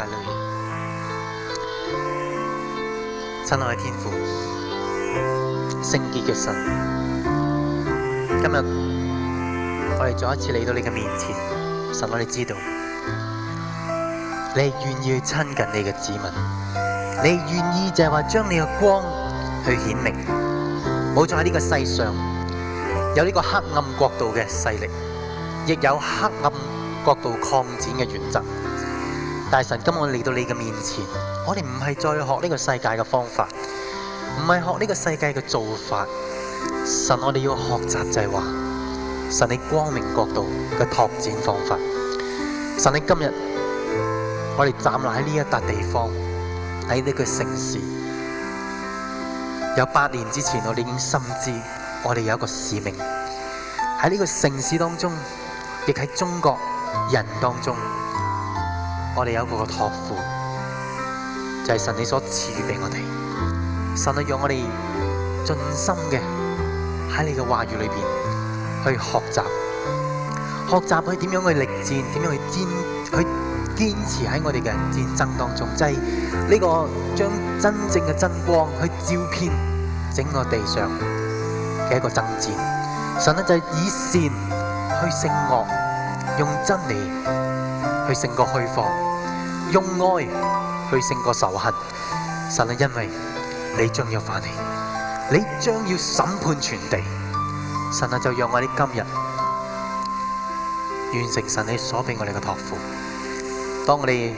大愛，親愛的天父，聖潔嘅神，今日我哋再一次嚟到你嘅面前，神，我哋知道，你願意去親近你嘅子民，你願意就係話將你嘅光去顯明，冇再喺呢個世上，有呢個黑暗國度嘅勢力，亦有黑暗國度擴展嘅原則。大神，今日嚟到你嘅面前，我哋唔係再學呢個世界嘅方法，唔係學呢個世界嘅做法。神，我哋要學習就係話，神你光明國度嘅拓展方法。神，你今日我哋站立喺呢一笪地方，喺呢個城市，有八年之前我哋已經深知，我哋有一個使命喺呢個城市當中，亦喺中國人當中。我哋有嗰個託付，就係、是、神你所賜予俾我哋。神啊，讓我哋盡心嘅，喺你嘅話語裏邊去學習，學習去點樣去力戰，點樣去堅去堅持喺我哋嘅戰爭當中，即係呢個將真正嘅真光去照遍整個地上嘅一個爭戰。神呢，就係以善去勝惡，用真理去勝過虛謊。用愛去勝過仇恨，神啊，因為你將要返嚟，你將要審判全地，神啊，就讓我哋今日完成神你所俾我哋嘅託付。當我哋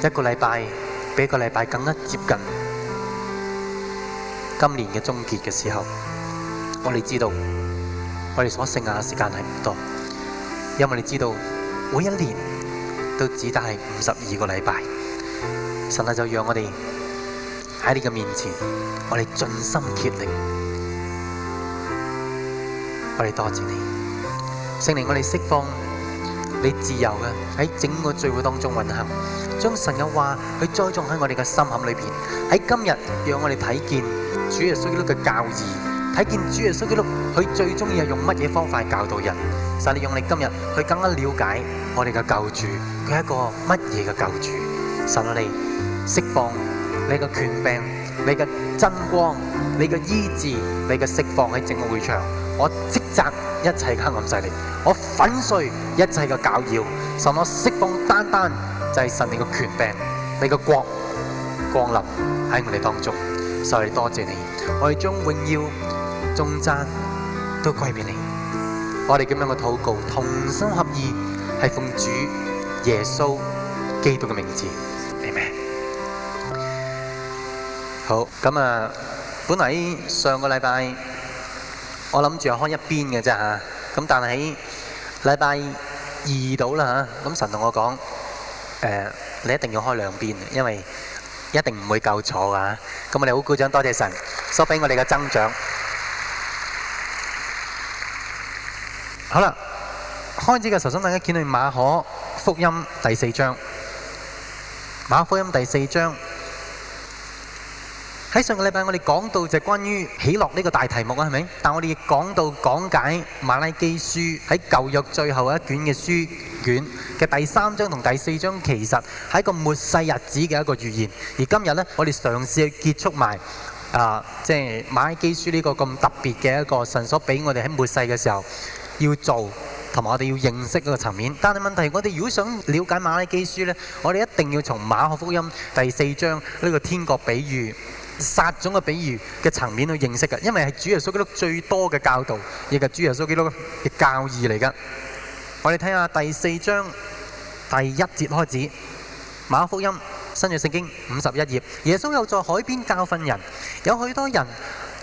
一個禮拜比一個禮拜更加接近今年嘅終結嘅時候，我哋知道我哋所剩下嘅時間係唔多，因為你知道每一年。都只得係五十二個禮拜，神啊，就讓我哋喺你嘅面前，我哋盡心竭力，我哋多謝你，聖靈，我哋釋放你自由嘅喺整個聚會當中運行，將神嘅話去栽種喺我哋嘅心坎裏邊，喺今日讓我哋睇見主耶穌基督嘅教義，睇見主耶穌基督。佢最中意係用乜嘢方法教導人？神你用你今日去更加了解我哋嘅救主，佢係一個乜嘢嘅救主？神你釋放你嘅權柄、你嘅真光、你嘅醫治、你嘅釋放喺整個會場，我斥責一切黑暗勢力，我粉碎一切嘅攪擾。神我釋放，單單就係、是、神你嘅權柄，你嘅光降臨喺我哋當中。所以多謝你，我哋將榮耀、頌讚，都歸俾你，我哋咁樣嘅禱告，同心合意，係奉主耶穌基督嘅名字，Amen。好，咁啊，本嚟上個禮拜我諗住開一邊嘅啫吓，咁但係喺禮拜二到啦吓，咁神同我講，誒，你一定要開兩邊，因為一定唔會夠坐噶吓。咁我哋好鼓掌，多謝神所俾我哋嘅增長。好啦，開始嘅時候，想大家見到馬可福音第四章。馬可福音第四章喺上個禮拜我哋講到就關於喜樂呢個大題目啊，係咪？但我哋亦講到講解馬拉基書喺舊約最後一卷嘅書卷嘅第三章同第四章，其實係個末世日子嘅一個預言。而今日呢，我哋嘗試去結束埋啊，即、呃、係、就是、馬拉基書呢個咁特別嘅一個神所俾我哋喺末世嘅時候。要做同埋我哋要認識嗰個層面，但係問題，我哋如果想了解馬拉基書咧，我哋一定要從馬可福音第四章呢個天國比喻、撒種嘅比喻嘅層面去認識嘅，因為係主耶穌基督最多嘅教導，亦係主耶穌基督嘅教義嚟噶。我哋睇下第四章第一節開始，《馬可福音》新約聖經五十一頁，耶穌又在海邊教訓人，有許多人。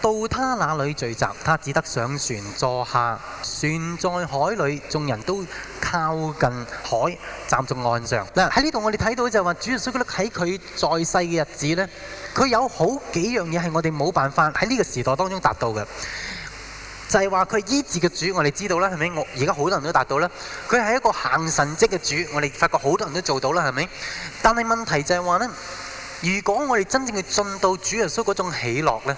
到他那裏聚集，他只得上船坐下。船在海裏，眾人都靠近海，站在岸上。嗱、啊，喺呢度我哋睇到就係話，主耶穌基督喺佢在世嘅日子呢，佢有好幾樣嘢係我哋冇辦法喺呢個時代當中達到嘅。就係話佢醫治嘅主，我哋知道啦，係咪？我而家好多人都達到啦。佢係一個行神蹟嘅主，我哋發覺好多人都做到啦，係咪？但係問題就係話呢，如果我哋真正去進到主耶穌嗰種喜樂呢。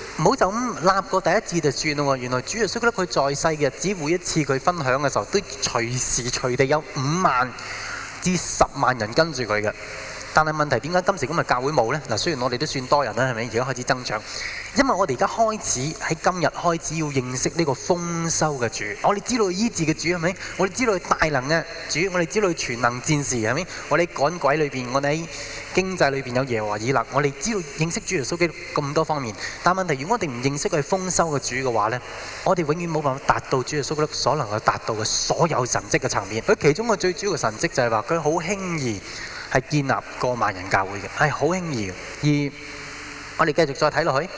唔好就咁立過第一次就算咯喎！原來主耶穌覺得佢在世嘅日子，每一次佢分享嘅時候，都隨時隨地有五萬至十萬人跟住佢嘅。但係問題點解今時今日教會冇呢？嗱，雖然我哋都算多人啦，係咪？而家開始增長，因為我哋而家開始喺今日開始要認識呢個豐收嘅主，我哋知道醫治嘅主係咪？我哋知道大能嘅主，我哋知道全能戰士係咪？我哋趕鬼裏邊，我哋。經濟裏邊有耶和華以勒，我哋知道認識主耶穌基督咁多方面，但問題如果我哋唔認識佢係豐收嘅主嘅話呢，我哋永遠冇辦法達到主耶穌基督所能夠達到嘅所有神蹟嘅層面。佢其中個最主要嘅神蹟就係話佢好輕易係建立過萬人教會嘅，係好輕易嘅，而我哋繼續再睇落去，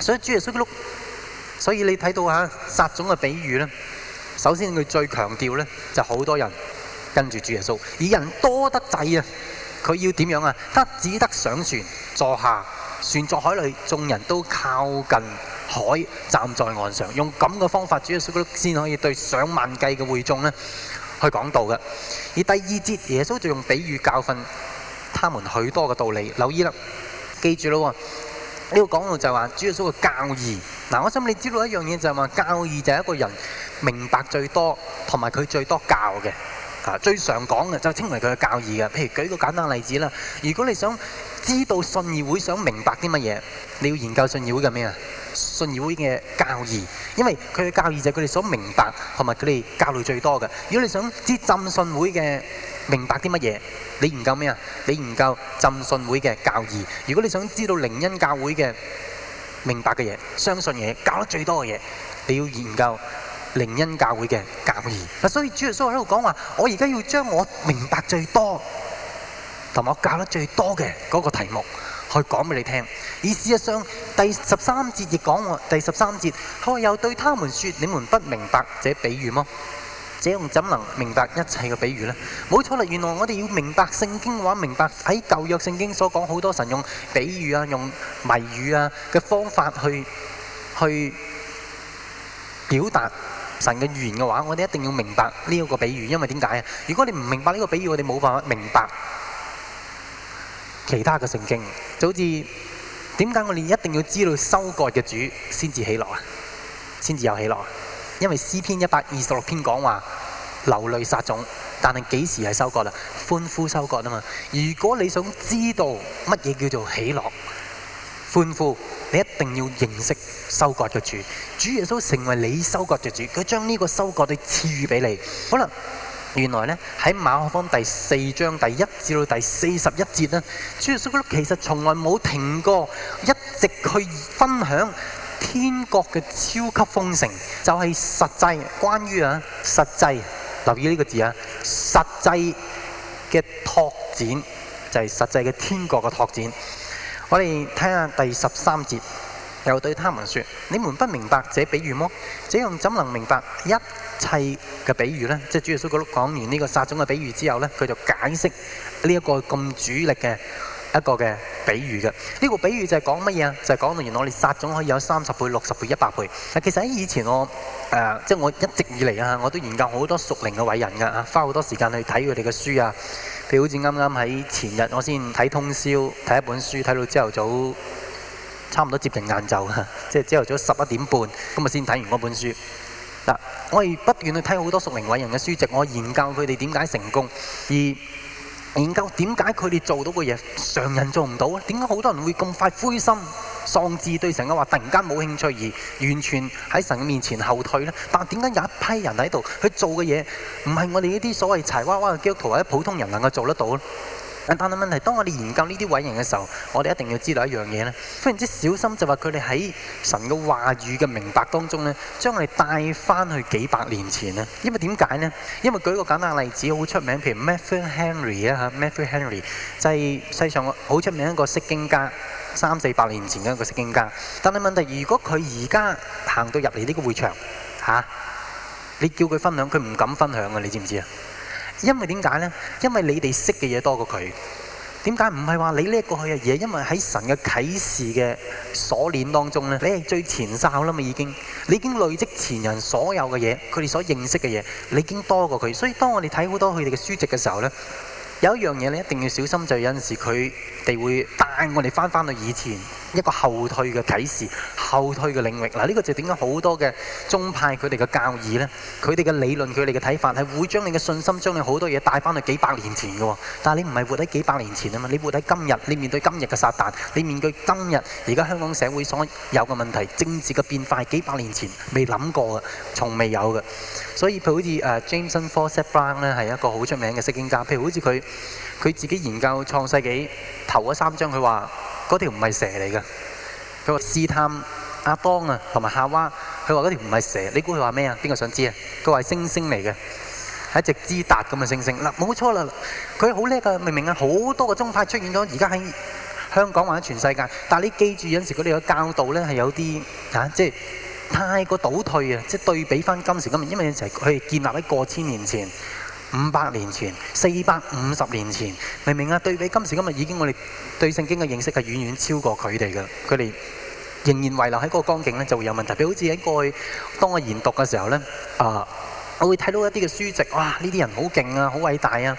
所以主耶穌基督，所以你睇到嚇撒種嘅比喻呢，首先佢最強調呢，就好多人跟住主耶穌，而人多得滯啊！佢要點樣啊？他只得上船坐下，船在海裏，眾人都靠近海，站在岸上，用咁嘅方法，主耶穌先可以對上萬計嘅會眾呢去講道嘅。而第二節，耶穌就用比喻教訓他們許多嘅道理。留意啦，記住咯，呢、這個講道就係話，主耶穌嘅教義。嗱，我想你知道一樣嘢就係、是、話，教義就係一個人明白最多，同埋佢最多教嘅。啊，最常講嘅就稱為佢嘅教義嘅，譬如舉個簡單嘅例子啦。如果你想知道信義會想明白啲乜嘢，你要研究信義會嘅咩啊？信義會嘅教義，因為佢嘅教義就係佢哋所明白同埋佢哋教類最多嘅。如果你想知浸信會嘅明白啲乜嘢，你研究咩啊？你研究浸信會嘅教義。如果你想知道靈恩教會嘅明白嘅嘢、相信嘅嘢、教得最多嘅嘢，你要研究。靈恩教會嘅教義，嗱，所以主耶穌喺度講話，我而家要將我明白最多，同我教得最多嘅嗰個題目，去講俾你聽。而事實上，第十三節亦講喎，第十三節，佢又對他們説：你們不明白這比喻麼？這樣怎能明白一切嘅比喻呢？冇錯啦，原來我哋要明白聖經話，明白喺舊約聖經所講好多神用比喻啊、用謎語啊嘅方法去去表達。神嘅預言嘅話，我哋一定要明白呢一個比喻，因為點解啊？如果你唔明白呢個比喻，我哋冇辦法明白其他嘅聖經。就好似點解我哋一定要知道收割嘅主先至喜樂啊，先至有喜樂啊？因為詩篇一百二十六篇講話流淚撒種，但係幾時係收割啦？歡呼收割啊嘛！如果你想知道乜嘢叫做喜樂、歡呼。你一定要認識收割嘅主，主耶穌成為你收割嘅主，佢將呢個收割地賜予俾你。好啦，原來呢，喺馬可福音第四章第一至到第四十一節呢，主耶穌其實從來冇停過，一直去分享天國嘅超級豐盛，就係、是、實際關於啊，實際留意呢個字啊，就是、實際嘅拓展就係實際嘅天國嘅拓展。我哋睇下第十三節，又對他們說：你們不明白這比喻麼？這樣怎能明白一切嘅比喻呢？」即係主耶穌嗰講完呢個撒種嘅比喻之後呢，佢就解釋呢一個咁主力嘅一個嘅比喻嘅。呢、這個比喻就係講乜嘢啊？就係、是、講原來我哋撒種可以有三十倍、六十倍、一百倍。嗱，其實喺以前我誒，即、呃、係、就是、我一直以嚟啊，我都研究好多屬靈嘅偉人噶吓，花好多時間去睇佢哋嘅書啊。佢好似啱啱喺前日，我先睇通宵睇一本書，睇到朝頭早差唔多接近晏晝，即係朝頭早十一點半，咁啊先睇完嗰本書。嗱，我係不斷去睇好多熟靈偉人嘅書籍，我研究佢哋點解成功，研究點解佢哋做到個嘢，常人做唔到咧？點解好多人會咁快灰心喪志，對神嘅話突然間冇興趣，而完全喺神面前後退咧？但點解有一批人喺度，佢做嘅嘢唔係我哋呢啲所謂柴娃娃嘅基督徒或者普通人能夠做得到咧？但係問題，當我哋研究呢啲偉人嘅時候，我哋一定要知道一樣嘢呢，非常之小心就話佢哋喺神嘅話語嘅明白當中咧，將我哋帶翻去幾百年前咧。因為點解呢？因為舉個簡單例子，好出名，譬如 Matthew Henry 啊嚇，Matthew Henry 就係世上好出名一個釋經家，三四百年前嘅一個釋經家。但係問題，如果佢而家行到入嚟呢個會場嚇、啊，你叫佢分享，佢唔敢分享呀，你知唔知啊？因為點解呢？因為你哋識嘅嘢多過佢。點解唔係話你呢一個去嘅嘢？因為喺神嘅啟示嘅鎖鏈當中咧，你係最前哨啦嘛，已經。你已經累積前人所有嘅嘢，佢哋所認識嘅嘢，你已經多過佢。所以當我哋睇好多佢哋嘅書籍嘅時候呢，有一樣嘢你一定要小心就係有陣時佢哋會帶我哋翻返去以前一個後退嘅啟示、後退嘅領域。嗱，呢個就點解好多嘅宗派佢哋嘅教義呢？佢哋嘅理論、佢哋嘅睇法係會將你嘅信心、將你好多嘢帶翻去幾百年前嘅喎。但係你唔係活喺幾百年前啊嘛，你活喺今日，你面對今日嘅撒旦，你面對今日而家香港社會所有嘅問題、政治嘅變化係幾百年前未諗過嘅，從未有嘅。所以佢好似誒 Jamieson Fausset Brown 呢係一個好出名嘅釋經家，譬如好似佢。佢自己研究創世紀頭嗰三章，佢話嗰條唔係蛇嚟嘅。佢話試探亞當啊，同埋夏娃，佢話嗰條唔係蛇。你估佢話咩啊？邊個想知猩猩猩猩啊？佢話星星嚟嘅，係一隻之達咁嘅星星。嗱，冇錯啦，佢好叻㗎，明明啊？好多個宗派出現咗，而家喺香港或者全世界。但係你記住有有，有陣時佢哋嘅教導咧係有啲嚇，即係太過倒退啊！即係對比翻今時今日，因為有時佢係建立喺過千年前。五百年前、四百五十年前，明唔明啊？對比今時今日，已經我哋對聖經嘅認識係遠遠超過佢哋嘅。佢哋仍然遺留喺嗰個光景呢，就會有問題。譬如好似喺過去當我研讀嘅時候呢，啊、呃，我會睇到一啲嘅書籍，哇！呢啲人好勁啊，好偉大啊，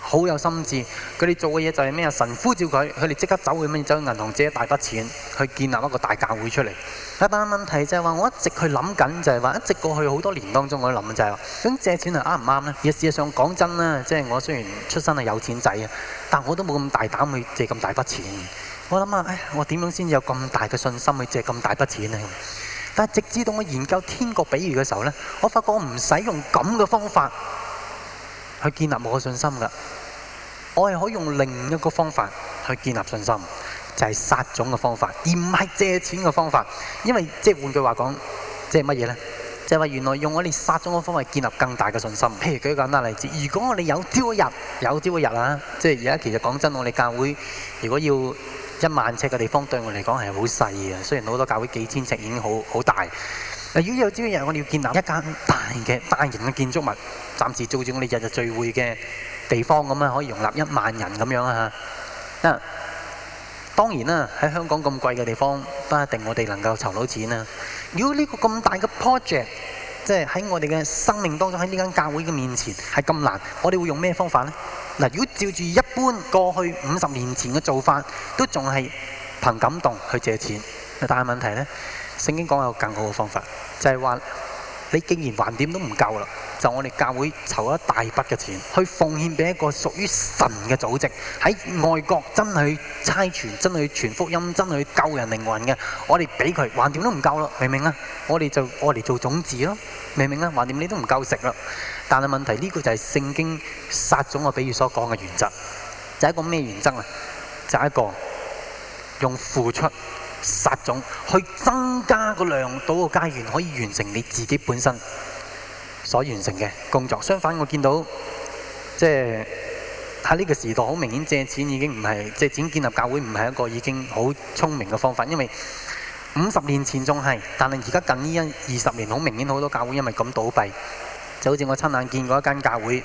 好有心智。佢哋做嘅嘢就係咩啊？神呼召佢，佢哋即刻走去咩？走去銀行借一大筆錢，去建立一個大教會出嚟。但係問題就係話，我一直去諗緊，就係話一直過去好多年當中，我諗就係話，咁借錢係啱唔啱呢？而事實上講真啦，即係我雖然出身係有錢仔啊，但我都冇咁大膽去借咁大筆錢。我諗下啊，我點樣先有咁大嘅信心去借咁大筆錢呢？但係直至到我研究天國比喻嘅時候呢，我發覺我唔使用咁嘅方法去建立我嘅信心㗎，我係可以用另一個方法去建立信心。就係撒種嘅方法，而唔係借錢嘅方法。因為即係換句話講，即係乜嘢呢？即係話原來用我哋撒種嘅方法建立更大嘅信心。譬如舉個簡單例子，如果我哋有朝一日，有朝一日啊，即係而家其實講真，我哋教會如果要一萬尺嘅地方對我嚟講係好細嘅。雖然好多教會幾千尺已經好好大。如果有朝一日我哋要建立一間大嘅大型嘅建築物，暫時做住我哋日日聚會嘅地方咁樣，可以容納一萬人咁樣啊嚇。啊！當然啦，喺香港咁貴嘅地方，不一定我哋能夠籌到錢啦。如果呢個咁大嘅 project，即係喺我哋嘅生命當中，喺呢間教會嘅面前係咁難，我哋會用咩方法呢？嗱，如果照住一般過去五十年前嘅做法，都仲係憑感動去借錢，但係問題呢，聖經講有更好嘅方法，就係、是、話。你竟然還點都唔夠啦！就我哋教會籌一大筆嘅錢，去奉獻俾一個屬於神嘅組織，喺外國真係去差傳、真係去傳福音、真係去救人靈魂嘅，我哋俾佢還點都唔夠啦，明唔明啊？我哋就我嚟做種子咯，明唔明啊？還點你都唔夠食啦！但係問題呢、這個就係聖經撒種我比喻所講嘅原則，就係、是、一個咩原則啊？就係、是、一個用付出。撒種去增加個量度個界線，可以完成你自己本身所完成嘅工作。相反，我見到即係喺呢個時代，好明顯借錢已經唔係借錢建立教會，唔係一個已經好聰明嘅方法。因為五十年前仲係，但係而家近呢一二十年，好明顯好多教會因為咁倒閉，就好似我親眼見過一間教會。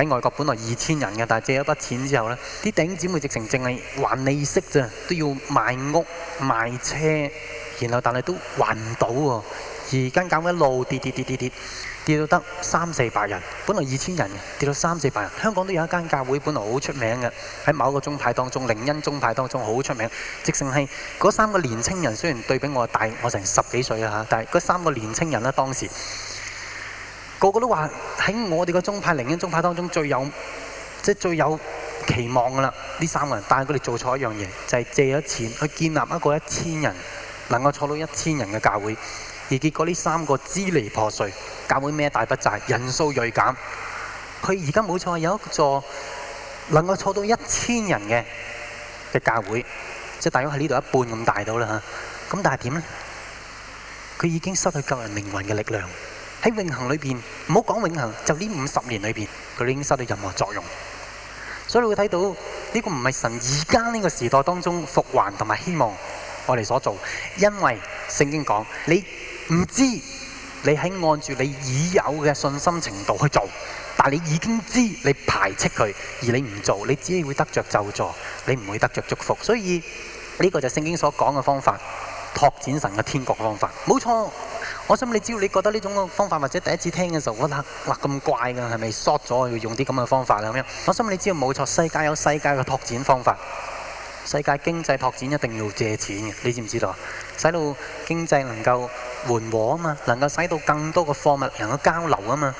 喺外國本來二千人嘅，但係借咗筆錢之後呢，啲頂姊妹直成淨係還利息咋，都要賣屋賣車，然後但係都還唔到喎。而間教會一路跌跌跌跌跌，跌，跌，跌，跌，跌，跌到得三四百人。本來二千人，跌到三四百人。香港都有一間教會，本來好出名嘅，喺某個宗派當中，靈恩宗派當中好出名，直成係嗰三個年青人，雖然對比我，我大我成十幾歲啊嚇，但係嗰三個年青人呢，當時。個個都話喺我哋個宗派、另一宗派當中最有，即係最有期望㗎啦。呢三個人，但係佢哋做錯一樣嘢，就係借咗錢去建立一個一千人能夠坐到一千人嘅教會，而結果呢三個支離破碎，教會孭大筆債，人數鋭減。佢而家冇錯，有一座能夠坐到一千人嘅嘅教會，即係大約喺呢度一半咁大到啦嚇。咁但係點呢？佢已經失去救人靈魂嘅力量。喺永恆裏邊，唔好講永恆，就呢五十年裏邊，佢已經失去任何作用。所以你會睇到呢個唔係神而家呢個時代當中復還同埋希望我哋所做，因為聖經講你唔知你喺按住你已有嘅信心程度去做，但係你已經知你排斥佢，而你唔做，你只係會得着咒詛，你唔會得着祝福。所以呢個就係聖經所講嘅方法。拓展神嘅天國方法，冇錯。我想問你，只要你覺得呢種方法或者第一次聽嘅時候，哇啦哇咁怪㗎，係咪 short 咗？要用啲咁嘅方法咁樣。我想問你知道，冇錯，世界有世界嘅拓展方法，世界經濟拓展一定要借錢嘅，你知唔知道？使到經濟能夠緩和啊嘛，能夠使到更多嘅貨物能夠交流啊嘛。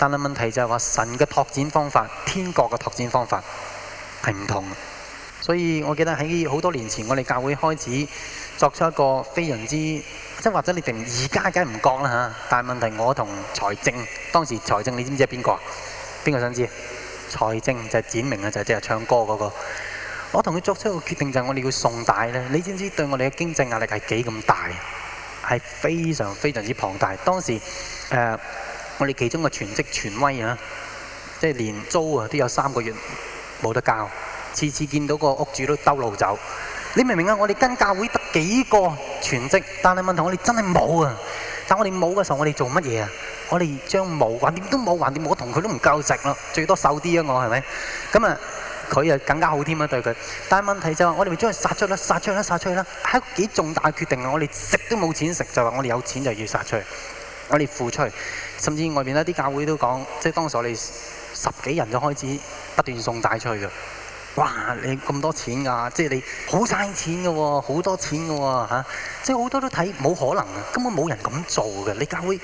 但係問題就係話，神嘅拓展方法，天國嘅拓展方法係唔同。所以我記得喺好多年前，我哋教會開始。作出一個非常之即係，或者你哋而家梗係唔講啦嚇，但係問題，我同財政，當時財政你知唔知係邊個？邊個想知？財政就係展明啊，就即、是、係唱歌嗰、那個。我同佢作出一個決定，就係我哋要送帶咧。你知唔知對我哋嘅經濟壓力係幾咁大？係非常非常之龐大。當時誒、呃、我哋其中嘅全職全威啊，即係連租啊都有三個月冇得交，次次見到個屋主都兜路走。你明唔明啊？我哋跟教會得幾個全職，但係問題我哋真係冇啊！但我哋冇嘅時候，我哋做乜嘢啊？我哋將冇，還掂都冇，還掂我同佢都唔夠食咯，最多瘦啲啊！我係咪？咁啊，佢啊更加好添啊！對佢，但係問題就係、是、我哋咪將佢殺出啦，殺出啦，殺出去啦！係幾重大決定，啊，我哋食都冇錢食，就話我哋有錢就要殺出去，我哋付出甚至外邊咧啲教會都講，即係當時我哋十幾人就開始不斷送帶出去㗎。哇！你咁多錢㗎、啊，即係你好嘥錢嘅喎、啊，好多錢嘅喎、啊啊、即係好多都睇冇可能啊，根本冇人咁做嘅，你教會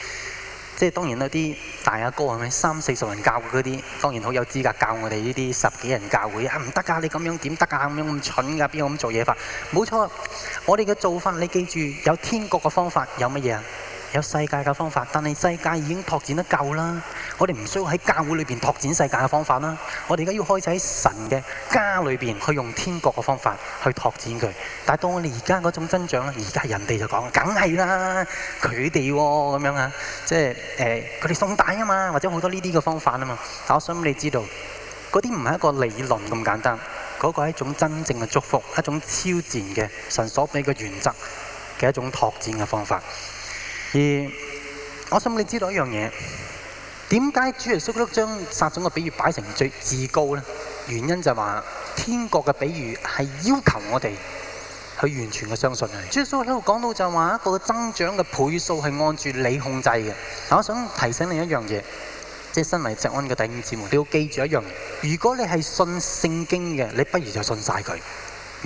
即係當然嗰啲大阿哥係咪三四十人教會嗰啲，當然好有資格教我哋呢啲十幾人教會啊，唔得㗎，你咁樣點得㗎？咁樣咁蠢㗎、啊，邊有咁做嘢法、啊？冇錯，我哋嘅做法你記住，有天國嘅方法，有乜嘢？有世界嘅方法，但係世界已經拓展得夠啦。我哋唔需要喺教會裏邊拓展世界嘅方法啦。我哋而家要開始喺神嘅家裏邊去用天國嘅方法去拓展佢。但係到我哋而家嗰種增長咧，而家人哋就講：梗係啦，佢哋喎咁樣啊，樣即係誒佢哋送蛋啊嘛，或者好多呢啲嘅方法啊嘛。但我想你知道，嗰啲唔係一個理論咁簡單，嗰、嗰個係一種真正嘅祝福，一種超自然嘅神所俾嘅原則嘅一種拓展嘅方法。而我想你知道一樣嘢，點解主耶穌將撒種嘅比喻擺成最至高呢？原因就係話天國嘅比喻係要求我哋去完全嘅相信。主耶穌喺度講到就話一個增長嘅倍數係按住你控制嘅。但我想提醒你一樣嘢，即係身為錫安嘅第五子民，你要記住一樣嘢，如果你係信聖經嘅，你不如就信晒佢。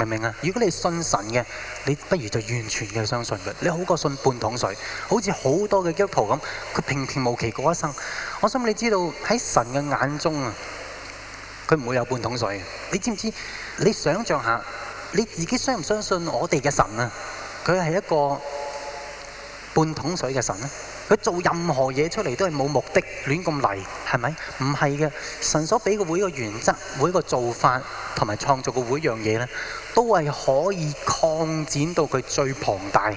明唔明啊？如果你係信神嘅，你不如就完全嘅相信佢，你好過信半桶水。好似好多嘅基督徒咁，佢平平無奇過一生。我想你知道喺神嘅眼中啊，佢唔會有半桶水嘅。你知唔知？你想象下，你自己相唔相信我哋嘅神啊？佢係一個半桶水嘅神咧？佢做任何嘢出嚟都係冇目的，亂咁嚟係咪？唔係嘅，神所俾個會嘅原則，每個做法同埋創造個會樣嘢呢，都係可以擴展到佢最龐大、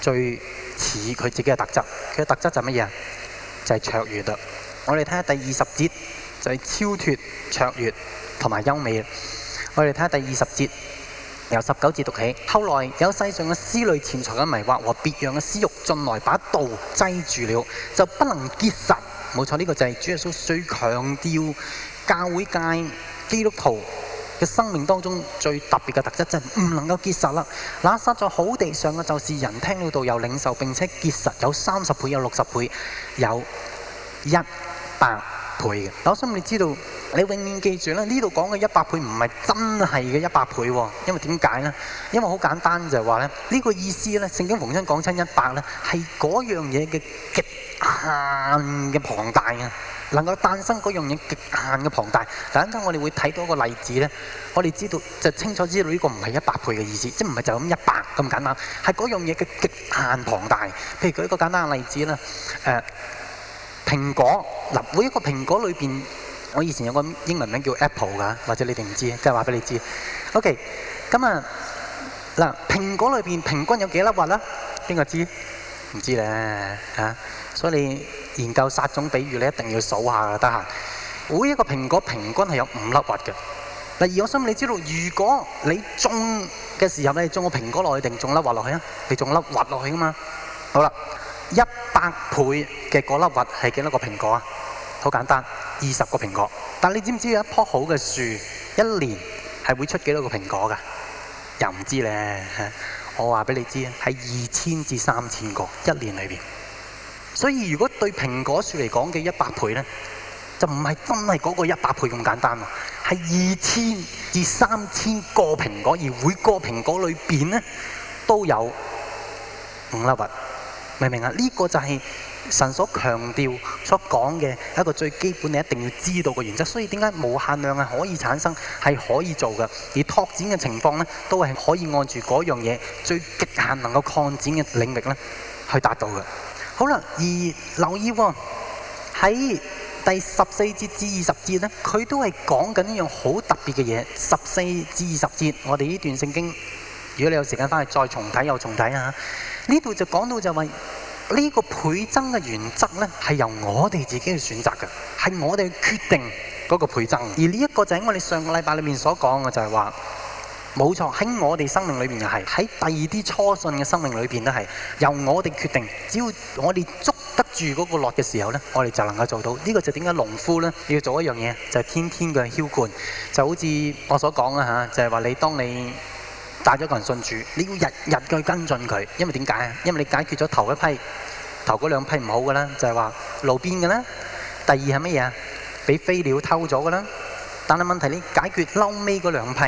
最似佢自己嘅特質。佢嘅特質就係乜嘢啊？就係卓越啦！我哋睇下第二十節，就係超脫卓越同埋優美。我哋睇下第二十節。由十九字讀起，後來有世上嘅思慮、錢財嘅迷惑和別樣嘅私欲進來，把道擠住了，就不能結實。冇錯，呢、這個就係主耶穌最強調教會界基督徒嘅生命當中最特別嘅特質，就係、是、唔能夠結實啦。那撒在好地上嘅，就是人聽了道有領受，並且結實，有三十倍，有六十倍，有一百。倍嘅，但係我想你知道，你永遠記住咧，呢度講嘅一百倍唔係真係嘅一百倍喎，因為點解呢？因為好簡單就係話咧，呢、呢個意思呢。聖經逢親講親一百呢，係嗰樣嘢嘅極限嘅龐大啊，能夠誕生嗰樣嘢極限嘅龐大。等陣間我哋會睇到個例子呢，我哋知道就清楚知道呢個唔係一百倍嘅意思，即係唔係就咁一百咁簡單，係嗰樣嘢嘅極限龐大。譬如舉一個簡單嘅例子咧，誒、呃。蘋果嗱，每一個蘋果裏邊，我以前有個英文名叫 Apple 噶，或者你哋唔知，即係話俾你知。OK，咁啊，嗱蘋果裏邊平均有幾粒核啊？邊個知？唔知咧嚇。所以你研究殺種比喻，你一定要數下噶，得閒。每一個蘋果平均係有五粒核嘅。嗱，而我想你知道，如果你種嘅時候咧，種個蘋果落去定種粒核落去啊？你種，種粒核落去啊嘛。好啦。一百倍嘅嗰粒核係幾多個蘋果啊？好簡單，二十個蘋果。但你知唔知有一棵好嘅樹一年係會出幾多個蘋果㗎？又唔知咧。我話俾你知啊，係二千至三千個一年裏邊。所以如果對蘋果樹嚟講嘅一百倍呢，就唔係真係嗰個一百倍咁簡單啊。係二千至三千個蘋果，而每個蘋果裏邊呢，都有五粒核。明唔明啊？呢個就係神所強調、所講嘅一個最基本你一定要知道嘅原則。所以點解無限量係可以產生、係可以做嘅？而拓展嘅情況呢，都係可以按住嗰樣嘢最極限能夠擴展嘅領域呢去達到嘅。好啦，而留意喎，喺第十四節至二十節呢，佢都係講緊一樣好特別嘅嘢。十四至二十節，我哋呢段聖經。如果你有時間翻去再重睇又重睇啊！呢度就講到就話呢個倍增嘅原則呢，係由我哋自己去選擇嘅，係我哋決定嗰個倍增。而呢一個就喺我哋上個禮拜裏面所講嘅，就係話冇錯，喺我哋生命裏面又係喺第二啲初信嘅生命裏邊都係由我哋決定。只要我哋捉得住嗰個落嘅時候呢，我哋就能夠做到。呢個就點解農夫咧要做一樣嘢，就係天天嘅澆灌，就好似我所講啊嚇，就係話你當你。帶咗個人信主，你要日日去跟進佢，因為點解啊？因為你解決咗頭一批、頭嗰兩批唔好嘅啦，就係話路邊嘅啦。第二係乜嘢啊？俾飛鳥偷咗嘅啦。但係問題你解決撈尾嗰兩批，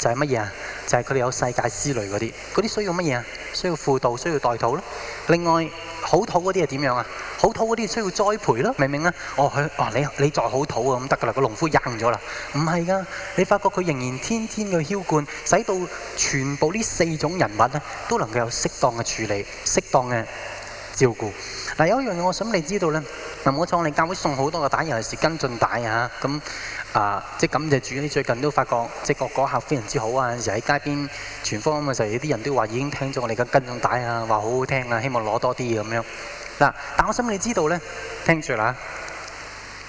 就係乜嘢啊？就係佢哋有世界之類嗰啲，嗰啲需要乜嘢啊？需要輔導，需要代禱囉。另外。好土嗰啲係點樣啊？好土嗰啲需要栽培咯，明唔明啊？哦，佢，哦你你再好土啊，咁得噶啦，個農夫贏咗啦。唔係噶，你發覺佢仍然天天嘅澆灌，使到全部呢四種人物咧，都能夠有適當嘅處理，適當嘅照顧。嗱有一樣嘢，我想你知道咧。嗱，我創立教會送好多個帶，尤其是跟進帶啊，咁。啊！即感謝主咧，最近都發覺即個果效非常之好啊！有時喺街邊傳福音嘅時候，有啲人都話已經聽咗我哋嘅跟蹤帶啊，話好好聽啊，希望攞多啲咁樣。嗱，但我想你知道咧，聽住啦。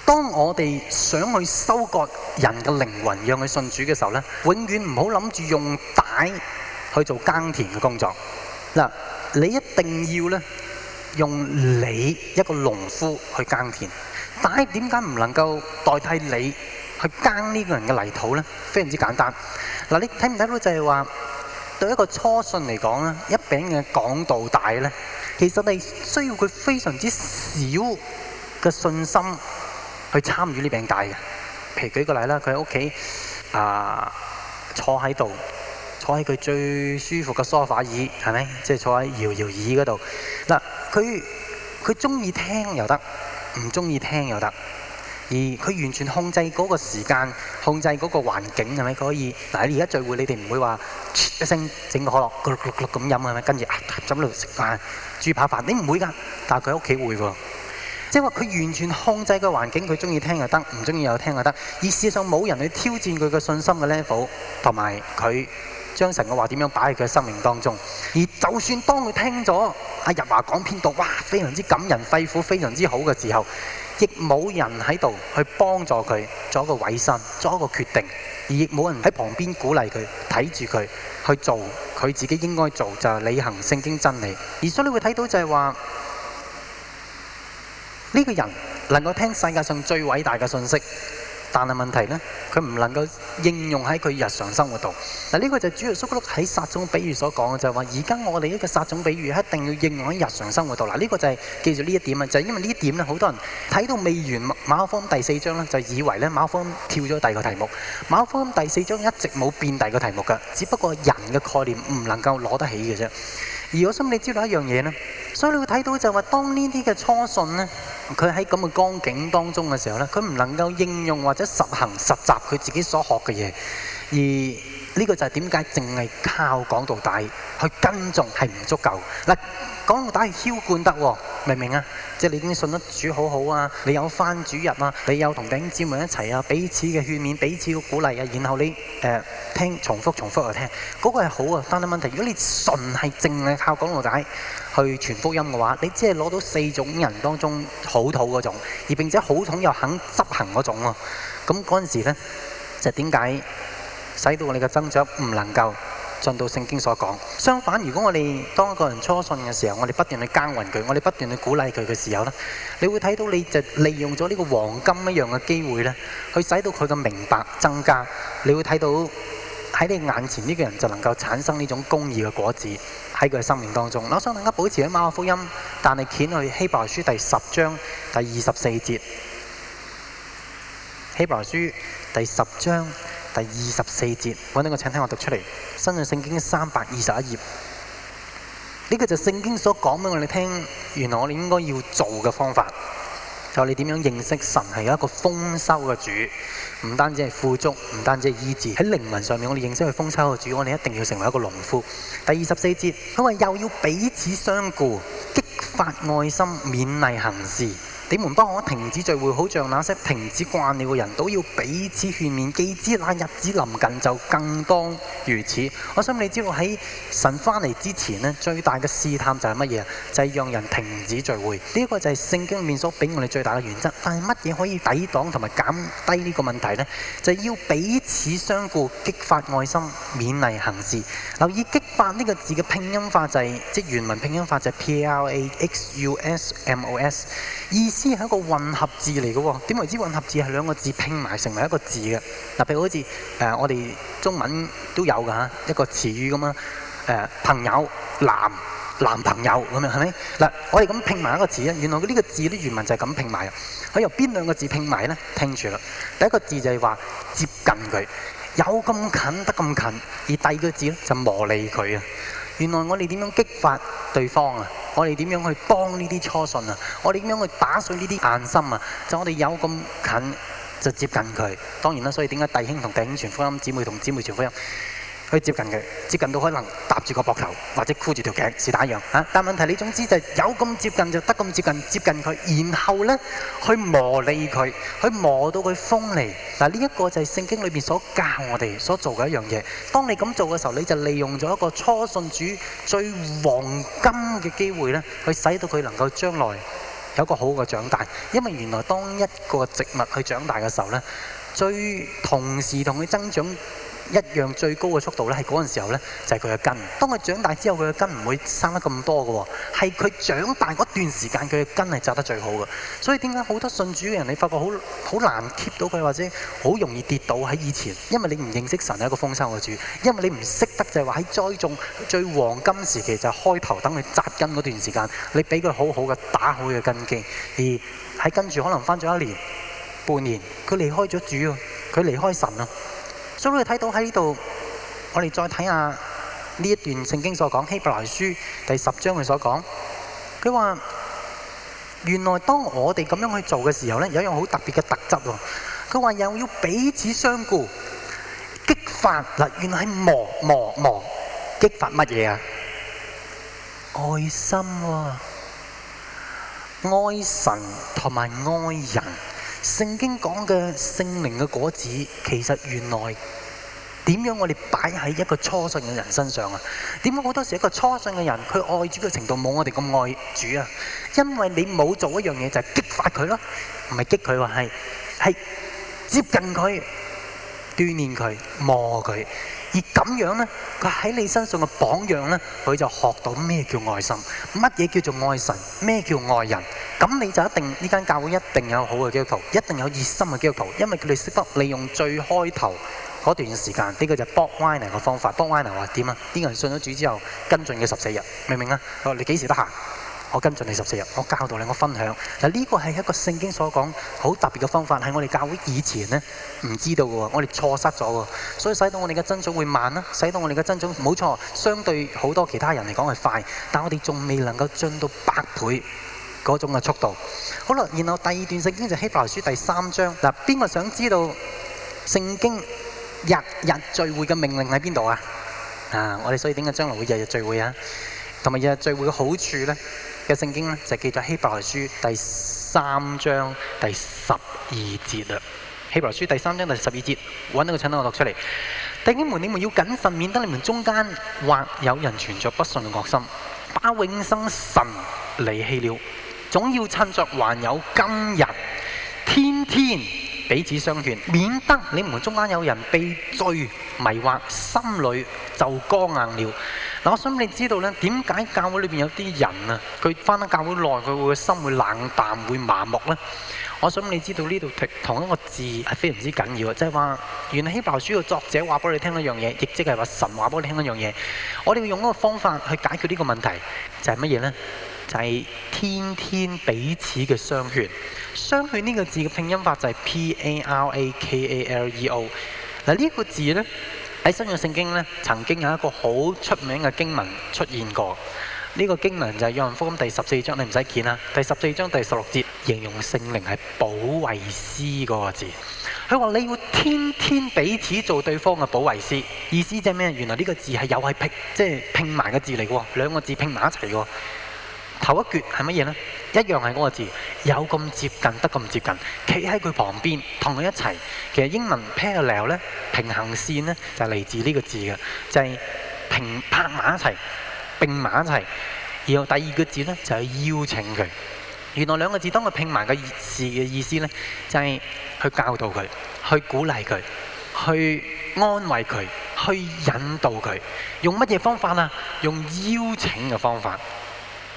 當我哋想去收割人嘅靈魂，讓佢信主嘅時候咧，永遠唔好諗住用帶去做耕田嘅工作。嗱，你一定要咧，用你一個農夫去耕田。帶點解唔能夠代替你？去耕呢個人嘅泥土呢，非常之簡單。嗱，你睇唔睇到就係話，對一個初信嚟講咧，一餅嘅講道帶呢，其實你需要佢非常之少嘅信心去參與呢餅帶嘅。譬如舉個例啦，佢喺屋企啊，坐喺度，坐喺佢最舒服嘅梳化椅，係咪？即係坐喺搖搖椅嗰度。嗱，佢佢中意聽又得，唔中意聽又得。而佢完全控制嗰個時間，控制嗰個環境係咪？可以嗱，你而家聚會，你哋唔會話一聲整個可樂咁飲係咪？跟住啊，就喺度食飯豬扒飯，你唔會㗎。但係佢喺屋企會喎，即係話佢完全控制個環境，佢中意聽就得，唔中意又聽又得。而事實上冇人去挑戰佢嘅信心嘅 level，同埋佢將神嘅話點樣擺喺佢嘅生命當中。而就算當佢聽咗阿日華講篇道，哇，非常之感人肺腑，非常之好嘅時候，亦冇人喺度去幫助佢做一個委身，做一個決定，而亦冇人喺旁邊鼓勵佢，睇住佢去做佢自己應該做就係、是、履行聖經真理。而所以你會睇到就係話，呢、這個人能夠聽世界上最偉大嘅信息。但係問題呢，佢唔能夠應用喺佢日常生活度。嗱，呢個就係主耶穌基督喺殺種比喻所講嘅就係話，而家我哋呢個殺種比喻一定要應用喺日常生活度。嗱，呢個就係、是、記住呢一點啊！就係、是、因為呢點咧，好多人睇到未完馬馬可福音第四章呢，就以為咧馬可福音跳咗第二個題目。馬可福音第四章一直冇變第二個題目嘅，只不過人嘅概念唔能夠攞得起嘅啫。而我心裡知道一樣嘢咧，所以你會睇到就係話，當呢啲嘅初信咧，佢喺咁嘅光景當中嘅時候咧，佢唔能夠應用或者實行實習佢自己所學嘅嘢，而。呢個就係點解淨係靠講道帶去跟眾係唔足夠嗱。講道帶去僥倖得喎，明唔明啊？即係你已經信得主好好啊，你有翻主日啊，你有同弟兄姊妹一齊啊，彼此嘅勸勉、彼此嘅鼓勵啊，然後你誒、呃、聽重複重複嚟聽，嗰、那個係好啊。但係問題，如果你純係淨係靠講道帶去傳福音嘅話，你只係攞到四種人當中好土嗰種，而並且好聰又肯執行嗰種喎。咁嗰陣時咧，就點、是、解？使到我哋嘅增長唔能夠進到聖經所講。相反，如果我哋當一個人初信嘅時候，我哋不斷去耕耘佢，我哋不斷去鼓勵佢嘅時候呢，你會睇到你就利用咗呢個黃金一樣嘅機會呢，去使到佢嘅明白增加。你會睇到喺你眼前呢個人就能夠產生呢種公義嘅果子喺佢嘅生命當中。我想大家保持喺馬可福音，但係攪去希伯來書第十章第二十四節。希伯來書第十章。第二十四節，搵到個請聽我讀出嚟，新約聖經三百二十一頁，呢個就聖經所講俾我哋聽，原來我哋應該要做嘅方法，就係你點樣認識神係有一個豐收嘅主，唔單止係富足，唔單止係醫治，喺靈魂上面我哋認識佢豐收嘅主，我哋一定要成為一個農夫。第二十四節，佢話又要彼此相顧，激發愛心，勉勵行事。你們幫我停止聚會，好像那些停止慣了嘅人，都要彼此勸勉。既知那日子臨近，就更當如此。我想你知道，喺神返嚟之前咧，最大嘅試探就係乜嘢？就係讓人停止聚會。呢個就係聖經面所俾我哋最大嘅原則。但係乜嘢可以抵擋同埋減低呢個問題呢？就係要彼此相顧，激發愛心，勉勵行事。留意激發呢個字嘅拼音法，就係即原文拼音法就係 P-L-A-X-U-S-M-O-S。知係一個混合字嚟嘅喎，點為知混合字係兩個字拼埋成為一個字嘅？嗱，譬如好似誒、呃、我哋中文都有㗎吓，一個詞語咁樣，誒、呃、朋友男男朋友咁樣係咪？嗱、呃，我哋咁拼埋一個字啊，原來呢個字呢，原文就係咁拼埋，佢由邊兩個字拼埋呢？聽住啦，第一個字就係話接近佢，有咁近得咁近，而第二個字咧就磨利佢啊。原來我哋點樣激發對方啊？我哋點樣去幫呢啲初信啊？我哋點樣去打碎呢啲硬心啊？就我哋有咁近就接近佢。當然啦，所以點解弟兄同弟兄傳福音，姊妹同姊妹傳福音？去接近佢，接近到可能搭住個膊頭或者箍住條頸是哪樣啊？但問題你總之就係有咁接近就得咁接近，接近佢，然後咧去磨利佢，去磨到佢鋒利嗱。呢一個就係聖經裏邊所教我哋所做嘅一樣嘢。當你咁做嘅時候，你就利用咗一個初信主最黃金嘅機會咧，去使到佢能夠將來有個好嘅長大。因為原來當一個植物去長大嘅時候咧，最同時同佢增長。一樣最高嘅速度呢，係嗰陣時候呢，就係佢嘅根。當佢長大之後，佢嘅根唔會生得咁多嘅喎。係佢長大嗰段時間，佢嘅根係扎得最好嘅。所以點解好多信主嘅人，你發覺好好難 keep 到佢，或者好容易跌倒喺以前，因為你唔認識神係一個豐收嘅主，因為你唔識得就係話喺栽種最黃金時期就係開頭等佢扎根嗰段時間，你俾佢好好嘅打好佢嘅根基，而喺跟住可能翻咗一年、半年，佢離開咗主啊，佢離開神啊。所以你睇到喺呢度，我哋再睇下呢一段聖經所講希伯來書第十章佢所講，佢話原來當我哋咁樣去做嘅時候咧，有一樣好特別嘅特質喎。佢話又要彼此相顧，激發嗱，原來係磨磨磨激發乜嘢啊？愛心喎、啊，愛神同埋愛人。聖經講嘅聖靈嘅果子，其實原來點樣我哋擺喺一個初信嘅人身上啊？點解好多時一個初信嘅人，佢愛主嘅程度冇我哋咁愛主啊？因為你冇做一樣嘢就係激發佢咯，唔係激佢話係係接近佢、鍛鍊佢、磨佢。而咁樣呢，佢喺你身上嘅榜樣呢，佢就學到咩叫愛心，乜嘢叫做愛神，咩叫愛人。咁你就一定呢間教會一定有好嘅基督徒，一定有熱心嘅基督徒，因為佢哋識得利用最開頭嗰段時間，呢個就 boxing 嘅方法。boxing 話點啊？啲人信咗主之後，跟進嘅十四日，明唔明啊？我話你幾時得閒？我跟進你十四日，我教導你，我分享。嗱，呢個係一個聖經所講好特別嘅方法，係我哋教會以前呢，唔知道嘅喎，我哋錯失咗喎，所以使到我哋嘅增長會慢啦，使到我哋嘅增長冇錯，相對好多其他人嚟講係快，但我哋仲未能夠進到百倍嗰種嘅速度。好啦，然後第二段聖經就希伯來書第三章。嗱，邊個想知道聖經日日聚會嘅命令喺邊度啊？啊，我哋所以點解將來會日日聚會啊？同埋日日聚會嘅好處呢？嘅聖經呢，就記咗希伯來書第三章第十二節啦。希伯來書第三章第十二節，揾到個襯，等我讀出嚟。弟兄們，你們要謹慎，免得你們中間或有人存著不信嘅惡心，把永生神離棄了。總要趁着還有今日，天天彼此相勸，免得你們中間有人被罪迷惑，心裏就剛硬了。我想你知道呢，點解教會裏面有啲人啊，佢翻到教會耐，佢會心會冷淡，會麻木呢？我想你知道呢度同一個字係非常之緊要啊，即係話原來希伯來書嘅作者話俾你聽一樣嘢，亦即係話神話俾你聽一樣嘢。我哋用一個方法去解決呢個問題，就係乜嘢呢？就係、是、天天彼此嘅相勸。相勸呢個字嘅拼音法就係 P A R A K A L E O。嗱呢個字呢。喺新約聖經咧，曾經有一個好出名嘅經文出現過。呢、這個經文就係約翰福音第十四章，你唔使見啦。第十四章第十六節形容聖靈係保惠師嗰個字。佢話你會天天彼此做對方嘅保惠師。意思即係咩？原來呢個字係又係拼，即係拼埋嘅字嚟嘅喎，兩個字拼埋一齊喎。頭一橛係乜嘢呢？一樣係嗰個字，有咁接近得咁接近，企喺佢旁邊同佢一齊。其實英文 parallel 咧，平行線咧就係嚟自呢個字嘅，就係平拍埋一齊，並埋一齊。然後第二個字呢，就係邀請佢。原來兩個字當佢拼埋個字嘅意思呢，就係去教導佢，去鼓勵佢，去安慰佢，去引導佢。用乜嘢方法啊？用邀請嘅方法。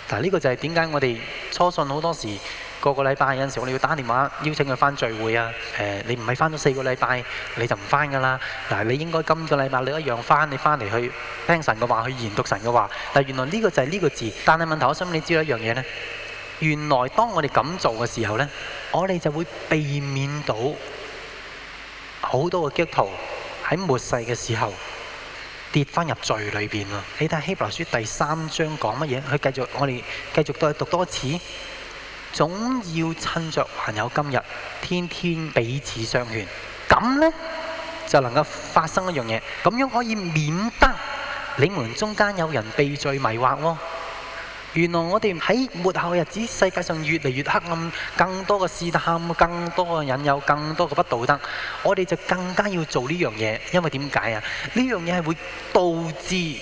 嗱，呢個就係點解我哋初信好多時，個個禮拜有陣時，我哋要打電話邀請佢返聚會啊。誒、呃，你唔係返咗四個禮拜，你就唔返㗎喇。嗱，你應該今個禮拜你一樣返，你返嚟去聽神嘅話，去研讀神嘅話。但原來呢個就係呢個字，但係問題，我想畀你知道一樣嘢呢：原來當我哋咁做嘅時候呢，我哋就會避免到好多嘅基督徒喺末世嘅時候。跌返入罪裏邊咯！你睇希伯來書第三章講乜嘢？佢繼續，我哋繼續再讀多次，總要趁着還有今日，天天彼此相勸，咁呢，就能夠發生一樣嘢，咁樣可以免得你們中間有人被罪迷惑喎、哦。原來我哋喺末後日子，世界上越嚟越黑暗，更多嘅試探，更多嘅引誘，更多嘅不道德。我哋就更加要做呢樣嘢，因為點解啊？呢樣嘢係會導致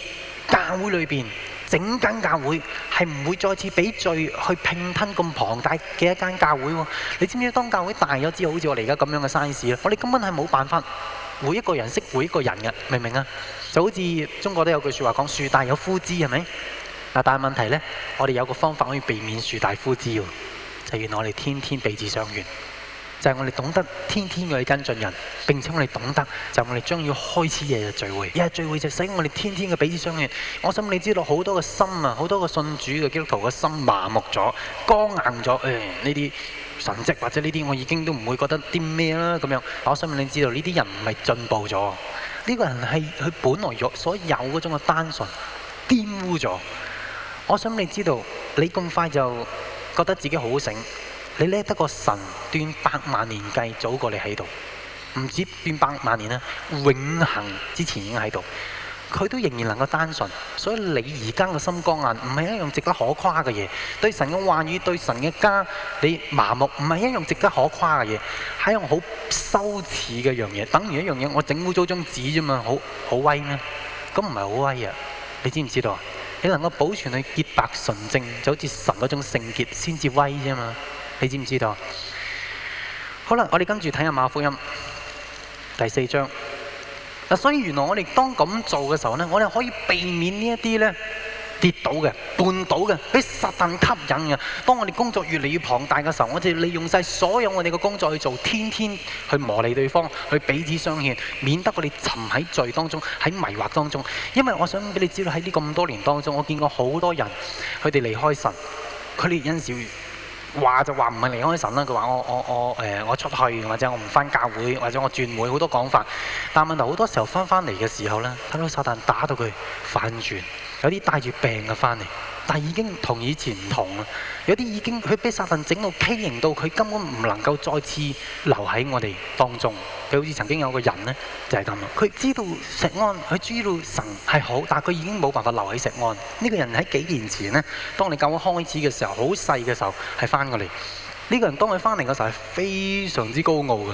教會裏邊，整間教會係唔會再次畀罪去拼吞，咁龐大嘅一間教會喎。你知唔知當教會大咗之後，好似我哋而家咁樣嘅 size，我哋根本係冇辦法每一個人識每一個人嘅，明唔明啊？就好似中國都有句說話講：樹大有枯枝，係咪？但係問題呢，我哋有個方法可以避免樹大夫之禍，就是、原來我哋天天彼此相勸，就係、是、我哋懂得天天要去跟進人。並且我哋懂得，就係我哋將要開始日日聚會。日日聚會就使我哋天天嘅彼此相勸。我想你知道好多個心啊，好多個信主嘅基督徒個心麻木咗、剛硬咗。誒、嗯，呢啲神跡或者呢啲，我已經都唔會覺得啲咩啦咁樣。我想你知道呢啲人唔係進步咗，呢、這個人係佢本來所有嗰種嘅單純，玷污咗。我想你知道，你咁快就覺得自己好醒，你叻得個神斷百萬年計早過你喺度，唔止斷百萬年啦，永恆之前已經喺度，佢都仍然能夠單純。所以你而家嘅心光眼唔係一樣值得可誇嘅嘢，對神嘅話語、對神嘅家，你麻木唔係一樣值得可誇嘅嘢，係一樣好羞恥嘅樣嘢。等於一樣嘢，我整污糟張紙啫嘛，好好威咩？咁唔係好威啊！你知唔知道？你能夠保存佢潔白純正，就好似神嗰種聖潔先至威啫嘛？你知唔知道？好啦，我哋跟住睇下馬福音第四章。嗱，所以原來我哋當咁做嘅時候呢，我哋可以避免呢一啲呢。跌倒嘅，絆倒嘅，俾撒旦吸引嘅。當我哋工作越嚟越龐大嘅時候，我哋利用晒所有我哋嘅工作去做，天天去磨練對方，去彼此相欠，免得我哋沉喺罪當中，喺迷惑當中。因為我想俾你知道喺呢咁多年當中，我見過好多人佢哋離開神，佢哋有陣時話就話唔係離開神啦，佢話我我我誒我、呃、我出去或者我唔返教會或者我轉會好多講法，但問題好多時候翻返嚟嘅時候呢，睇到撒旦打到佢反轉。有啲帶住病嘅翻嚟，但係已經同以前唔同啦。有啲已經佢俾殺份整到畸形到，佢根本唔能夠再次留喺我哋當中。佢好似曾經有個人呢，就係咁啦。佢知道石安，佢知道神係好，但係佢已經冇辦法留喺石安。呢個人喺幾年前呢，當你教會開始嘅時候，好細嘅時候係翻過嚟。呢個人當佢翻嚟嘅時候係非常之高傲嘅。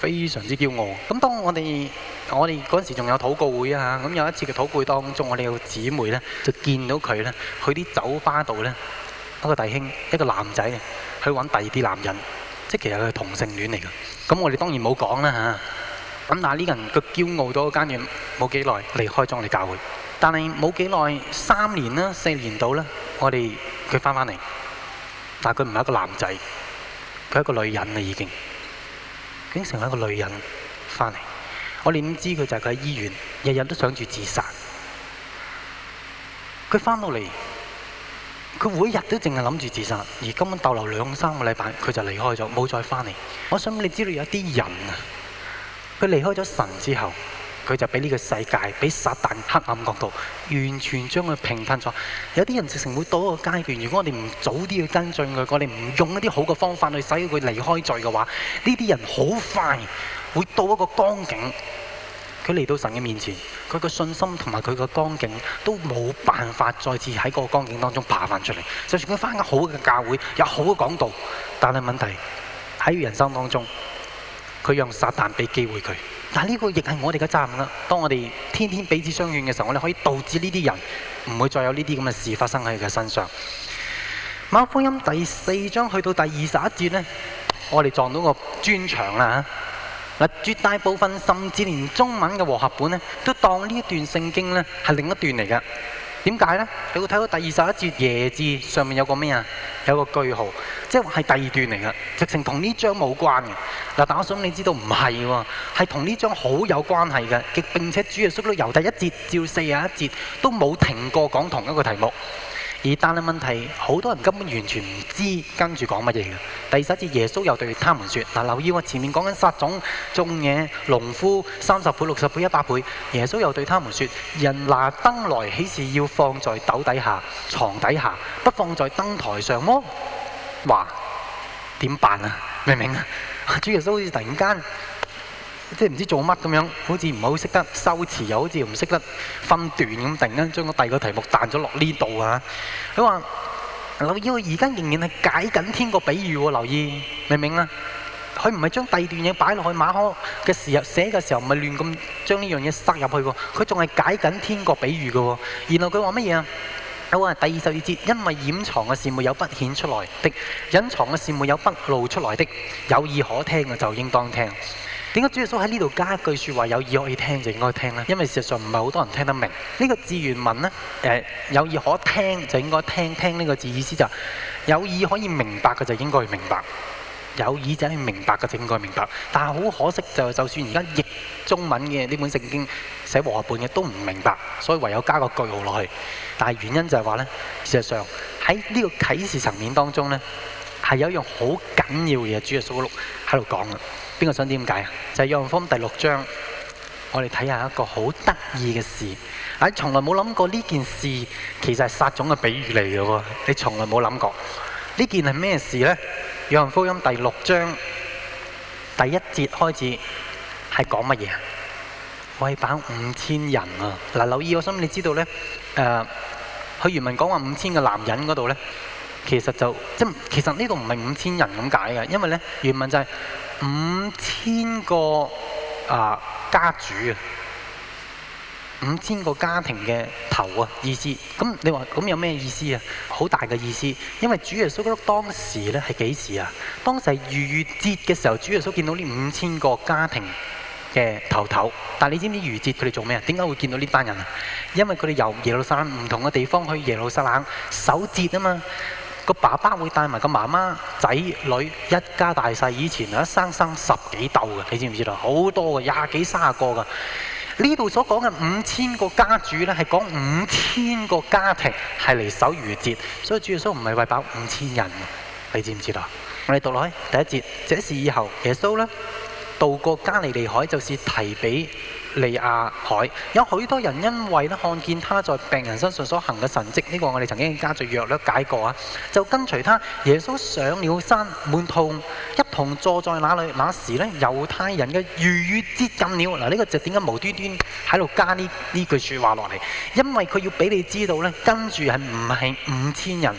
非常之驕傲。咁當我哋我哋嗰陣時仲有禱告會啊嚇，咁有一次嘅禱告會當中，我哋個姊妹呢就見到佢呢，去啲酒吧度呢，一個弟兄，一個男仔嘅，去揾第二啲男人，即係其實佢係同性戀嚟㗎。咁我哋當然冇講啦嚇。咁但呢個人個驕傲到間段冇幾耐離開咗我哋教會，但係冇幾耐三年啦四年到啦，我哋佢翻返嚟，但係佢唔係一個男仔，佢係一個女人啊，已經。竟成為一個女人翻嚟，我點知佢就係佢喺醫院，日日都想住自殺。佢翻到嚟，佢每日都淨係諗住自殺，而根本逗留兩三個禮拜，佢就離開咗，冇再翻嚟。我想你知道有啲人啊，佢離開咗神之後。佢就俾呢個世界，俾撒旦黑暗角度，完全將佢平判咗。有啲人直情會到一個階段，如果我哋唔早啲去跟進佢，我哋唔用一啲好嘅方法去使佢離開罪嘅話，呢啲人好快會到一個光景，佢嚟到神嘅面前，佢個信心同埋佢個光景都冇辦法再次喺嗰個光景當中爬翻出嚟。就算佢翻一個好嘅教會，有好嘅講道，但係問題喺人生當中，佢讓撒旦俾機會佢。但呢個亦係我哋嘅責任啦。當我哋天天彼此相勸嘅時候，我哋可以導致呢啲人唔會再有呢啲咁嘅事發生喺佢嘅身上。馬福音第四章去到第二十一節呢，我哋撞到個磚牆啦嚇。嗱，絕大部分甚至連中文嘅和合本呢，都當呢一段聖經呢係另一段嚟㗎。點解呢？你會睇到第二十一節耶字上面有個咩啊？有個句號，即係係第二段嚟噶，直情同呢章冇關嘅。嗱，但我想你知道唔係喎，係同呢章好有關係嘅。並且主耶穌都由第一節照四廿一節都冇停過講同一個題目。而但係問題，好多人根本完全唔知跟住講乜嘢嘅。第十節，耶穌又對他們說：嗱，留意我前面講緊撒種種嘢、農夫，三十倍、六十倍、一百倍。耶穌又對他們說：人拿燈來，豈是要放在斗底下、床底下，不放在燈台上哇麼？話點辦啊？明唔明啊？主耶穌好似突然間。即係唔知做乜咁樣，好似唔係好識得修辭，又好似唔識得分段咁，突然間將個第二個題目彈咗落呢度啊！佢話：留意，我而家仍然係解緊天國比喻喎。留意，明唔明啊？佢唔係將第二段嘢擺落去馬可嘅時候寫嘅時候，咪亂咁將呢樣嘢塞入去喎。佢仲係解緊天國比喻嘅喎。然後佢話乜嘢啊？佢話第二十二節：因為掩藏嘅事沒有不顯出來的，隱藏嘅事沒有不露出來的，有意可聽嘅就應當聽。點解主耶穌喺呢度加一句説話，有耳可以聽就應該聽咧？因為事實上唔係好多人聽得明呢、呢個字原文呢，誒、呃、有耳可聽就應該聽，聽呢個字意思就係、有耳可以明白嘅就應該明白，有耳仔可以明白嘅就應該明白。但係好可惜，就就算而家譯中文嘅呢本聖經寫和合本嘅都唔明白，所以唯有加個句號落去。但係原因就係話呢，事實上喺呢個啟示層面當中呢，係有一樣好緊要嘅嘢，主耶穌喺度講嘅。邊個想點解啊？就係、是《約翰福音》第六章，我哋睇下一個好得意嘅事。喺、啊、從來冇諗過呢件事，其實係撒種嘅比喻嚟嘅喎。你從來冇諗過呢件係咩事呢？《約翰福音》第六章第一節開始係講乜嘢啊？餵飽五千人啊！嗱，留意我想你知道呢，誒、呃，佢原文講話五千個男人嗰度呢，其實就即其實呢度唔係五千人咁解嘅，因為呢，原文就係、是。五千個啊家主啊，五千個家庭嘅頭啊意思，咁你話咁有咩意思啊？好大嘅意思，因為主耶穌嗰度當時咧係幾時啊？當時係逾越節嘅時候，主耶穌見到呢五千個家庭嘅頭頭。但係你知唔知逾越節佢哋做咩啊？點解會見到呢班人啊？因為佢哋由耶路撒冷唔同嘅地方去耶路撒冷守節啊嘛。個爸爸會帶埋個媽媽仔女一家大細，以前啊生生十幾竇嘅，你知唔知道？好多嘅廿幾三十個嘅。呢度所講嘅五千個家主咧，係講五千個家庭係嚟守逾節，所以主耶穌唔係喂飽五千人嘅，你知唔知道？我哋讀落去第一節，這是以後耶穌咧渡過加利利海，就是提比。利亞海有許多人因為咧看見他在病人身上所行嘅神蹟，呢、呢個我哋曾經加住約略解過啊，就跟隨他。耶穌上了山，門徒一同坐在那裏。那時咧，猶太人嘅逾越節接近了。嗱，呢個就點解無端端喺度加呢呢句説話落嚟？因為佢要俾你知道咧，跟住係唔係五千人？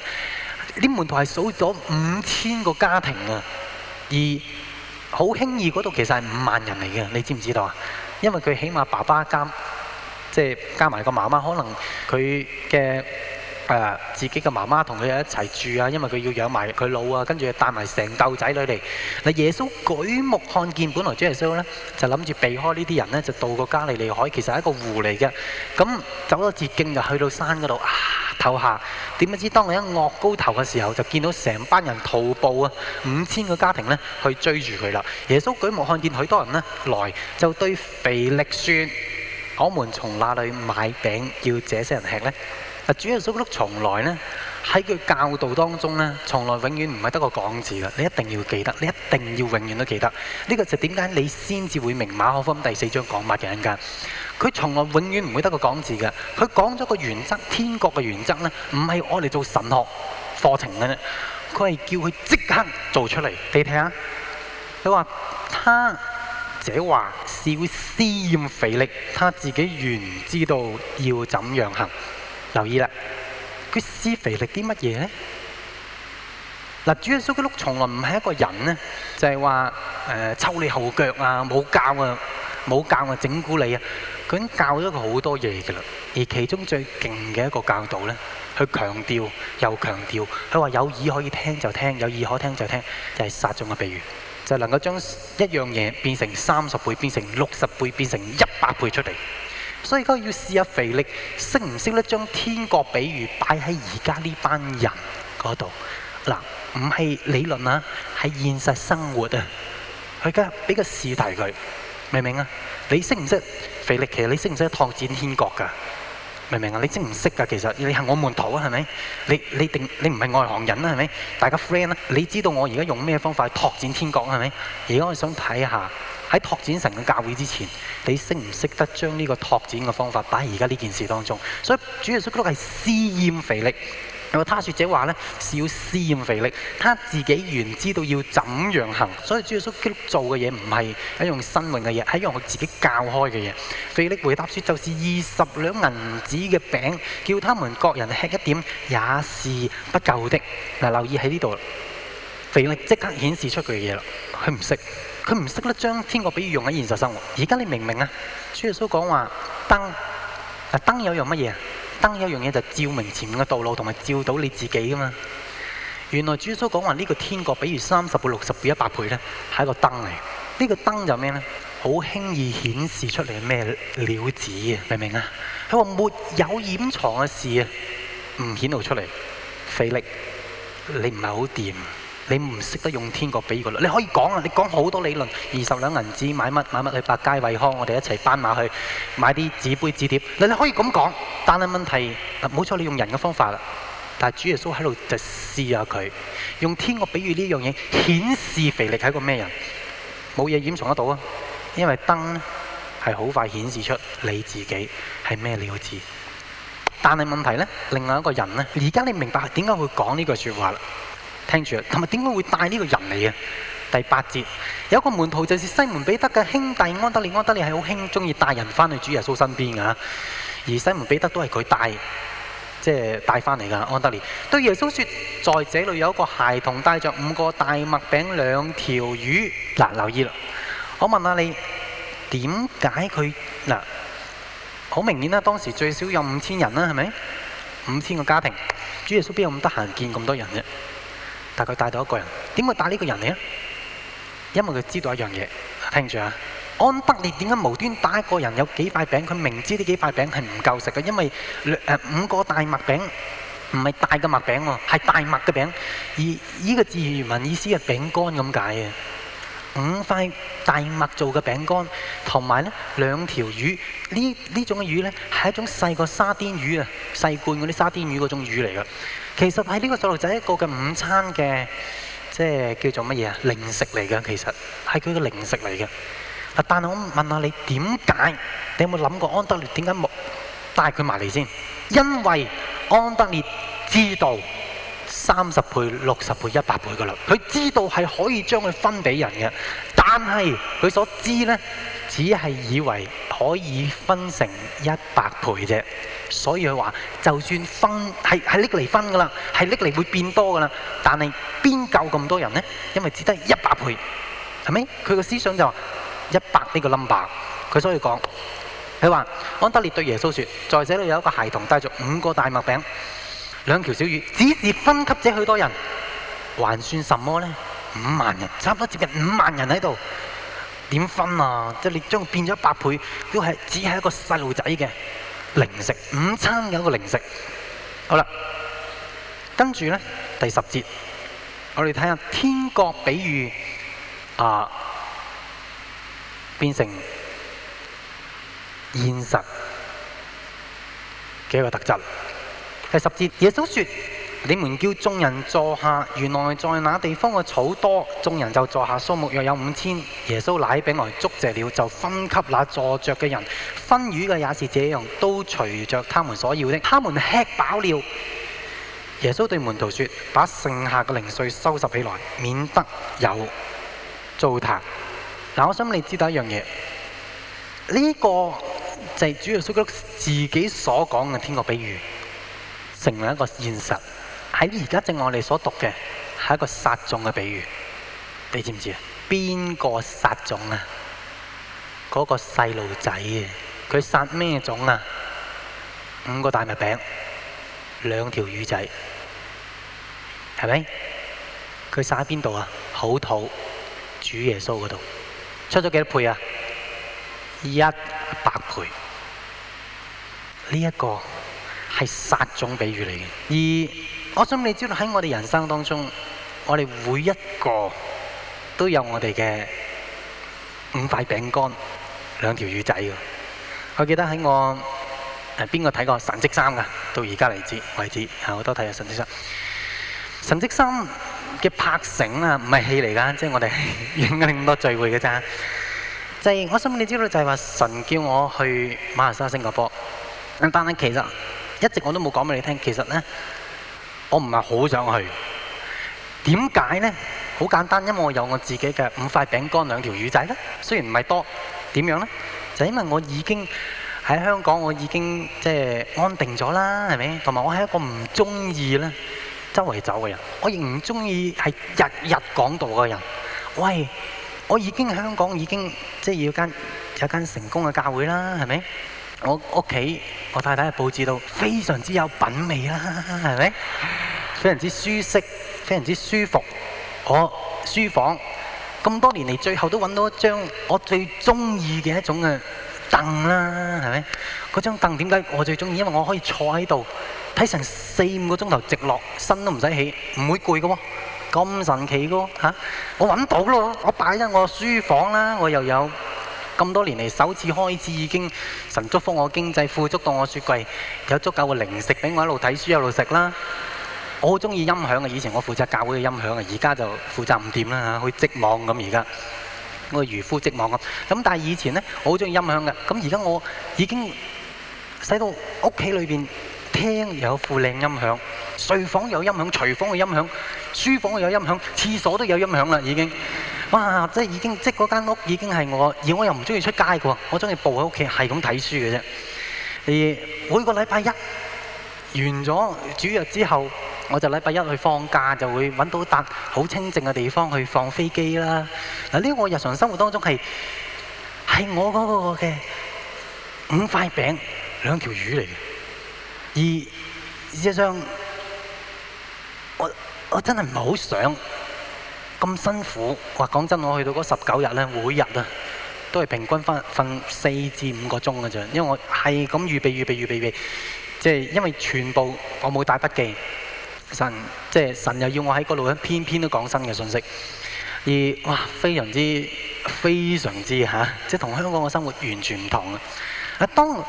呢門徒係數咗五千個家庭啊，而好輕易嗰度其實係五萬人嚟嘅，你知唔知道啊？因為佢起碼爸爸加，即係加埋個媽媽，可能佢嘅。誒自己嘅媽媽同佢一齊住啊，因為佢要養埋佢老啊，跟住帶埋成竇仔女嚟。嗱，耶穌舉目看見，本來只係想咧，就諗住避開呢啲人呢，就渡過加利利海，其實係一個湖嚟嘅。咁走咗捷徑就去到山嗰度，唞、啊、下。點不知當我一岳高頭嘅時候，就見到成班人徒步啊，五千個家庭呢去追住佢啦。耶穌舉目看見許多人呢來，就對腓力説：我們從哪裏買餅叫這些人吃呢？主耶穌嗰度從來呢喺佢教導當中呢，從來永遠唔係得個講字噶，你一定要記得，你一定要永遠都記得呢、這個就點解你先至會明馬可福音第四章講乜嘢嘅？佢從來永遠唔會得個講字噶，佢講咗個原則，天國嘅原則呢，唔係我哋做神學課程嘅啫，佢係叫佢即刻做出嚟。你睇下，佢話他這話是要試驗腓力，他自己原知道要怎樣行。留意啦，佢施肥力啲乜嘢咧？嗱，主耶穌嘅碌從來唔係一個人咧，就係話誒抽你後腳啊，冇教啊，冇教啊，整蠱你啊，佢已經教咗佢好多嘢㗎喇，而其中最勁嘅一個教導咧，佢強調又強調，佢話有耳可以聽就聽，有耳可聽就聽，就係殺中嘅比喻，就能夠將一樣嘢變成三十倍，變成六十倍，變成一百倍出嚟。所以而家要試下肥力識唔識得將天國比喻擺喺而家呢班人嗰度。嗱，唔係理論啊，係現實生活啊！佢而家俾個試題佢，明唔明啊？你識唔識肥力？其實你識唔識拓展天國㗎？明唔明啊？你識唔識㗎？其實你係我門徒啊，係咪？你你定你唔係外行人啊，係咪？大家 friend 啊，你知道我而家用咩方法拓展天國啊，係咪？而家我想睇下。喺拓展神嘅教會之前，你識唔識得將呢個拓展嘅方法擺喺而家呢件事當中？所以主耶穌基督係試驗肥力。有個他説者話呢，是要試驗肥力，他自己原知道要怎樣行。所以主耶穌基督做嘅嘢唔係一種新穎嘅嘢，係一種自己教開嘅嘢。肥力回答説，就是二十兩銀子嘅餅，叫他們各人吃一點，也是不夠的。嗱，留意喺呢度，肥力即刻顯示出佢嘅嘢啦，佢唔識。佢唔識得將天國比喻用喺現實生活。而家你明唔明啊？主耶穌講話燈，啊燈，有樣乜嘢？燈有樣嘢就照明前面嘅道路，同埋照到你自己啊嘛。原來主耶穌講話呢個天國，比喻三十倍、六十倍、一百倍呢，係一個燈嚟。呢個燈就咩呢？好輕易顯示出嚟咩料子啊？明唔明啊？佢話沒有掩藏嘅事啊，唔顯露出嚟，費力，你唔係好掂。你唔識得用天國比喻個律，你可以講啊！你講好多理論，二十兩銀紙買乜買乜去百佳惠康，我哋一齊斑馬去買啲紙杯紙碟。你你可以咁講，但係問題冇錯，你用人嘅方法啦。但係主耶穌喺度就試下佢用天國比喻呢樣嘢，顯示肥力係個咩人？冇嘢掩藏得到啊！因為燈係好快顯示出你自己係咩料子。但係問題呢，另外一個人呢，而家你明白點解會講呢句説話啦？聽住，同埋點解會帶呢個人嚟啊？第八節有一個門徒就是西門彼得嘅兄弟安德烈，安德烈係好興中意帶人翻去主耶穌身邊㗎。而西門彼得都係佢帶，即係帶翻嚟㗎。安德烈對耶穌説：在這裏有一個孩童帶着五個大麥餅、兩條魚。嗱，留意啦，我問下你點解佢？嗱，好明顯啦？當時最少有五千人啦，係咪五千個家庭？主耶穌邊有咁得閒見咁多人啫？大概帶到一個人，點解帶呢個人嚟？因為佢知道一樣嘢，聽住啊！安德烈點解無端打一個人？有幾塊餅，佢明知呢幾塊餅係唔夠食嘅，因為兩五個大麥餅，唔係大嘅麥餅喎，係大麥嘅餅，而呢個字原文意思係餅乾咁解嘅。五塊大麥做嘅餅乾，同埋呢兩條魚。種魚呢，呢種嘅魚咧係一種細個沙甸魚啊，細罐嗰啲沙甸魚嗰種魚嚟嘅。其實係呢個細路仔一個嘅午餐嘅，即係叫做乜嘢啊？零食嚟嘅，其實係佢嘅零食嚟嘅。啊，但係我問下你點解？你有冇諗過安德烈點解冇帶佢埋嚟先？因為安德烈知道三十倍、六十倍、一百倍嘅啦，佢知道係可以將佢分俾人嘅。但係佢所知呢，只係以為可以分成一百倍啫，所以佢話：就算分係係拎嚟分噶啦，係拎嚟會變多噶啦，但係邊夠咁多人呢？因為只得一百倍，係咪？佢個思想就話一百呢個 number，佢所以講：佢話安德烈對耶穌說：在這裏有一個孩童帶著五個大麥餅、兩條小魚，只是分給這許多人，還算什麼呢？五萬人，差唔多接近五萬人喺度，點分啊？即係你將佢變咗百倍，都係只係一個細路仔嘅零食，午餐嘅一個零食。好啦，跟住咧第十節，我哋睇下天國比喻啊變成現實嘅一個特質。第十節，耶穌說。你們叫眾人坐下，原來在那地方嘅草多，眾人就坐下。數目約有五千。耶穌拿餅來祝謝了，就分給那坐着嘅人。分魚嘅也是這樣，都隨着他們所要的。他們吃飽了，耶穌對門徒説：把剩下嘅零碎收拾起來，免得有糟蹋。嗱，但我想你知道一樣嘢，呢、這個就係主耶穌自己所講嘅天國比喻，成為一個現實。喺而家正我哋所讀嘅係一個殺種嘅比喻，你知唔知啊？邊個殺種啊？嗰個細路仔啊！佢殺咩種啊？五個大麥餅，兩條魚仔，係咪？佢殺喺邊度啊？好土，主耶穌嗰度，出咗幾多倍啊？一百倍，呢一個係殺種比喻嚟嘅。二我想你知道喺我哋人生當中，我哋每一個都有我哋嘅五塊餅乾、兩條魚仔嘅。我記得喺我誒邊個睇過《神蹟三》噶，到而家為止，為止，嚇好多睇下《神蹟三》。《神蹟三》嘅拍成啊，唔係戲嚟㗎，即係我哋影咗咁多聚會㗎咋。就係我想你知道，就係話神叫我去馬來西亞、新加坡，但係其實一直我都冇講俾你聽，其實咧。我唔係好想去，點解呢？好簡單，因為我有我自己嘅五塊餅乾、兩條魚仔呢，雖然唔係多，點樣呢？就因為我已經喺香港，我已經即係安定咗啦，係咪？同埋我係一個唔中意呢周圍走嘅人，我亦唔中意係日日講道嘅人。喂，我已經香港已經即係要間有間成功嘅教會啦，係咪？我屋企，我太太佈置到非常之有品味啦，係咪？非常之舒適，非常之舒服。我書房咁多年嚟，最後都揾到一張我最中意嘅一種嘅凳啦，係咪？嗰張凳點解我最中意？因為我可以坐喺度睇成四五個鐘頭直落，身都唔使起，唔會攰嘅喎，咁神奇嘅喎嚇！我揾到咯，我擺喺我，我書房啦，我又有。咁多年嚟，首次開始已經神祝福我經濟富足到我雪櫃有足夠嘅零食俾我一路睇書一路食啦。我好中意音響嘅，以前我負責教會嘅音響啊，而家就負責唔掂啦嚇，好織網咁而家，我係漁夫織網咁。咁但係以前呢，我好中意音響嘅。咁而家我已經使到屋企裏邊廳有副靚音響，睡房有音響，廚房有音響，書房有音響，廁所都有音響啦已經。哇！即係已經，即係嗰間屋已經係我，而我又唔中意出街嘅喎，我中意抱喺屋企，係咁睇書嘅啫。而每個禮拜一完咗主日之後，我就禮拜一去放假，就會揾到笪好清靜嘅地方去放飛機啦。嗱，呢個我日常生活當中係係我嗰個嘅五塊餅兩條魚嚟嘅。而事實上，我我真係唔係好想。咁辛苦，話講真，我去到嗰十九日呢，每日啊，都係平均翻瞓四至五個鐘嘅咋。因為我係咁預備、預備、預備、預，即係因為全部我冇帶筆記，神即係神又要我喺嗰度咧，偏偏都講新嘅信息。而哇，非常之、非常之嚇，啊，即係同香港嘅生活完全唔同啊！當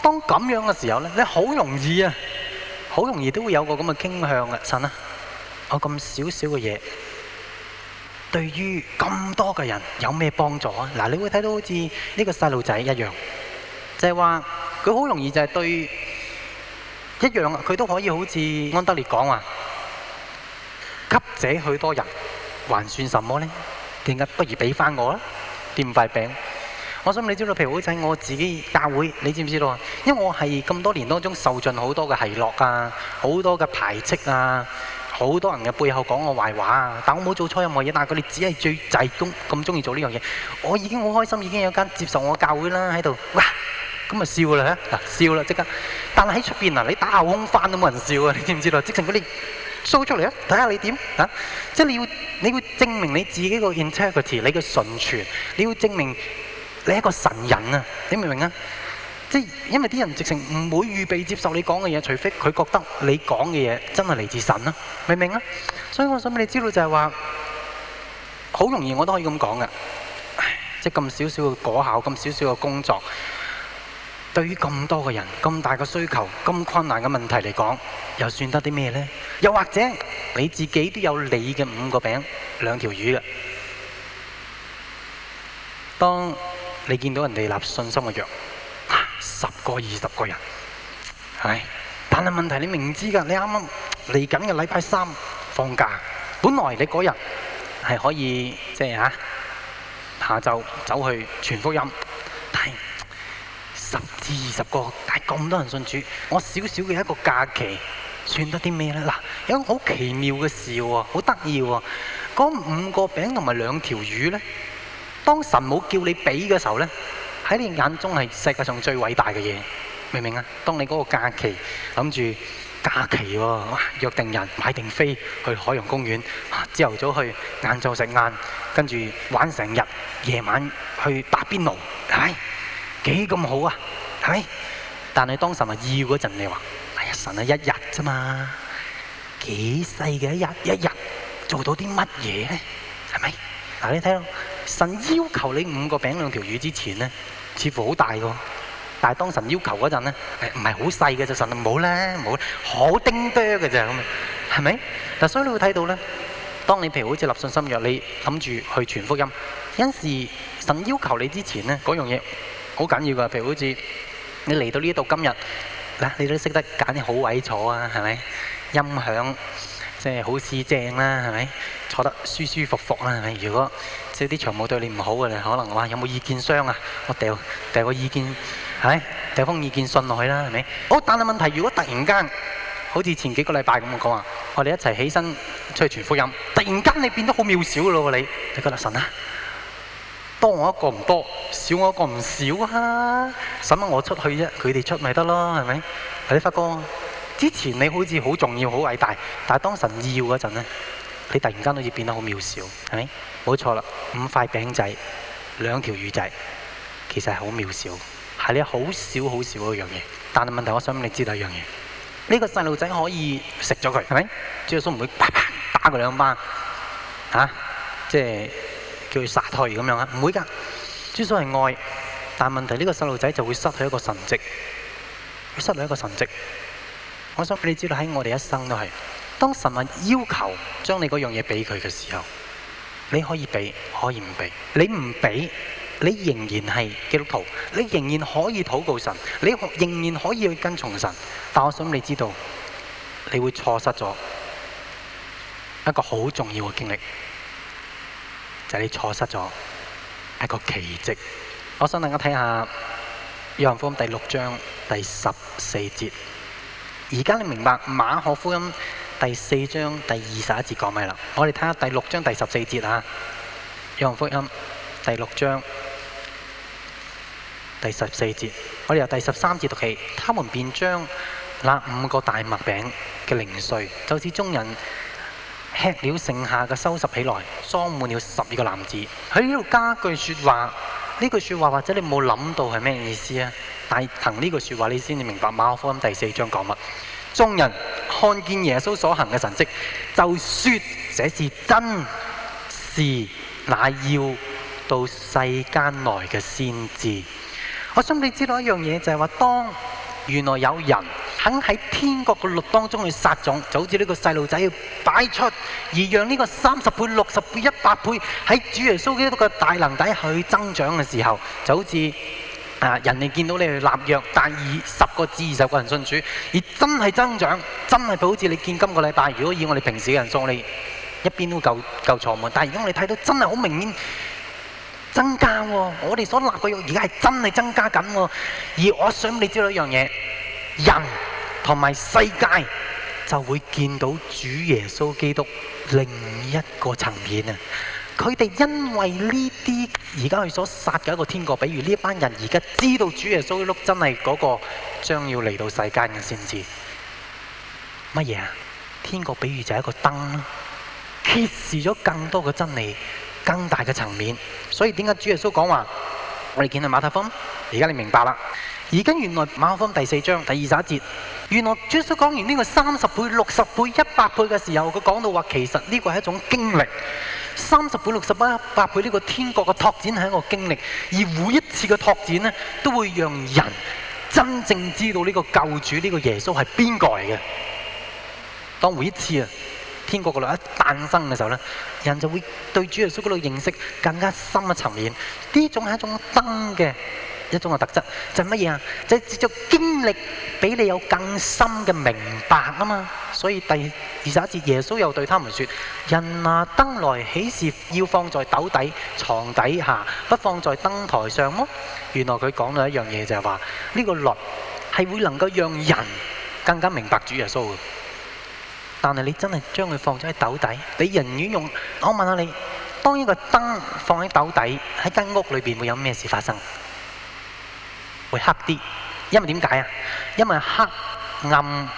當咁樣嘅時候呢，你好容易啊，好容易都會有個咁嘅傾向啊！神啊，我咁少少嘅嘢。對於咁多嘅人有咩幫助啊？嗱，你會睇到好似呢個細路仔一樣，就係話佢好容易就係對一樣，佢都可以好似安德烈講話，給這許多人還算什麼呢？點解不如俾翻我咧？掂塊餅，我想你知道皮毛仔，我自己教會，你知唔知道啊？因為我係咁多年當中受盡好多嘅奚落啊，好多嘅排斥啊。好多人嘅背後講我壞話啊！但我冇做錯任何嘢，但係佢哋只係最濟公咁鍾意做呢樣嘢。我已經好開心，已經有間接受我教會啦，喺度哇，咁咪笑啦嚇、啊，笑啦即刻！但係喺出邊啊，你打下空翻都冇人笑啊，你知唔知道？即係嗰啲 show 出嚟啊，睇下你點嚇？即係你要你要證明你自己個 integrity，你嘅純全，你要證明你係一個神人啊！你明唔明啊？即因為啲人直情唔會預備接受你講嘅嘢，除非佢覺得你講嘅嘢真係嚟自神啦、啊，明唔明啊？所以我想俾你知道就係話，好容易我都可以咁講㗎，即係咁少少嘅果效，咁少少嘅工作，對於咁多個人、咁大嘅需求、咁困難嘅問題嚟講，又算得啲咩呢？又或者你自己都有你嘅五個餅、兩條魚嘅，當你見到人哋立信心嘅藥。十個、二十個人，係但係問題你明知噶，你啱啱嚟緊嘅禮拜三放假，本來你嗰日係可以即係吓下晝走去傳福音，但係十至二十個，但係咁多人信主，我少少嘅一個假期，算得啲咩呢？嗱，有好奇妙嘅事喎，好得意喎，嗰五個餅同埋兩條魚呢，當神冇叫你俾嘅時候呢。喺你眼中係世界上最偉大嘅嘢，明唔明啊？當你嗰個假期諗住假期喎、啊，約定人買定飛去海洋公園，朝、啊、頭早去，晏晝食晏，跟住玩成日，夜晚去打邊爐，係幾咁好啊？係咪？但係當神話要嗰陣，你話：哎呀，神啊，一日啫嘛，幾細嘅一日，一日，做到啲乜嘢呢？係咪？嗱，你睇咯，神要求你五個餅兩條魚之前呢。似乎好大嘅、哦，但係當神要求嗰陣咧，唔、哎、係好細嘅就神唔好咧，唔好好丁哆嘅咋咁，係咪？但所以你會睇到咧，當你譬如好似立信心約，你諗住去傳福音，有時神要求你之前咧，嗰樣嘢好緊要嘅，譬如好似你嚟到呢度今日，嗱你都識得揀啲好位坐啊，係咪？音響即係好試正啦，係咪？坐得舒舒服服啦，係咪？如果。即啲長務對你唔好嘅，你可能話，有冇意見箱啊？我掉掉個意見，係掉封意見信落去啦，係咪？好，但係問題，如果突然間好似前幾個禮拜咁講啊，我哋一齊起身出去傳福音，突然間你變得好渺小咯喎！你你覺得神啊？多我一個唔多，少我一個唔少啊！使乜我出去啫？佢哋出咪得咯，係咪？係你發覺，之前你好似好重要、好偉大，但係當神要嗰陣咧。你突然間好似變得好渺小，係咪？冇錯啦，五塊餅仔、兩條魚仔，其實係好渺小，係你好少好少一樣嘢。但係問題，我想俾你知道一樣嘢：呢個細路仔可以食咗佢，係咪？朱素唔會啪啪打佢兩巴，嚇，即係叫佢撒腿咁樣啊？唔會㗎。朱素係愛，但係問題呢個細路仔就會失去一個神蹟，會失去一個神蹟。我想俾你知道喺我哋一生都係。當神問要求將你嗰樣嘢俾佢嘅時候，你可以俾，可以唔俾。你唔俾，你仍然係基督徒，你仍然可以禱告神，你仍然可以去跟從神。但我想你知道，你會錯失咗一個好重要嘅經歷，就係、是、你錯失咗一個奇蹟。我想大家睇下《約翰福音》第六章第十四節。而家你明白馬可福音。第四章第二十一節講咩啦？我哋睇下第六章第十四節啊，約翰福音第六章第十四節，我哋由第十三節讀起，他們便將那五個大麥餅嘅零碎，就是眾人吃了剩下嘅，收拾起來，裝滿了十二個籃子。喺呢度加句説話，呢句説話或者你冇諗到係咩意思啊？但憑呢句説話，你先至明白馬可福音第四章講乜。眾人看見耶穌所行嘅神蹟，就說：這是真是，那要到世間來嘅先知。我想你知道一樣嘢，就係、是、話當原來有人肯喺天國嘅路當中去撒種，就好似呢個細路仔擺出，而讓呢個三十倍、六十倍、一百倍喺主耶穌基督嘅大能底去增長嘅時候，就好似。啊！人哋見到你哋立約，但二十個至二十個人信主，而真係增長，真係好似你見今個禮拜，如果以我哋平時嘅人數我哋一邊都夠夠坐滿。但係如果我哋睇到真係好明顯增加喎，我哋所立嘅約而家係真係增加緊喎。而我想你知道一樣嘢，人同埋世界就會見到主耶穌基督另一個層面啊！佢哋因為呢啲而家佢所殺嘅一個天國，比如呢班人而家知道主耶穌碌真係嗰個將要嚟到世間嘅，先知乜嘢啊？天國比喻就係一個燈，揭示咗更多嘅真理、更大嘅層面。所以點解主耶穌講話？我哋見到馬太福音，而家你明白啦。而家原來馬太福音第四章第二十一節，原來主耶穌講完呢個三十倍、六十倍、一百倍嘅時候，佢講到話其實呢個係一種經歷。三十倍、六十倍八，搭配呢個天國嘅拓展，係一個經歷，而每一次嘅拓展呢，都會讓人真正知道呢個救主呢、呢個耶穌係邊個嚟嘅。當每一次啊，天國嘅力量誕生嘅時候呢，人就會對主耶穌嗰度認識更加深嘅層面。呢種係一種燈嘅。一種嘅特質就係乜嘢啊？就藉著經歷俾你有更深嘅明白啊嘛。所以第二十一節耶穌又對他們說：人拿，燈來，豈是要放在斗底、牀底下，不放在燈台上麼？原來佢講到一樣嘢就係話：呢個律係會能夠讓人更加明白主耶穌嘅。但係你真係將佢放咗喺斗底，你寧願用，我問下你：當一個燈放喺斗底喺間屋裏邊，會有咩事發生？會黑啲，因為點解啊？因為黑暗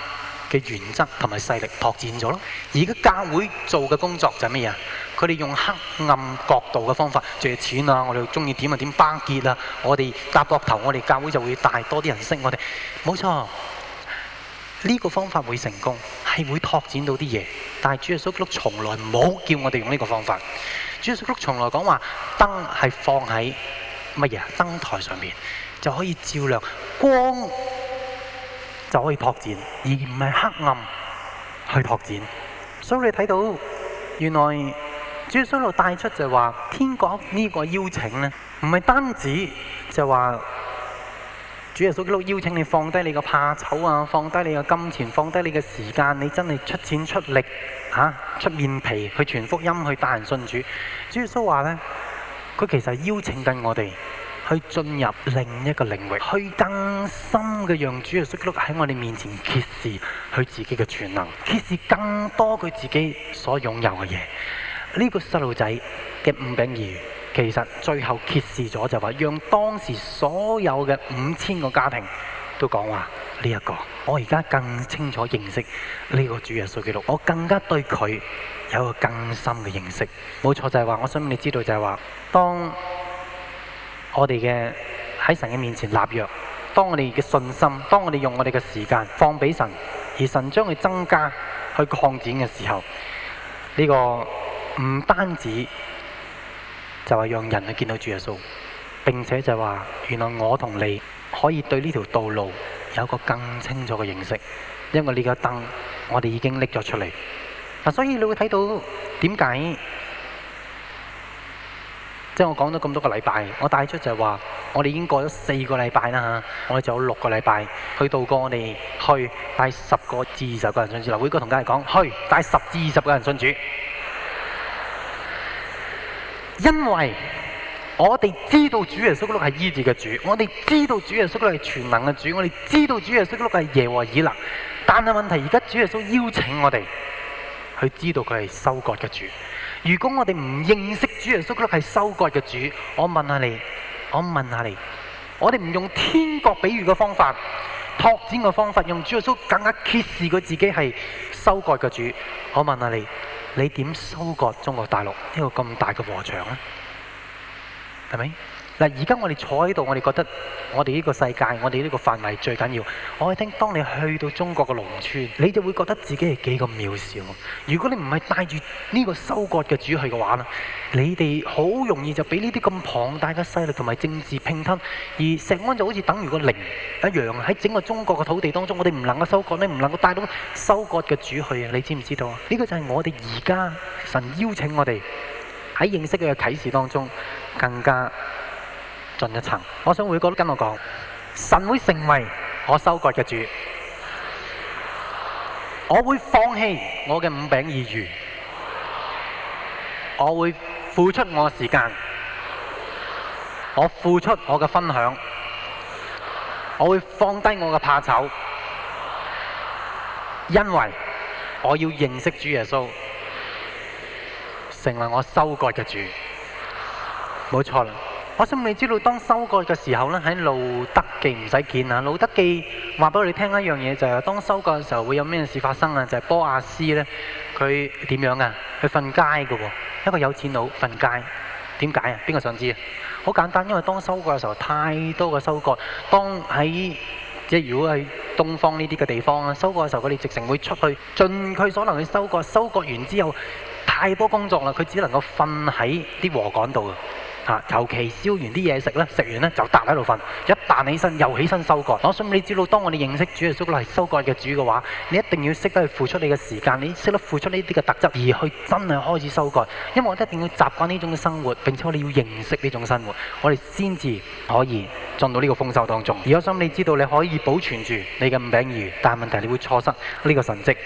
嘅原則同埋勢力拓展咗咯。而家教會做嘅工作就係咩啊？佢哋用黑暗角度嘅方法借錢啊，我哋中意點啊點巴結啊，我哋搭膊頭，我哋教會就會大多啲人識我哋。冇錯，呢個方法會成功，係會拓展到啲嘢。但係主耶穌基督從來冇叫我哋用呢個方法。主耶穌基督從來講話燈係放喺乜嘢？燈台上面。就可以照亮光，就可以拓展，而唔係黑暗去拓展。所以你睇到， so、see, 原來主耶穌基督帶出就話，天國呢個邀請呢，唔係單止就話主耶穌基督邀請你放低你個怕醜啊，放低你個金錢，放低你嘅時間，你真係出錢出力吓、啊，出面皮去傳福音，去帶人信主。主耶穌話呢，佢其實係邀請緊我哋。去進入另一個領域，去更深嘅讓主耶穌基督喺我哋面前揭示佢自己嘅全能，揭示更多佢自己所擁有嘅嘢。呢個細路仔嘅五餅二魚其實最後揭示咗就話，讓當時所有嘅五千個家庭都講話呢一個。我而家更清楚認識呢個主耶穌基督，我更加對佢有個更深嘅認識。冇錯就係話，我想你知道就係話，當，我哋嘅喺神嘅面前立約，當我哋嘅信心，當我哋用我哋嘅時間放俾神，而神將佢增加、去擴展嘅時候，呢個唔單止就係讓人去見到主耶穌，並且就話原來我同你可以對呢條道路有一個更清楚嘅認識，因為呢個燈我哋已經拎咗出嚟。嗱，所以你會睇到點解？即係我講咗咁多個禮拜，我帶出就係話，我哋已經過咗四個禮拜啦嚇，我哋仲有六個禮拜去度過我哋去帶十個至二十個人信主，我會個同家人講去帶十至二十個人信主，因為我哋知道主耶穌係醫治嘅主，我哋知道主耶穌係全能嘅主，我哋知道主耶穌係耶和華以勒。但係問題而家主耶穌邀請我哋去知道佢係收割嘅主。如果我哋唔認識主耶穌係收割嘅主，我問下你，我問下你，我哋唔用天國比喻嘅方法拓展嘅方法，用主耶穌更加揭示佢自己係收割嘅主，我問下你，你點收割中國大陸呢個咁大嘅禾場呢？係咪？嗱，而家我哋坐喺度，我哋覺得我哋呢個世界、我哋呢個範圍最緊要。我哋聽，當你去到中國嘅農村，你就會覺得自己係幾咁渺小。如果你唔係帶住呢個收割嘅主去嘅話咧，你哋好容易就俾呢啲咁龐大嘅勢力同埋政治拼吞，而石安就好似等於個零一樣，喺整個中國嘅土地當中，我哋唔能夠收割，你唔能夠帶到收割嘅主去啊！你知唔知道啊？呢、這個就係我哋而家神邀請我哋喺認識佢嘅啟示當中更加。進一層，我想每個都跟我講，神會成為我收割嘅主，我會放棄我嘅五餅二魚，我會付出我嘅時間，我付出我嘅分享，我會放低我嘅怕醜，因為我要認識主耶穌，成為我收割嘅主，冇錯啦。我想你知道當收割嘅時候呢，喺路德記唔使見啊！路德記話俾我哋聽一樣嘢，就係、是、當收割嘅時候會有咩事發生啊？就係、是、波亞斯呢，佢點樣啊？佢瞓街嘅喎，一個有錢佬瞓街。點解啊？邊個想知啊？好簡單，因為當收割嘅時候太多嘅收割，當喺即係如果喺東方呢啲嘅地方啊，收割嘅時候佢哋直情會出去盡佢所能去收割，收割完之後太多工作啦，佢只能夠瞓喺啲禾稈度。尤其燒完啲嘢食咧，食完咧就彈喺度瞓，一彈起身又起身收割。我想你知道，當我哋認識主耶穌係收割嘅主嘅話，你一定要識得去付出你嘅時間，你識得付出呢啲嘅特質，而去真係開始收割。因為我一定要習慣呢種嘅生活，並且我哋要認識呢種生活，我哋先至可以進到呢個豐收當中。而我想你知道，你可以保存住你嘅五餅二魚，但係問題你會錯失呢個神蹟。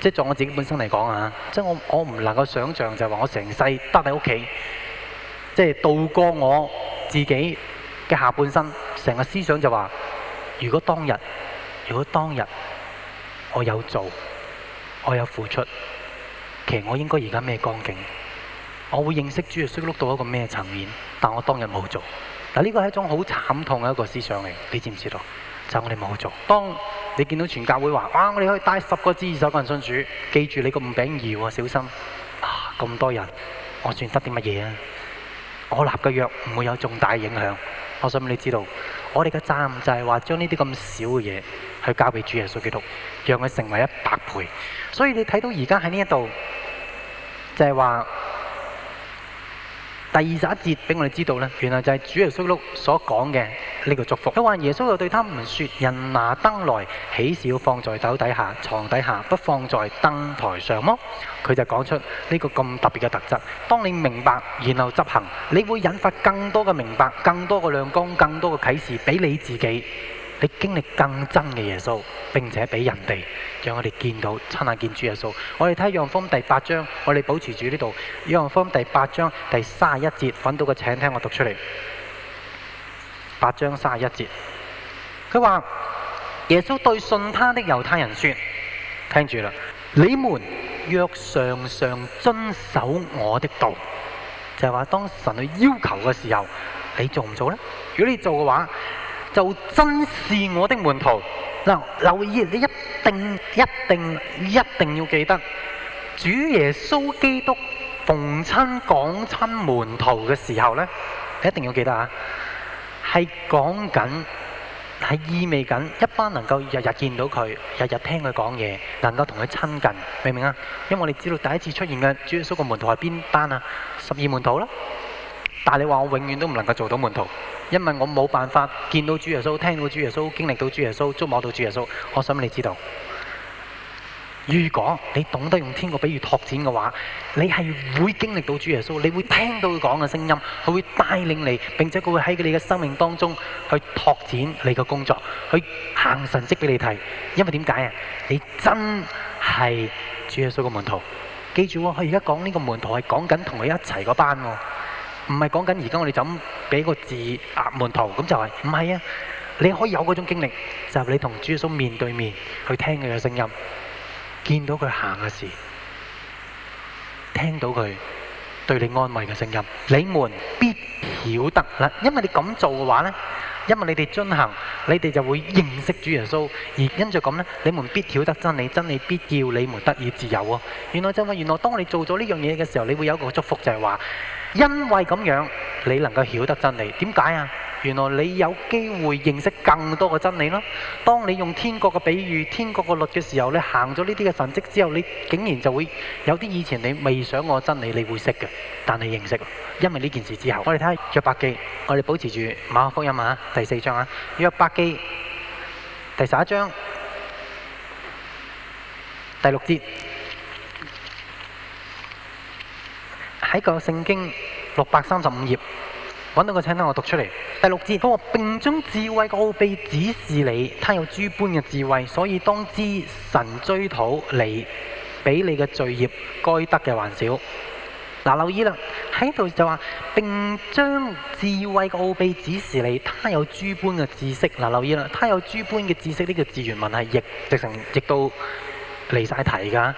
即係在我自己本身嚟講啊，即係我我唔能夠想像就係話我成世得喺屋企。即係度過我自己嘅下半生，成個思想就話：如果當日，如果當日我有做，我有付出，其實我應該而家咩光景？我會認識主耶穌碌到一個咩層面？但我當日冇做。嗱，呢個係一種好慘痛嘅一個思想嚟，你知唔知道？就是、我哋冇做。當你見到全教會話：哇，我哋可以帶十個至二十個人信主，記住你個五餅二魚啊，小心！啊，咁多人，我算得啲乜嘢啊？我立嘅約唔會有重大影響，我想你知道，我哋嘅責任就係話將呢啲咁少嘅嘢去交俾主耶穌基督，讓佢成為一百倍。所以你睇到而家喺呢一度，就係話。第二十一節俾我哋知道呢，原來就係主耶穌所講嘅呢個祝福。佢話耶穌又對他們說：人拿燈來，豈是要放在斗底下、床底下，不放在燈台上麼？佢就講出呢個咁特別嘅特質。當你明白，然後執行，你會引發更多嘅明白、更多嘅亮光、更多嘅啟示俾你自己。你經歷更真嘅耶穌，並且俾人哋讓我哋見到親眼見主耶穌。我哋睇《約翰福音》第八章，我哋保持住呢度。《約翰福音》第八章第三十一節，揾到個請聽我讀出嚟。八章三十一節，佢話耶穌對信他的猶太人說：，聽住啦，你們若常常遵守我的道，就係話當神去要求嘅時候，你做唔做呢？如果你做嘅話，就真是我的門徒，嗱，留意你一定、一定、一定要記得，主耶穌基督逢親講親門徒嘅時候呢，一定要記得啊，係講緊，係意味緊一班能夠日日見到佢，日日聽佢講嘢，能夠同佢親近，明唔明啊？因為我哋知道第一次出現嘅主耶穌嘅門徒係邊班啊？十二門徒啦，但係你話我永遠都唔能夠做到門徒。因為我冇辦法見到主耶穌、聽到主耶穌、經歷到主耶穌、觸摸到主耶穌，我想你知道，如果你懂得用天國比喻拓展嘅話，你係會經歷到主耶穌，你會聽到佢講嘅聲音，佢會帶領你，並且佢會喺你嘅生命當中去拓展你嘅工作，去行神跡俾你睇。因為點解啊？你真係主耶穌嘅門徒，記住喎！佢而家講呢個門徒係講緊同佢一齊嗰班喎。唔係講緊而家我哋就咁俾個字壓門徒，咁就係唔係啊？你可以有嗰種經歷，就係你同主耶穌面對面去聽佢嘅聲音，見到佢行嘅事，聽到佢對你安慰嘅聲音，你們必曉得喇，因為你咁做嘅話咧，因為你哋進行，你哋就會認識主耶穌，而因住咁咧，你們必曉得真理，真理必叫你們得以自由喎。原來就係原來，當你做咗呢樣嘢嘅時候，你會有一個祝福，就係話。因為咁樣，你能夠曉得真理。點解啊？原來你有機會認識更多嘅真理咯。當你用天國嘅比喻，天國嘅律嘅時候咧，你行咗呢啲嘅神蹟之後，你竟然就會有啲以前你未想過真理，你會識嘅。但係你認識，因為呢件事之後。我哋睇約伯記，我哋保持住馬可福音啊，第四章啊，約伯記第十一章第六節。喺個聖經六百三十五頁揾到個請，等我讀出嚟第六節。佢話：並將智慧嘅奧秘指示你，他有諸般嘅智慧，所以當知神追討你，俾你嘅罪孽該得嘅還少。嗱，留意啦，喺度就話並將智慧嘅奧秘指示你，他有諸般嘅知識。嗱，留意啦，他有諸般嘅知識，呢、這個字原文係亦直成亦到離曬題㗎。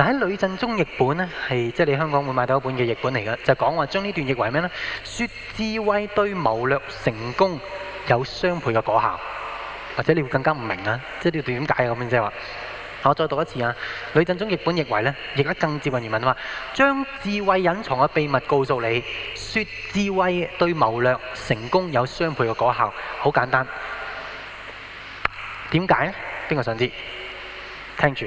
但喺呂振中譯本呢，係即係你香港會買到一本嘅譯本嚟嘅，就講話將呢段譯為咩呢？「說智慧對謀略成功有雙倍嘅果效，或者你會更加唔明啊，即係呢段點解咁樣，即係話，我再讀一次啊。呂振中譯本譯為呢，譯得更接近原文啊嘛，將智慧隱藏嘅秘密告訴你，說智慧對謀略成功有雙倍嘅果效，好簡單，點解？邊個想知？聽住。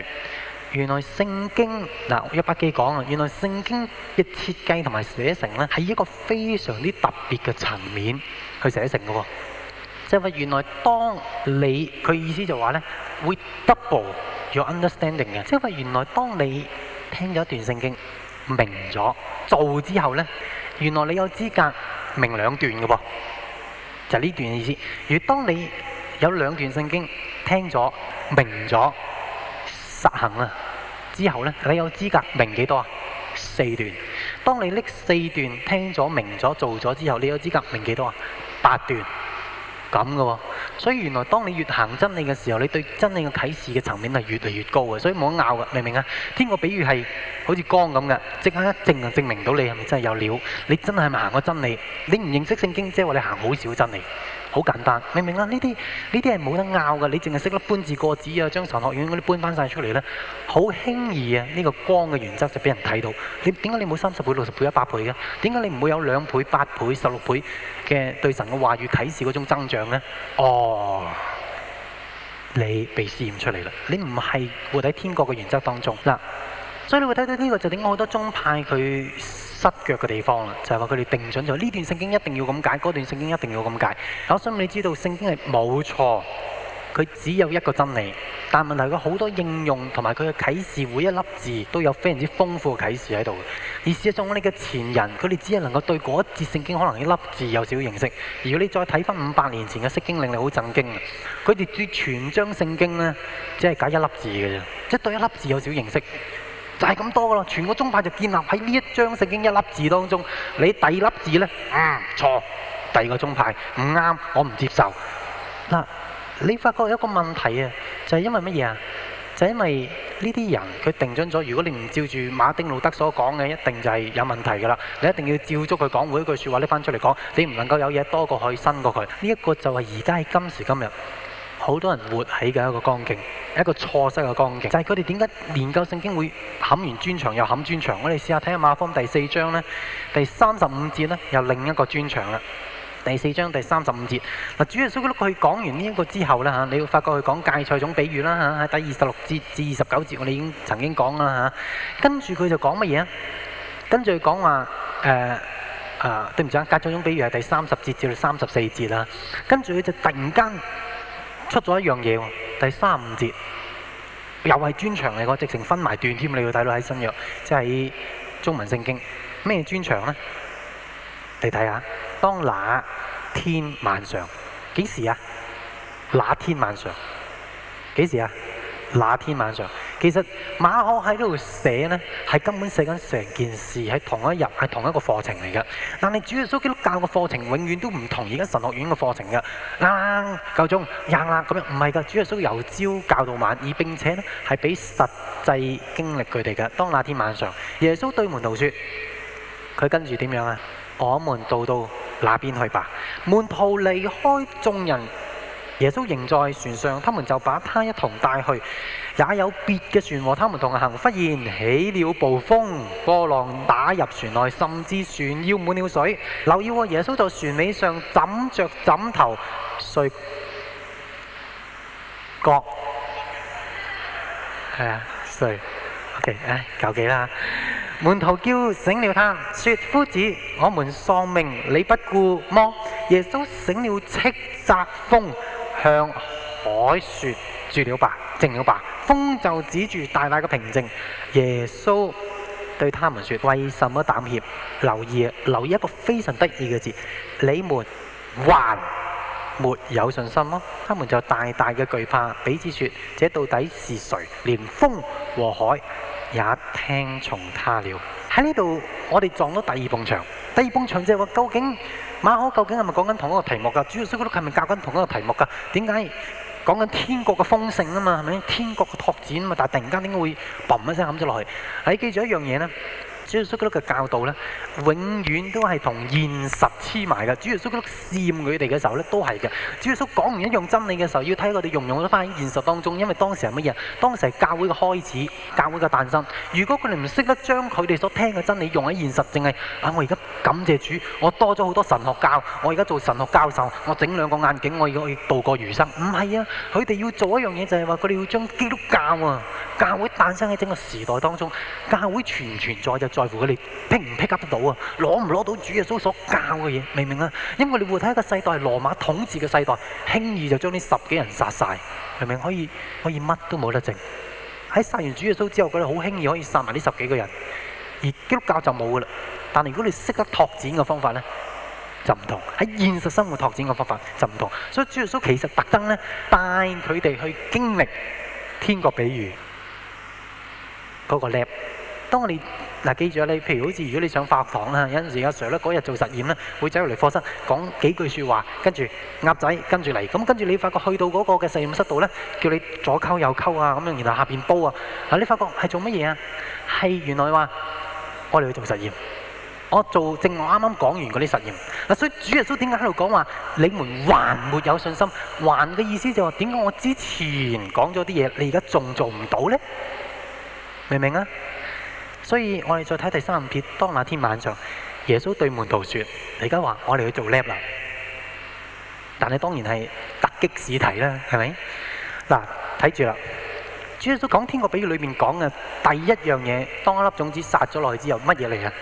原來聖經嗱，約伯記講啊，原來聖經嘅設計同埋寫成咧，係一個非常之特別嘅層面去寫成嘅喎。即係話原來當你，佢意思就話咧，會 double your understanding 嘅。即係話原來當你聽咗一段聖經，明咗做之後咧，原來你有資格明兩段嘅噃。就呢段意思。而當你有兩段聖經聽咗，明咗。實行啦，之後呢，你有資格明幾多啊？四段。當你拎四段聽咗、明咗、做咗之後，你有資格明幾多啊？八段。咁噶喎。所以原來當你越行真理嘅時候，你對真理嘅啟示嘅層面係越嚟越高嘅。所以冇得拗嘅，明唔明啊？天個比喻係好似光咁嘅，即刻一證就證明到你係咪真係有料。你真係咪行過真理？你唔認識聖經，即係話你行好少真理。好簡單，明唔明啊？呢啲呢啲係冇得拗嘅，你淨係識得搬字過紙啊，將神學院嗰啲搬翻晒出嚟呢。好輕易啊！呢個光嘅原則就俾人睇到。你點解你冇三十倍、六十倍、一百倍嘅？點解你唔會有兩倍、八倍、十六倍嘅對神嘅話語啟示嗰種增長呢？哦，你被試驗出嚟啦！你唔係活喺天國嘅原則當中嗱。所以你會睇睇呢個就點解好多宗派佢失腳嘅地方啦，就係話佢哋定準咗呢段聖經一定要咁解，嗰段聖經一定要咁解。但我想你知道聖經係冇錯，佢只有一個真理。但問題佢好多應用同埋佢嘅啟示，每一粒字都有非常之豐富嘅啟示喺度。而事實上，我哋嘅前人佢哋只係能夠對嗰一節聖經可能一粒字有少少認識。如果你再睇翻五百年前嘅釋經，令你好震驚，佢哋讀全章聖經呢，只係解一粒字嘅啫，即係對一粒字有少少認識。.就係咁多噶咯，全個宗派就建立喺呢一張聖經一粒字當中。你第二粒字呢？嗯，錯，第二個宗派唔啱，我唔接受。嗱，你發覺有一個問題啊，就係、是、因為乜嘢啊？就係、因為呢啲人佢定準咗，如果你唔照住馬丁路德所講嘅，一定就係有問題噶啦。你一定要照足佢講每一句説話拎翻出嚟講，你唔能夠有嘢多過佢、新過佢。呢、這、一個就係而家喺今時今日。好多人活喺嘅一個光景，一個錯失嘅光景，就係佢哋點解研究聖經會冚完專場又冚專場？我哋試下睇下馬方第四章呢，第三十五節呢，又另一個專場啦。第四章第三十五節嗱，主耶穌佢講完呢一個之後呢，嚇，你會發覺佢講芥菜種比喻啦嚇，喺第二十六節至二十九節，我哋已經曾經講啦嚇。跟住佢就講乜嘢啊？跟住講話誒啊？對唔對啊？芥菜種比喻係第三十節至到三十四節啦。跟住佢就突然間，出咗一樣嘢喎，第三五節又係專場嚟嘅，直情分埋段添。你要睇到喺新約，即係中文聖經咩專場呢？你睇下，當那天晚上幾時啊？那天晚上幾時啊？那天晚上，其實馬可喺度寫呢，係根本寫緊成件事係同一日，係同一個課程嚟噶。但係主耶穌基督教嘅課程永遠，永遠都唔同而家神學院嘅課程噶。啱夠鐘，啱咁、啊、樣，唔係噶。主耶穌由朝教到晚，而並且咧係俾實際經歷佢哋噶。當那天晚上，耶穌對門徒説：佢跟住點樣啊？我們到到那邊去吧？門徒離開眾人。耶穌仍在船上，他們就把他一同帶去。也有別嘅船和他們同行，忽然起了暴風，波浪打入船內，甚至船要滿了水。留意喎，耶穌就船尾上枕着枕頭睡覺。係啊，睡。OK，唉、啊，夠幾啦？門徒叫醒了他，說：夫子，我們喪命，你不顧麼？耶穌醒了，斥責風。向海説住了吧，靜了吧，風就止住，大大嘅平靜。耶穌對他們説：為什麼膽怯？留意，留意一個非常得意嘅字，你們還沒有信心咯。他們就大大嘅懼怕，彼此説：這到底是誰？連風和海也聽從他了。喺呢度，我哋撞到第二埲牆。第二埲牆就係話，究竟？馬可究竟係咪講緊同一個題目㗎？主要基督教係咪教緊同一個題目㗎？點解講緊天國嘅豐盛啊嘛？係咪？天國嘅拓展啊嘛？但係突然間點解會嘣一聲冚咗落去？誒，記住一樣嘢咧。主耶穌嘅教導咧，永遠都係同現實黐埋嘅。主耶穌基督試驗佢哋嘅時候咧，都係嘅。主耶穌講唔一樣真理嘅時候，要睇佢哋用唔用得翻喺現實當中。因為當時係乜嘢啊？當時係教會嘅開始，教會嘅誕生。如果佢哋唔識得將佢哋所聽嘅真理用喺現實，淨係啊，我而家感謝主，我多咗好多神學教，我而家做神學教授，我整兩個眼鏡，我而家可以度過餘生。唔係啊，佢哋要做一樣嘢，就係話佢哋要將基督教啊，教會誕生喺整個時代當中，教會存唔存在就在乎佢哋 pick 唔 pick up 得到啊，攞唔攞到主耶穌所教嘅嘢，明唔明啊？因為你會睇一個世代係羅馬統治嘅世代，輕易就將呢十幾人殺曬，明唔明？可以可以乜都冇得剩。喺殺完主耶穌之後，佢哋好輕易可以殺埋呢十幾個人，而基督教就冇噶啦。但係如果你識得拓展嘅方法呢，就唔同。喺現實生活拓展嘅方法就唔同。所以主耶穌其實特登呢帶佢哋去經歷天國比喻嗰個叻。當你。嗱，記住啊，你譬如好似如果你想化學堂啦，有陣時阿 Sir 嗰日做實驗咧，會走入嚟課室講幾句説話，跟住鴨仔，跟住嚟，咁跟住你發覺去到嗰個嘅實驗室度咧，叫你左溝右溝啊，咁樣，然後下邊煲啊，嗱，你發覺係做乜嘢啊？係原來話我哋去做實驗，我做正我啱啱講完嗰啲實驗，嗱，所以主耶穌點解喺度講話你們還沒有信心？還嘅意思就話點解我之前講咗啲嘢，你而家仲做唔到呢？明唔明啊？所以我哋再睇第三片，當那天晚上耶穌對門徒說：你而家話我哋去做 lab 啦。但係當然係突擊試題啦，係咪？嗱，睇住啦，耶穌講天國比喻裏面講嘅第一樣嘢，當一粒種子撒咗落去之後，乜嘢嚟啊？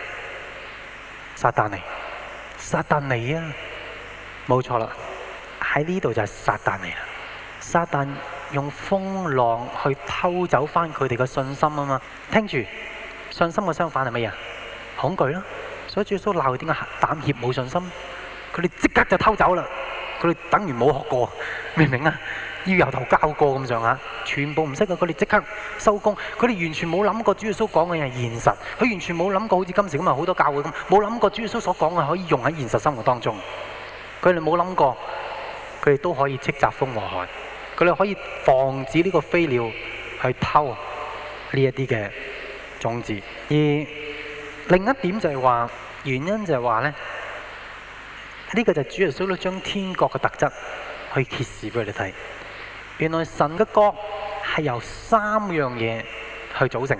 撒但嚟，撒但嚟啊！冇錯啦，喺呢度就係撒但嚟啦。撒但用風浪去偷走翻佢哋嘅信心啊嘛，聽住。信心嘅相反係乜嘢？恐懼啦！所以主耶穌鬧佢點解膽怯冇信心？佢哋即刻就偷走啦！佢哋等於冇學過，明唔明啊？要由頭教過咁上下，全部唔識嘅佢哋即刻收工，佢哋完全冇諗過主耶穌講嘅嘢係現實，佢完全冇諗過好似今時今日好多教會咁，冇諗過主耶穌所講嘅可以用喺現實生活當中。佢哋冇諗過，佢哋都可以斥責風和海，佢哋可以防止呢個飛鳥去偷呢一啲嘅種子。而另一點就係話，原因就係話呢，呢、呢個就係主耶穌咧將天國嘅特質去揭示俾你哋睇。原來神嘅國係由三樣嘢去組成，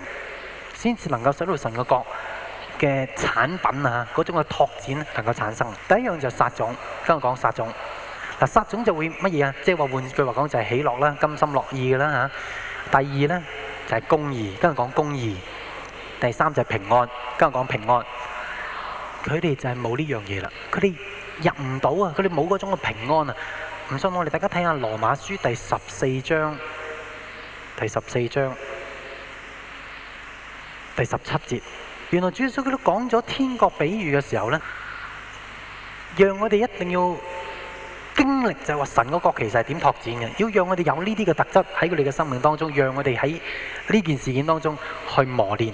先至能夠使到神嘅國嘅產品啊嗰種嘅拓展能夠產生。第一樣就係殺種，跟住講殺種。嗱、啊、殺種就會乜嘢啊？即係話換句話講就係喜樂啦、甘心樂意嘅啦嚇。第二呢，就係、是、公義，跟住講公義。第三就係平安，今日講平安，佢哋就係冇呢樣嘢啦。佢哋入唔到啊，佢哋冇嗰種嘅平安啊。唔信我哋，大家睇下《羅馬書》第十四章，第十四章，第十七節。原來主耶穌佢都講咗天國比喻嘅時候呢，讓我哋一定要經歷，就係話神嘅國其實係點拓展嘅，要讓我哋有呢啲嘅特質喺佢哋嘅生命當中，讓我哋喺呢件事件當中去磨練。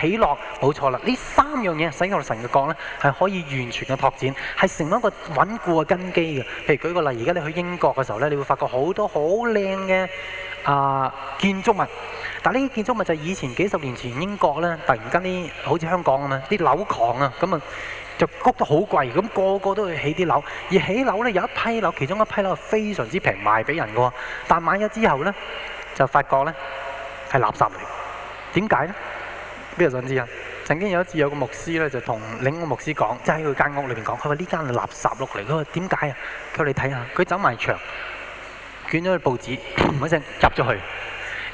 起落冇錯啦，呢三樣嘢使我神嘅國咧係可以完全嘅拓展，係成為一個穩固嘅根基嘅。譬如舉個例，而家你去英國嘅時候咧，你會發覺好多好靚嘅啊建築物，但呢啲建築物就係以前幾十年前英國咧，突然間啲好似香港咁樣，啲樓狂啊，咁啊就谷得好貴，咁、那個個都要起啲樓，而起樓咧有一批樓，其中一批樓係非常之平賣俾人嘅喎，但買咗之後咧就發覺咧係垃圾嚟，點解咧？邊度想知啊？曾經有一次有個牧師咧，就同另一個牧師講，就喺佢間屋裏邊講，佢話呢間垃圾屋嚟。佢話點解啊？佢你睇下，佢走埋牆，捲咗個報紙， 一聲入咗去。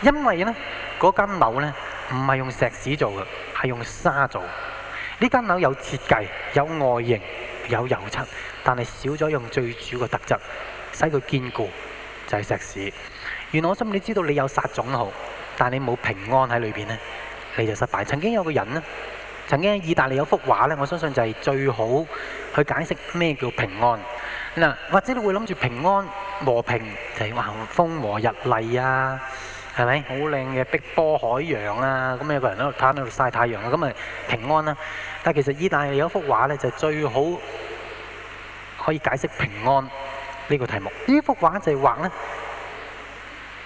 因為呢，嗰間樓咧唔係用石屎做嘅，係用沙做。呢間樓有設計、有外形、有油漆，但係少咗用最主嘅特質，使佢堅固，就係石屎。原來我心，你知道你有殺種好，但你冇平安喺裏邊呢。你就失敗。曾經有個人咧，曾經喺意大利有幅畫咧，我相信就係最好去解釋咩叫平安。嗱，或者你會諗住平安和平就係話風和日麗啊，係咪好靚嘅碧波海洋啊？咁有個人喺度攤喺度曬太陽啊，咁咪平安啦。但係其實意大利有幅畫咧，就係最好可以解釋平安呢個題目。呢幅畫就係畫咧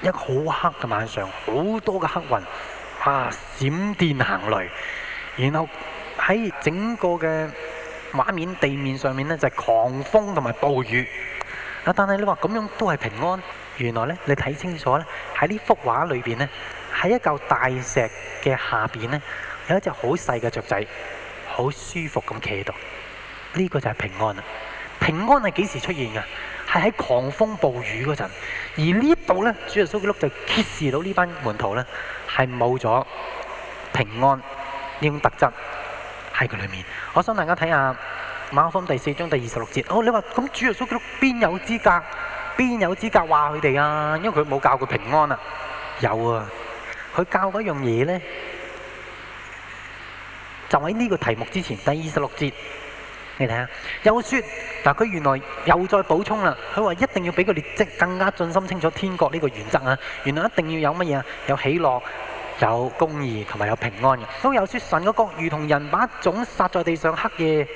一個好黑嘅晚上，好多嘅黑雲。啊！閃電行雷，然後喺整個嘅畫面地面上面呢，就係狂風同埋暴雨。啊！但係你話咁樣都係平安，原來呢，你睇清楚咧喺呢幅畫裏邊呢，喺一嚿大石嘅下邊呢，有一隻好細嘅雀仔，好舒服咁企喺度。呢、呢個就係平安啦！平安係幾時出現噶？係喺狂風暴雨嗰陣，而呢度呢，主耶穌基督就揭示到呢班門徒呢。係冇咗平安呢種特質喺佢裏面，我想大家睇下馬可福音第四章第二十六節。哦，你話咁主耶穌邊有資格，邊有資格話佢哋啊？因為佢冇教佢平安啊。有啊，佢教嗰樣嘢，呢就喺呢個題目之前第二十六節。你睇下，又説，嗱，佢原來又再補充啦，佢話一定要俾佢哋即更加盡心清楚天國呢個原則啊！原來一定要有乜嘢啊？有喜樂、有公義同埋有平安嘅。都有説，神嘅國如同人把種撒在地上，黑夜。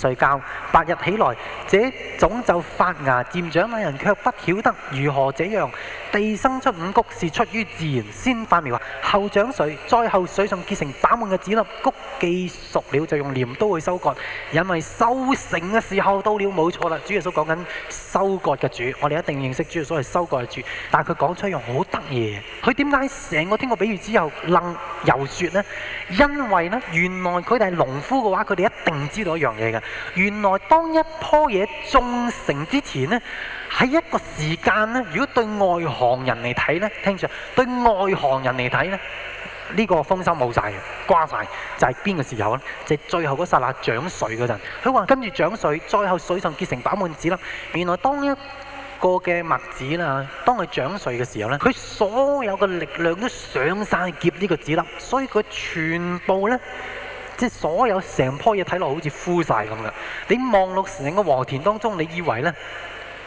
睡覺，白日起來，這種就發芽漸長嘅人，卻不曉得如何這樣。地生出五穀，是出於自然先發苗，後長穗，再後穗上結成飽滿嘅籽粒。穀既熟了，就用鐮刀去收割。因為收成嘅時候到了，冇錯啦。主耶穌講緊收割嘅主，我哋一定認識主耶穌係收割嘅主。但係佢講出一樣好得意嘅，佢點解成個聽過比喻之後楞又説呢？因為呢，原來佢哋係農夫嘅話，佢哋一定知道一樣嘢嘅。原來當一棵嘢種成之前咧，喺一個時間咧，如果對外行人嚟睇咧，聽住，對外行人嚟睇咧，呢、這個豐收冇晒嘅，瓜晒就係、是、邊個時候咧？就是、最後嗰剎那長穗嗰陣，佢話跟住長穗，最後穗上結成飽滿子粒。原來當一個嘅麥子啦，當佢長穗嘅時候咧，佢所有嘅力量都上晒結呢個子粒，所以佢全部呢。即所有成棵嘢睇落好似枯晒咁嘅，你望落成個禾田當中，你以為呢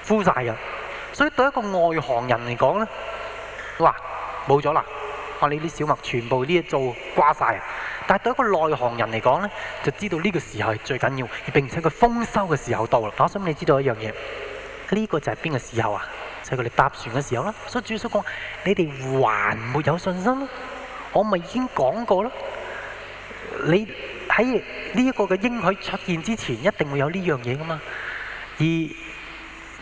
枯晒嘅，所以對一個外行人嚟講呢，話冇咗啦，哇！你啲小麥全部呢一做瓜曬。但係對一個內行人嚟講呢，就知道呢個時候係最緊要，而並且佢豐收嘅時候到啦。我想你知道一樣嘢，呢個就係邊個時候啊？就係佢哋搭船嘅時候啦。所以主耶穌講：你哋還沒有信心，我咪已經講過啦。你喺呢一個嘅應許出現之前，一定會有呢樣嘢噶嘛？而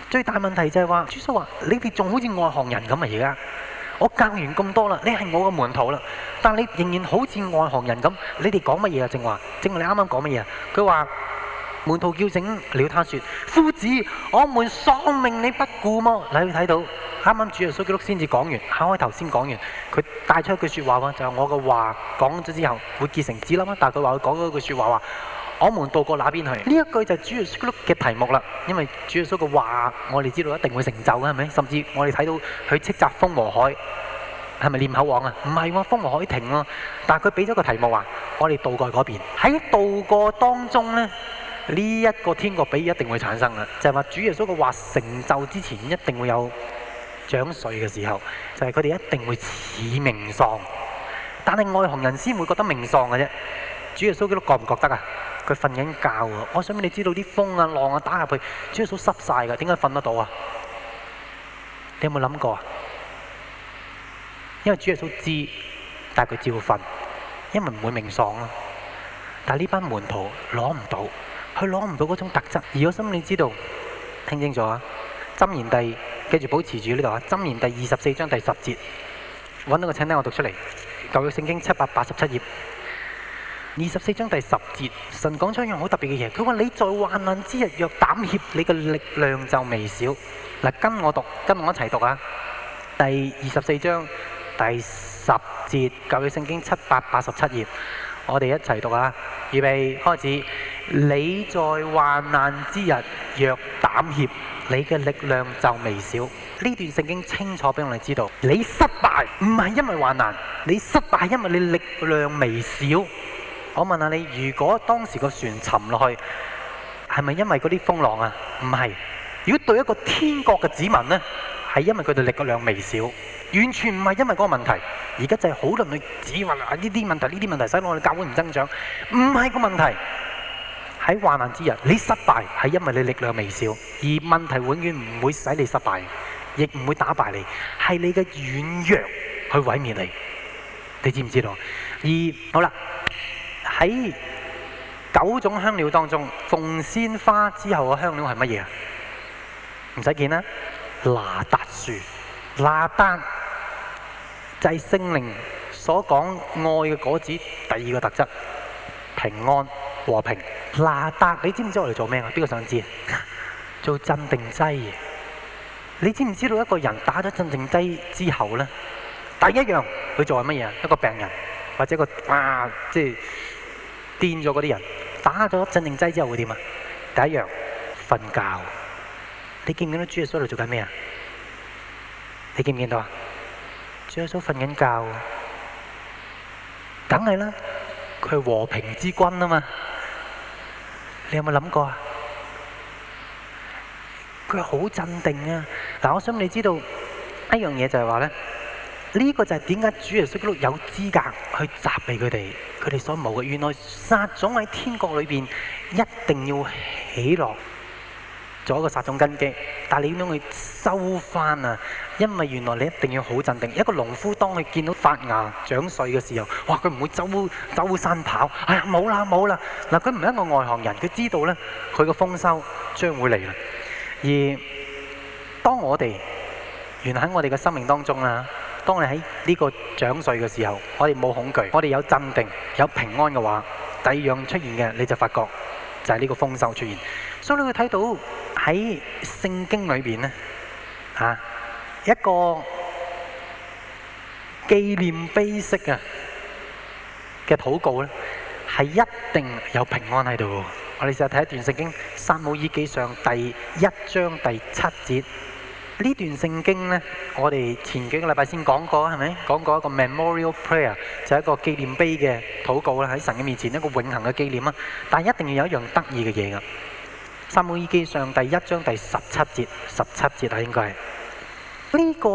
最大問題就係話，朱叔話你哋仲好似外行人咁啊！而家我教完咁多啦，你係我嘅門徒啦，但你仍然好似外行人咁。你哋講乜嘢啊？正話，正話你啱啱講乜嘢呀？佢話。門徒叫醒了他，説：夫子，我們喪命你不顧麼？你睇到啱啱主耶穌基督先至講完，開頭先講完，佢帶出一句説話喎，就係、是、我嘅話講咗之後會結成紙粒。但係佢話佢講咗句説話話：我們渡過那邊去？呢一句就係主耶穌嘅題目啦。因為主耶穌嘅話，我哋知道一定會成就嘅，係咪？甚至我哋睇到佢斥責風和海，係咪念口簧啊？唔係喎，風和海停咯、啊。但係佢俾咗個題目話：我哋渡過嗰邊。喺渡過當中呢。」呢一個天國比一定會產生嘅，就係話主耶穌嘅話成就之前一定會有漲水嘅時候，就係佢哋一定會似命喪，但係外行人先會覺得命喪嘅啫。主耶穌佢都覺唔覺得啊？佢瞓緊覺喎，我想畀你知道啲風啊浪啊打下去，主耶穌濕曬㗎，點解瞓得到啊？你有冇諗過啊？因為主耶穌知，但係佢照瞓，因為唔會命喪啊。但係呢班門徒攞唔到。佢攞唔到嗰種特質，而我心裏知道，聽清楚啊！箴言第，繼續保持住呢度啊！箴言第二十四章第十節，揾到個請聽我讀出嚟。舊約聖經七百八十七頁，二十四章第十節，神講出一樣好特別嘅嘢。佢話：你在患難之日若膽怯，你嘅力量就微小。嗱，跟我讀，跟我一齊讀啊！第二十四章第十節，舊約聖經七百八十七頁。我哋一齊讀啊，預備開始。你在患難之日若膽怯，你嘅力量就微小。呢段聖經清楚俾我哋知道，你失敗唔係因為患難，你失敗因為你力量微小。我問下你，如果當時個船沉落去，係咪因為嗰啲風浪啊？唔係。如果對一個天國嘅子民呢？係因為佢哋力量微小，完全唔係因為個問題。而家就係好多人去指話啊呢啲問題，呢啲問題使到我哋教會唔增長，唔係個問題。喺患難之日，你失敗係因為你力量微小，而問題永遠唔會使你失敗，亦唔會打敗你，係你嘅軟弱去毀滅你。你知唔知道？而好啦，喺九種香料當中，鳳仙花之後嘅香料係乜嘢啊？唔使見啦。哪噠樹、哪噠，就係、是、聖靈所講愛嘅果子。第二個特質，平安和平。哪噠，你知唔知我哋做咩啊？邊個想知？做鎮定劑。你知唔知道一個人打咗鎮定劑之後咧？第一樣，佢做係乜嘢啊？一個病人或者個啊，即係癲咗嗰啲人，打咗鎮定劑之後會點啊？第一樣，瞓覺。你見唔見到主耶穌喺度做緊咩啊？你見唔見到？主耶穌瞓緊覺，梗係啦，佢係和平之君啊嘛。你有冇諗過啊？佢好鎮定啊！嗱，我想你知道一樣嘢就係話咧，呢個就係點解主耶穌基督有資格去責備佢哋，佢哋所冒嘅原來殺咗喺天國裏邊，一定要起落。做一個殺種根基，但係你點樣去收翻啊？因為原來你一定要好鎮定。一個農夫當佢見到發芽長穗嘅時候，哇！佢唔會走走山跑，哎呀，冇啦冇啦嗱！佢唔係一個外行人，佢知道呢，佢個豐收將會嚟啦。而當我哋原來喺我哋嘅生命當中啦，當你喺呢個長穗嘅時候，我哋冇恐懼，我哋有鎮定、有平安嘅話，第二樣出現嘅你就發覺就係呢個豐收出現。所以你會睇到。喺聖經裏邊咧，啊一個紀念碑式嘅嘅禱告咧，係一定有平安喺度。我哋試下睇一段聖經，撒母耳記上第一章第七節，呢段聖經咧，我哋前幾個禮拜先講過，係咪？講過一個 memorial prayer 就係一個紀念碑嘅禱告啦，喺神嘅面前一個永恒嘅紀念啊。但係一定要有一樣得意嘅嘢啊！《撒母耳記》上第一章第十七節，十七節啊，應該係呢個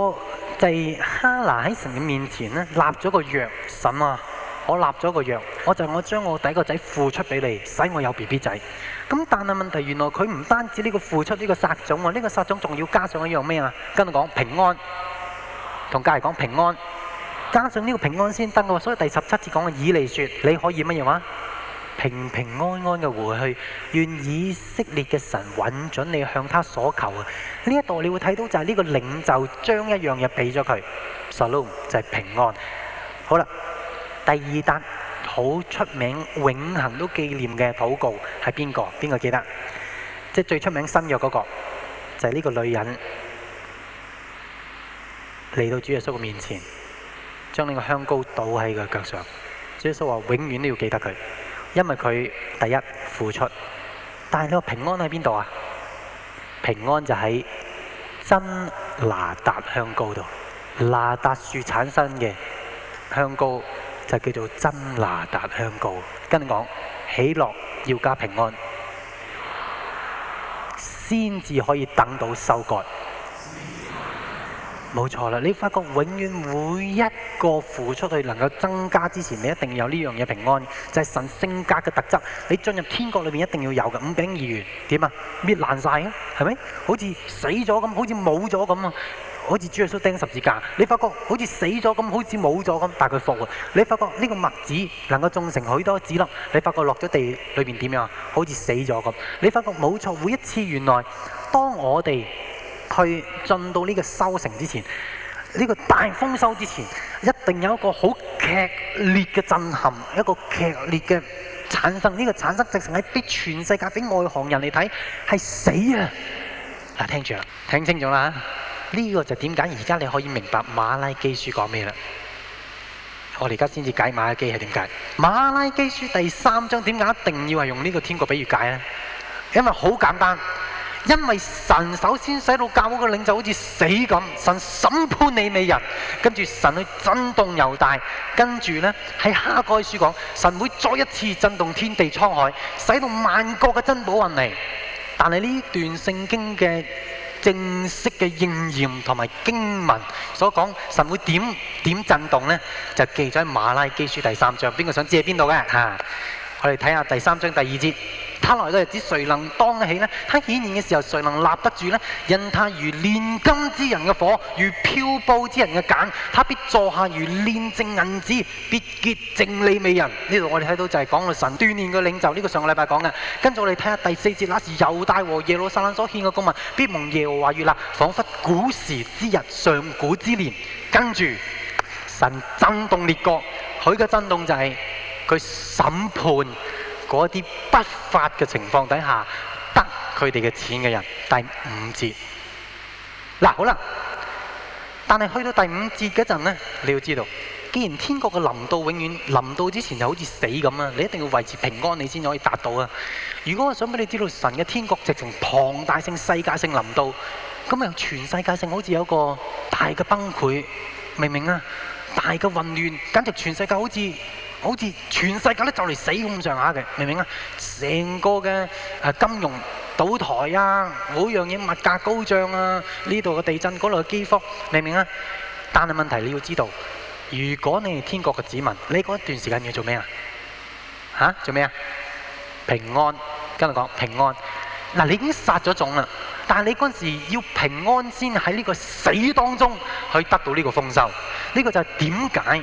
就係哈拿喺神嘅面前呢立咗個約，神啊，我立咗個約，我就我將我第一個仔付出俾你，使我有 B B 仔。咁但係問題原來佢唔單止呢個付出呢個殺種喎，呢個殺種仲要加上一樣咩啊？跟住講平安，同隔籬講平安，加上呢個平安先得嘅喎。所以第十七節講嘅以利説，你可以乜嘢話？平平安安嘅回去，願以色列嘅神允准你向他所求啊！呢一度你會睇到就係呢個領袖將一樣嘢俾咗佢，shalom 就係、是、平安。好啦，第二單好出名、永恆都紀念嘅禱告係邊個？邊個記得？即係最出名新約嗰、那個，就係、是、呢個女人嚟到主耶穌嘅面前，將呢個香膏倒喺佢腳上。主耶穌話永遠都要記得佢。因為佢第一付出，但係呢個平安喺邊度啊？平安就喺真哪噠香膏度，哪噠樹產生嘅香膏就叫做真哪噠香膏。跟你講，喜樂要加平安，先至可以等到收割。冇錯啦，你發覺永遠每一個付出去能夠增加之前，你一定有呢樣嘢平安，就係、是、神性格嘅特質。你進入天國裏面一定要有嘅五餅二魚點啊？搣爛晒啊，係咪？好似死咗咁，好似冇咗咁啊！好似主耶穌釘十字架，你發覺好似死咗咁，好似冇咗咁，但係佢復活。你發覺呢個麥子能夠種成許多子粒，你發覺落咗地裏面點樣啊？好似死咗咁。你發覺冇錯，每一次原來當我哋。去進到呢個收成之前，呢個大豐收之前，一定有一個好劇烈嘅震撼，一個劇烈嘅產生。呢個產生直情係逼全世界俾外行人嚟睇，係死啊！嗱，聽住啦，聽清楚啦。呢個就點解而家你可以明白馬拉基書講咩啦？我哋而家先至解馬拉基係點解？馬拉基書第三章點解一定要係用呢個天國比喻解呢？因為好簡單。因為神首先使到教會嘅領袖好似死咁，神審判你未人，跟住神去震動猶大，跟住呢。喺哈該書講，神會再一次震動天地滄海，使到萬國嘅珍寶運嚟。但係呢段聖經嘅正式嘅應驗同埋經文所講，神會點點震動呢？就記咗喺馬拉基書第三章，邊個想知係邊度嘅？吓，我哋睇下第三章第二節。他來嘅日子誰能當得起呢？他顯驗嘅時候誰能立得住呢？因他如煉金之人嘅火，如漂布之人嘅鹼，他必坐下如煉淨銀子，必潔淨利未人。呢度我哋睇到就係講到神鍛煉嘅領袖。呢、這個上個禮拜講嘅，跟住我哋睇下第四節，那時猶大和耶路撒冷所獻嘅供物，必蒙耶和華悅納，仿佛古時之日、上古之年。跟住神震動列國，佢嘅震動就係佢審判。嗰啲不法嘅情況底下，得佢哋嘅錢嘅人，第五節。嗱，好啦，但係去到第五節嗰陣呢，你要知道，既然天國嘅臨到永遠，臨到之前就好似死咁啊，你一定要維持平安，你先可以達到啊。如果我想俾你知道，神嘅天國直情龐大性、世界性臨到咁啊，全世界性好似有個大嘅崩潰，明唔明啊？大嘅混亂，簡直全世界好似～好似全世界都就嚟死咁上下嘅，明唔明啊？成個嘅金融倒台啊，每樣嘢物價高漲啊，呢度嘅地震，嗰度嘅饑荒，明唔明啊？但係問題你要知道，如果你係天國嘅子民，你嗰一段時間要做咩啊？嚇？做咩啊？平安，跟我講平安。嗱、啊，你已經殺咗種啦，但係你嗰陣時要平安先喺呢個死當中去得到呢個豐收。呢、這個就係點解？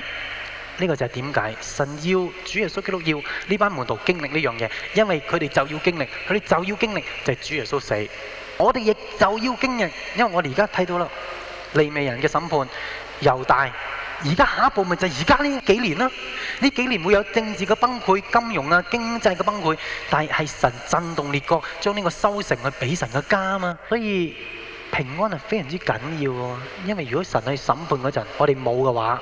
呢個就係點解神要主耶穌基督要呢班門徒經歷呢樣嘢，因為佢哋就要經歷，佢哋就要經歷就係、是、主耶穌死。我哋亦就要經歷，因為我哋而家睇到啦，利未人嘅審判，猶大，而家下一步咪就係而家呢幾年啦？呢幾年會有政治嘅崩潰、金融啊、經濟嘅崩潰，但係神震動列國，將呢個收成去俾神嘅家啊嘛。所以平安係非常之緊要嘅，因為如果神去審判嗰陣，我哋冇嘅話。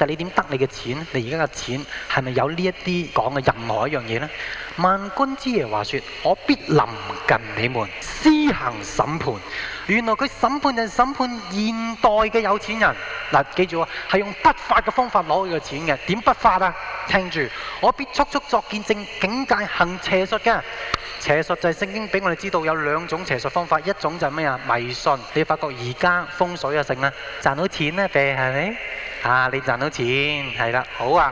就你點得你嘅錢？你而家嘅錢係咪有呢一啲講嘅任何一樣嘢呢？萬軍之耶和華說：我必臨近你們，施行審判。原來佢審判就審判現代嘅有錢人嗱、啊，記住啊，係用不法嘅方法攞佢嘅錢嘅，點不法啊？聽住，我必速速作見證，警戒行邪術嘅。邪術就係《聖經》俾我哋知道有兩種邪術方法，一種就係咩啊，迷信。你發覺而家風水啊成啦，賺到錢咧，係咪啊，你賺到錢係啦，好啊，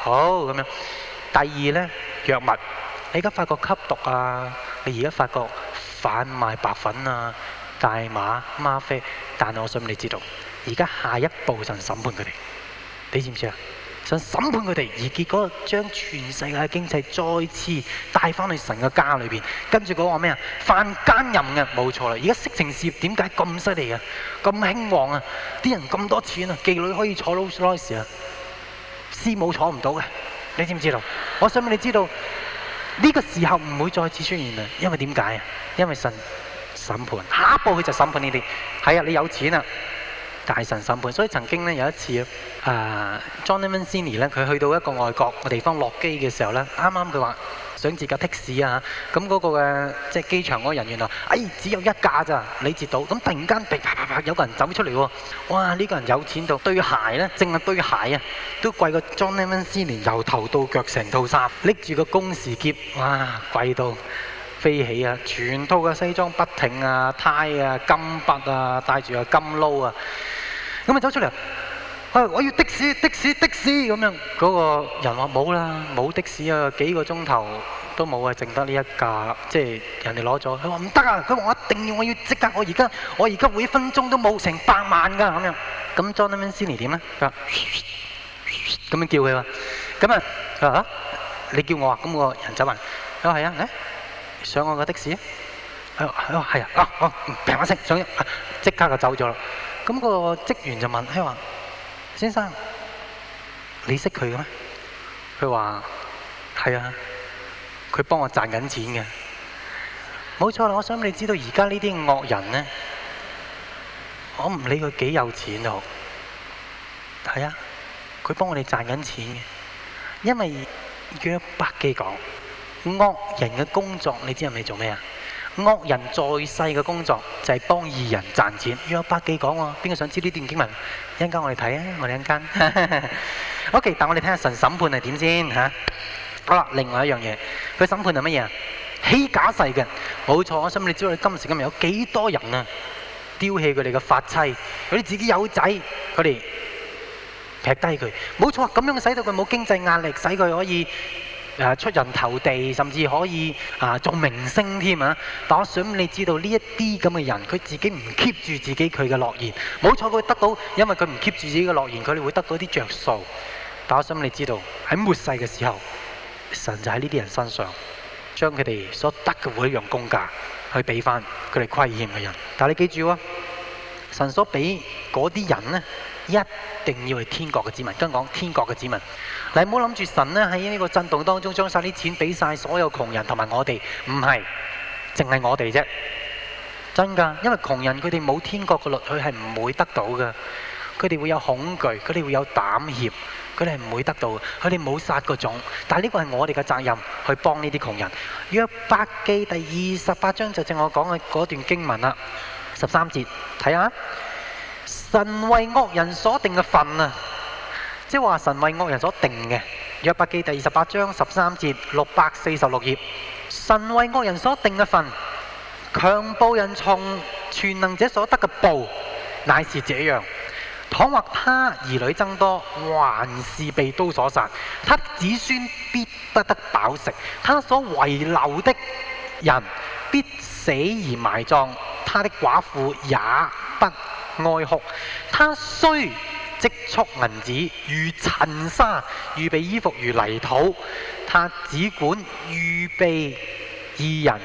好咁樣。第二呢，藥物，你而家發覺吸毒啊，你而家發覺販賣白粉啊、大麻、嗎啡。但我信想你知道，而家下一步就審判佢哋。你知唔知啊？審判佢哋，而結果將全世界嘅經濟再次帶翻去神嘅家裏邊。跟住嗰個咩啊，犯奸淫嘅，冇錯啦。而家色情事業點解咁犀利啊？咁興旺啊？啲人咁多錢啊？妓女可以坐 luxury 啊，師母坐唔到嘅。你知唔知道？我想問你知道呢、呢個時候唔會再次出現啊？因為點解啊？因為神審判，下一步佢就審判你哋。係啊，你有錢啊！大神審判，所以曾經咧有一次啊，Johnnie Wilson 咧，佢、呃、去到一個外國嘅地方落機嘅時候咧，啱啱佢話想截架的士啊，咁嗰、那個嘅即係機場嗰個人員啊，哎只有一架咋，你截到，咁突然間，啪啪啪，啪有個人走出嚟喎，哇呢、這個人有錢到，對鞋咧淨係對鞋啊，都貴過 Johnnie Wilson，由頭到腳成套衫，拎住個公事喼，哇貴到！飛起啊！全套嘅西裝、筆挺啊、呔啊、金筆啊，戴住啊金撈啊，咁啊走出嚟，啊我要的士的士的士咁樣。嗰個人話冇啦，冇的士啊，幾個鐘頭都冇啊，淨得呢一架，即係人哋攞咗。佢話唔得啊，佢話我一定要我要即刻，我而家我而家每分鐘都冇成百萬㗎咁樣。咁 Jonathan Snidy 點咧？佢話咁樣叫佢喎。咁啊，佢話嚇你叫我啊。咁個人走埋。啊係啊，誒。上我個的，的士，係啊啪一聲上，即、啊、刻就走咗啦。咁、那個職員就問，佢話，先生，你識佢嘅咩？佢話，係啊，佢幫我賺緊錢嘅。冇錯啦，我想你知道而家呢啲惡人呢，我唔理佢幾有錢都好，係啊，佢幫我哋賺緊錢嘅，因為約伯記講。惡人嘅工作，你知係咪做咩啊？惡人在世嘅工作就係幫異人賺錢。要有百幾講喎，邊個想知呢段經文？一陣間我哋睇啊，我哋一間。O.K.，但我哋睇下神審判係點先嚇。好啦，另外一樣嘢，佢審判係乜嘢啊？欺假誓嘅，冇錯。我想你知道你，今時今日有幾多人啊？丟棄佢哋嘅發妻，佢哋自己有仔，佢哋劈低佢。冇錯，咁樣使到佢冇經濟壓力，使佢可以。出人頭地，甚至可以啊做明星添啊！但我想你知道呢一啲咁嘅人，佢自己唔 keep 住自己佢嘅諾言。冇錯，佢得到，因為佢唔 keep 住自己嘅諾言，佢哋會得到啲着數。但我想你知道喺末世嘅時候，神就喺呢啲人身上，將佢哋所得嘅每一樣工價去俾翻佢哋虧欠嘅人。但你記住啊，神所俾嗰啲人咧。一定要係天國嘅子民，跟住講天國嘅子民，你唔好諗住神咧喺呢個震動當中將晒啲錢俾晒所有窮人同埋我哋，唔係淨係我哋啫，真噶，因為窮人佢哋冇天國嘅律，佢係唔會得到噶，佢哋會有恐懼，佢哋會有膽怯，佢哋係唔會得到，佢哋冇殺個種，但係呢個係我哋嘅責任去幫呢啲窮人。約伯記第二十八章就正我講嘅嗰段經文啦，十三節，睇下。神為惡人所定嘅份啊，即係話神為惡人所定嘅。約伯記第二十八章十三節六百四十六頁，神為惡人所定嘅份，強暴人從全能者所得嘅報，乃是這樣。倘若他兒女增多，還是被刀所殺，他子孫必不得得飽食，他所遺留的人必死而埋葬，他的寡婦也不愛哭，他雖積蓄銀紙如塵沙，預備衣服如泥土。他只管預備二人，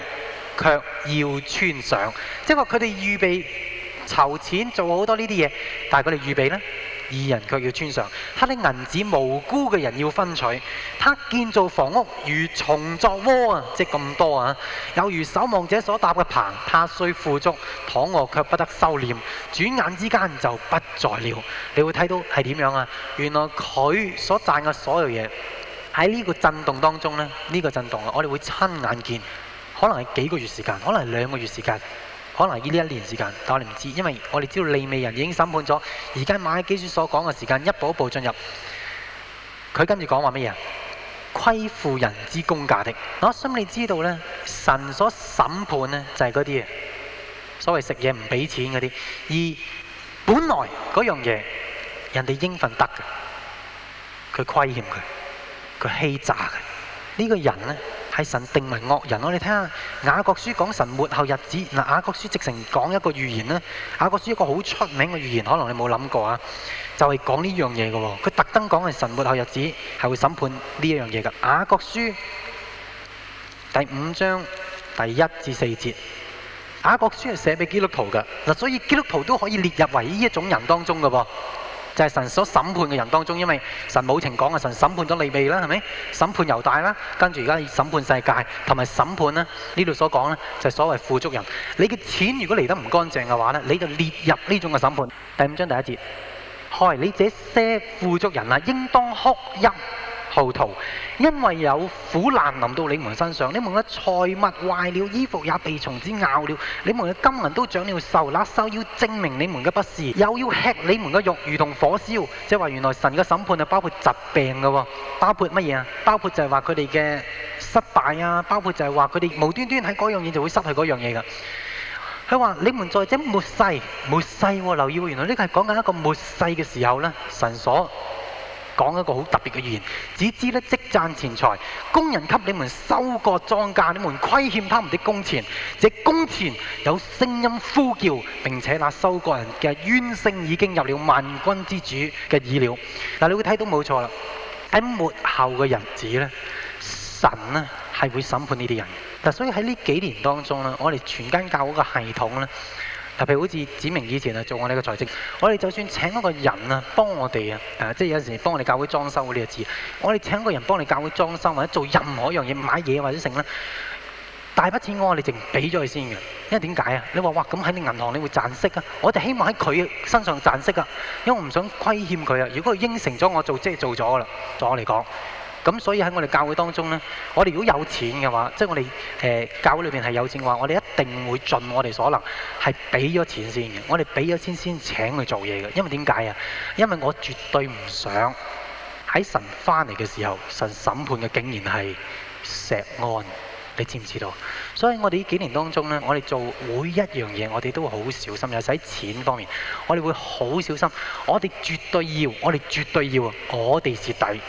卻要穿上。即係話佢哋預備籌錢做好多呢啲嘢，但係佢哋預備呢？二人卻要穿上，他的銀子無辜嘅人要分取，他建造房屋如蟲作窩啊，即咁多啊！有如守望者所搭嘅棚，他雖富足，躺臥卻不得收斂，轉眼之間就不在了。你會睇到係點樣啊？原來佢所賺嘅所有嘢喺呢個震動當中呢。呢、呢個震動啊，我哋會親眼見，可能係幾個月時間，可能係兩個月時間。可能依呢一年時間，但我哋唔知，因為我哋知道利未人已經審判咗。而家瑪拉基書所講嘅時間，一步一步進入。佢跟住講話乜嘢？虧負人之工價的。我想你知道咧，神所審判咧就係嗰啲啊，所謂食嘢唔俾錢嗰啲。而本來嗰樣嘢，人哋應份得嘅，佢虧欠佢，佢欺詐嘅。呢、這個人咧。係神定為惡人囉，我，你睇下雅各書講神末後日子嗱，雅各書直情講一個預言啦。雅各書一個好出名嘅預言，可能你冇諗過啊，就係講呢樣嘢嘅。佢特登講係神末後日子係會審判呢一樣嘢嘅。雅各書第五章第一至四節，雅各書係寫俾基督徒嘅嗱，所以基督徒都可以列入為呢一種人當中嘅噃。就係神所審判嘅人當中，因為神冇情講啊，神審判咗利未啦，係咪？審判猶大啦，跟住而家審判世界，同埋審判啦。呢度所講咧，就係、是、所謂富足人。你嘅錢如果嚟得唔乾淨嘅話咧，你就列入呢種嘅審判。第五章第一節，害你這些富足人啊，應當哭泣。 葡萄，因為有苦難臨到你們身上，你們嘅財物壞了，衣服也被蟲子咬了，你們嘅金銀都長了鏽，那鏽要證明你們嘅不是，又要吃你們嘅肉，如同火燒，即係話原來神嘅審判係，包括疾病嘅，包括乜嘢啊？包括就係話佢哋嘅失敗啊，包括就係話佢哋無端端喺嗰樣嘢就會失去嗰樣嘢噶。佢話你們在這末世，末世，留意，原來呢個係講緊一個末世嘅時候呢，神所。講一個好特別嘅語言，只知咧積攢錢財，工人給你們收割莊稼，你們虧欠他們啲工錢。這工錢有聲音呼叫，並且那收割人嘅冤聲已經入了萬軍之主嘅耳了。嗱，你會睇到冇錯啦，喺末後嘅日子咧，神呢係會審判呢啲人。但所以喺呢幾年當中呢，我哋全間教會嘅系統呢。特別好似子明以前啊，做我哋嘅財政，我哋就算請一個人啊，幫我哋啊，誒，即係有時幫我哋教會裝修呢個字，我哋請個人幫你教會裝修或者做任何一樣嘢，買嘢或者成啦，大筆錢我哋淨俾咗佢先嘅，因為點解啊？你話哇，咁喺你銀行你會賺息啊？我哋希望喺佢身上賺息啊，因為我唔想虧欠佢啊。如果佢應承咗我做，即係做咗噶啦，在我嚟講。咁所以喺我哋教會當中呢，我哋如果有錢嘅話，即係我哋誒、呃、教會裏邊係有錢嘅話，我哋一定會盡我哋所能，係俾咗錢先嘅。我哋俾咗錢先請佢做嘢嘅，因為點解啊？因為我絕對唔想喺神翻嚟嘅時候，神審判嘅竟然係石安，你知唔知道？所以我哋呢幾年當中呢，我哋做每一樣嘢，我哋都會好小心，尤其是喺錢方面，我哋會好小心。我哋絕對要，我哋絕對要，我哋蝕底。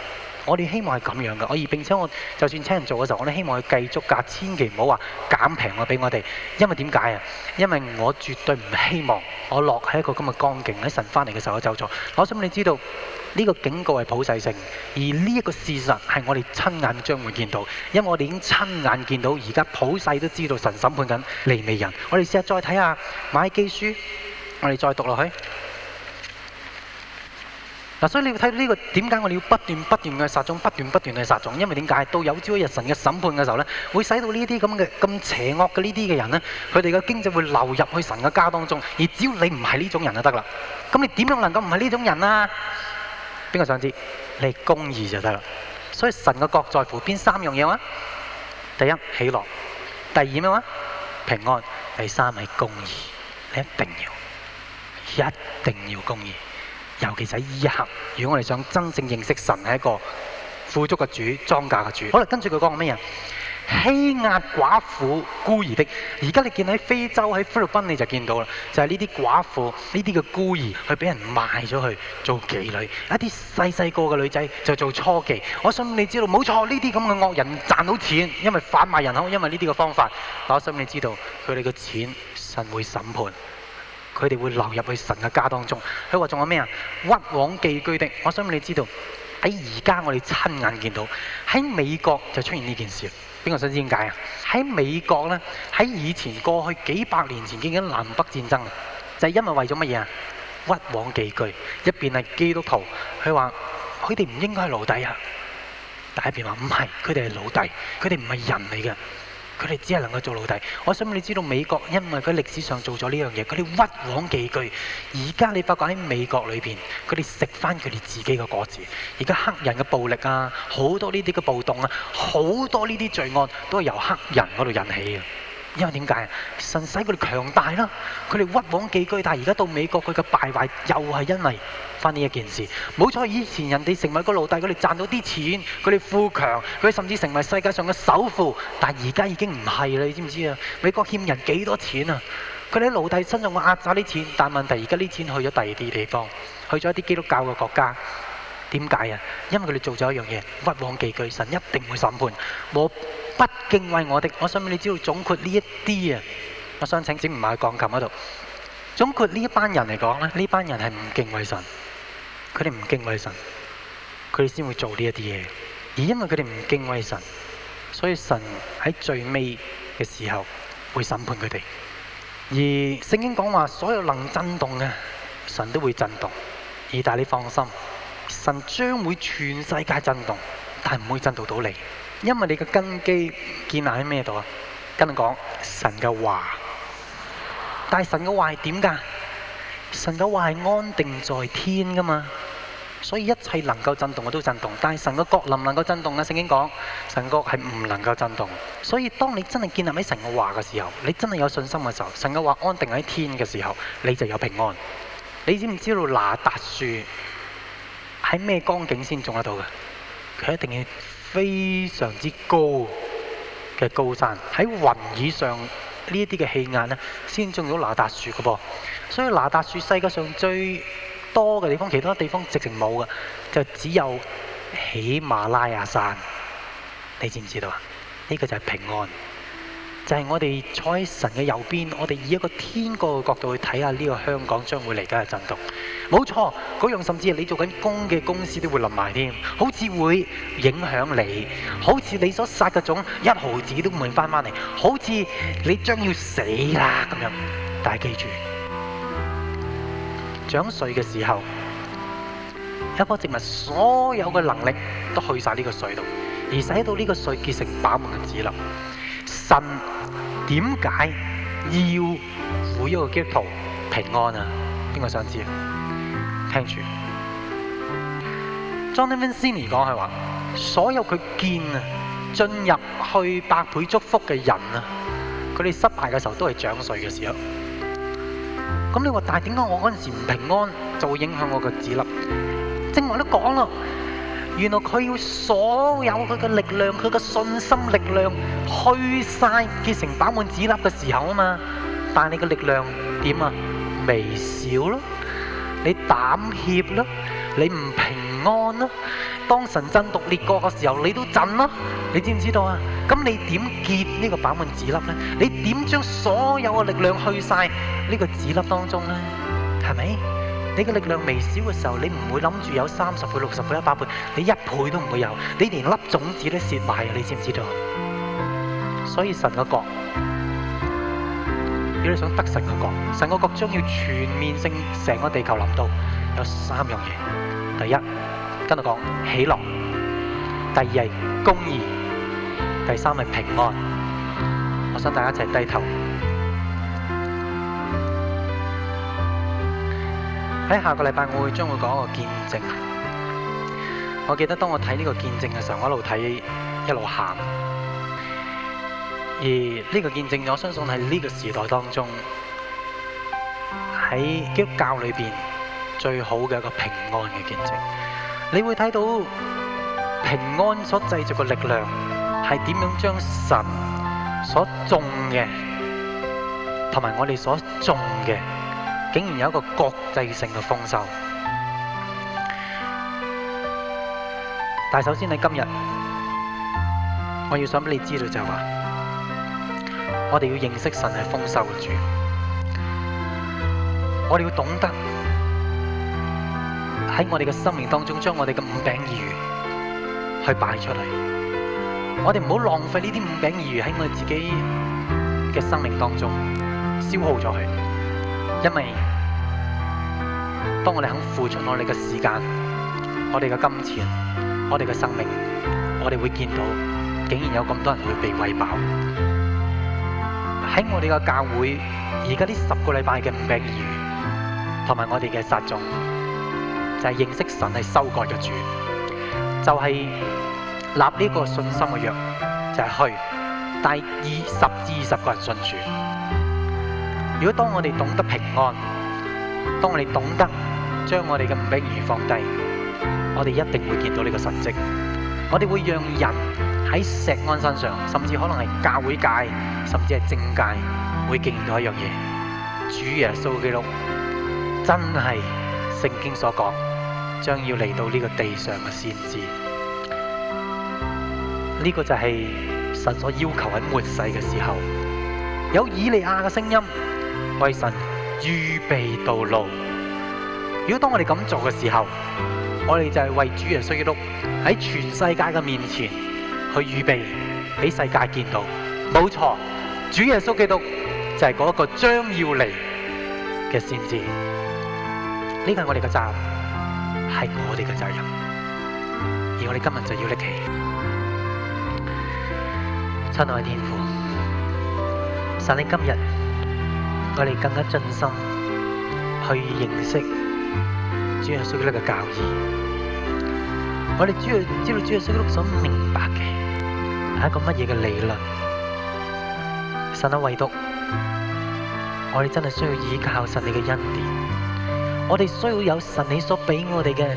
我哋希望係咁樣嘅，而並且我就算請人做嘅時候，我都希望佢計足價，千祈唔好話減平我俾我哋。因為點解啊？因為我絕對唔希望我落喺一個咁嘅光景。喺神翻嚟嘅時候，我就做。我想你知道呢個警告係普世性，而呢一個事實係我哋親眼將會見到。因為我哋已經親眼見到，而家普世都知道神審判緊利未人。我哋試下再睇下瑪拉基書，我哋再讀落去。嗱，所以你要睇到呢個點解我哋要不斷不斷去撒種，不斷不斷去撒種，因為點解？到有朝一日神嘅審判嘅時候咧，會使到呢啲咁嘅咁邪惡嘅呢啲嘅人咧，佢哋嘅經濟會流入去神嘅家當中。而只要你唔係呢種人就得啦。咁你點樣能夠唔係呢種人啊？邊個想知？你公義就得啦。所以神嘅國在乎邊三樣嘢啊？第一喜樂，第二咩話？平安，第三係公義，你一定要，一定要公義。尤其是喺意客，如果我哋想真正認識神係一個富足嘅主、莊稼嘅主，好啦，跟住佢講，個咩啊？欺壓寡婦、孤兒的。而家你見喺非洲、喺菲律賓，你就見到啦，就係呢啲寡婦、呢啲嘅孤兒去俾人賣咗去做妓女。一啲細細個嘅女仔就做初妓。我希望你知道，冇錯，呢啲咁嘅惡人賺到錢，因為販賣人口，因為呢啲嘅方法。我希望你知道，佢哋嘅錢，神會審判。佢哋會流入去神嘅家當中。佢話仲有咩啊？屈枉寄居的。我想你知道喺而家我哋親眼見到喺美國就出現呢件事啦。邊個想知點解啊？喺美國呢，喺以前過去幾百年前，究竟南北戰爭就係因為為咗乜嘢啊？屈枉寄居，一邊係基督徒，佢話佢哋唔應該係奴隸啊，但係一邊話唔係，佢哋係奴隸，佢哋唔係人嚟嘅。佢哋只係能夠做奴隸。我想問你知道美國因為佢歷史上做咗呢樣嘢，佢哋屈枉幾句。而家你發覺喺美國裏邊，佢哋食翻佢哋自己嘅果子。而家黑人嘅暴力啊，好多呢啲嘅暴動啊，好多呢啲罪案都係由黑人嗰度引起嘅。因為點解啊？神使佢哋強大啦，佢哋屈枉寄居，但係而家到美國佢嘅敗壞又係因為翻呢一件事。冇錯，以前人哋成為個奴隸，佢哋賺到啲錢，佢哋富強，佢甚至成為世界上嘅首富。但係而家已經唔係啦，你知唔知啊？美國欠人幾多錢啊？佢哋喺奴隸身上壓榨啲錢，但係問題而家啲錢去咗第二啲地方，去咗一啲基督教嘅國家。點解啊？因為佢哋做咗一樣嘢，屈枉其罪，神一定會審判。我不敬畏我的，我想俾你知要總括呢一啲啊，我想請請唔埋鋼琴嗰度。總括呢一班人嚟講咧，呢班人係唔敬畏神，佢哋唔敬畏神，佢哋先會做呢一啲嘢。而因為佢哋唔敬畏神，所以神喺最尾嘅時候會審判佢哋。而聖經講話，所有能震動嘅，神都會震動。而但係你放心。神將會全世界震動，但係唔會震動到你，因為你嘅根基建立喺咩度啊？跟你講神嘅話，但係神嘅話係點噶？神嘅話係安定在天噶嘛？所以一切能夠震動嘅都震動，但係神嘅國能唔能夠震動啊？聖經講神國係唔能夠震動。所以當你真係建立喺神嘅話嘅時候，你真係有信心嘅時候，神嘅話安定喺天嘅時候，你就有平安。你知唔知道哪噠樹？喺咩光景先種得到嘅？佢一定要非常之高嘅高山，喺雲以上呢啲嘅氣壓呢，先種到哪噠樹嘅噃。所以哪噠樹世界上最多嘅地方，其他地方直情冇嘅，就只有喜馬拉雅山。你知唔知道啊？呢個就係平安。就係我哋坐喺神嘅右邊，我哋以一個天國嘅角度去睇下呢個香港將會嚟緊嘅震動。冇錯，嗰樣甚至係你做緊工嘅公司都會冧埋添，好似會影響你，好似你所撒嘅種一毫子都唔會返返嚟，好似你將要死啦咁樣。但係記住，長穗嘅時候，一棵植物所有嘅能力都去晒呢個穗度，而使到呢個穗結成飽滿嘅子粒。神點解要每一個基督徒平安啊？邊個想知啊？聽住，Jonathan Sime 講係話，所有佢見啊進入去百倍祝福嘅人啊，佢哋失敗嘅時候都係長稅嘅時候。咁你話，但係點解我嗰陣時唔平安，就會影響我個子粒？正話都講咯。原來佢要所有佢嘅力量，佢嘅信心力量去曬結成飽滿籽粒嘅時候啊嘛！但係你嘅力量點啊？微小咯，你膽怯咯，你唔平安咯。當神震動列國嘅時候，你都震咯。你知唔知道啊？咁你點結呢個飽滿籽粒呢？你點將所有嘅力量去曬呢個籽粒當中呢？係咪？你嘅力量微小嘅時候，你唔會諗住有三十倍、六十倍、一百倍，你一倍都唔會有，你連粒種子都蝕埋啊！你知唔知道？所以神嘅國，如果你想得神嘅國，神嘅國將要全面性成個地球臨到有三樣嘢：第一，跟住講喜樂；第二係公義；第三係平安。我想大家一齊低頭。喺下個禮拜我會將會講一個見證。我記得當我睇呢個見證嘅時候，我一路睇一路喊。而呢個見證我相信係呢個時代當中喺基督教裏邊最好嘅一個平安嘅見證。你會睇到平安所製造嘅力量係點樣將神所種嘅同埋我哋所種嘅。竟然有一個國際性嘅豐收，但首先你今日，我要想俾你知道就係話，我哋要認識神係豐收嘅主，我哋要懂得喺我哋嘅生命當中將我哋嘅五餅二魚去擺出嚟，我哋唔好浪費呢啲五餅二魚喺我自己嘅生命當中消耗咗佢。因為當我哋肯付出我哋嘅時間、我哋嘅金錢、我哋嘅生命，我哋會見到竟然有咁多人會被喂飽。喺我哋嘅教會，而家呢十個禮拜嘅比喻同埋我哋嘅撒種，就係、是、認識神係收割嘅主，就係、是、立呢個信心嘅約，就係、是、去，帶二十至二十個人信主。如果當我哋懂得平安，當我哋懂得將我哋嘅唔俾宜放低，我哋一定會見到呢個神蹟。我哋會讓人喺石安身上，甚至可能係教會界，甚至係政界，會見到一樣嘢：主耶穌基督真係聖經所講，將要嚟到呢個地上嘅先知。呢個就係神所要求喺末世嘅時候有以利亞嘅聲音。為神預備道路。如果當我哋咁做嘅時候，我哋就係為主耶穌基督喺全世界嘅面前去預備，俾世界見到。冇錯，主耶穌基督就係嗰一個將要嚟嘅先知。呢個係我哋嘅責任，係我哋嘅責任。而我哋今日就要拎起。親愛嘅天父，神你今日。我哋更加盡心去認識主耶穌基督嘅教義，我哋主要知道主耶穌基督所明白嘅係一個乜嘢嘅理論？神啊，唯獨我哋真係需要依靠神你嘅恩典，我哋需要有神你所俾我哋嘅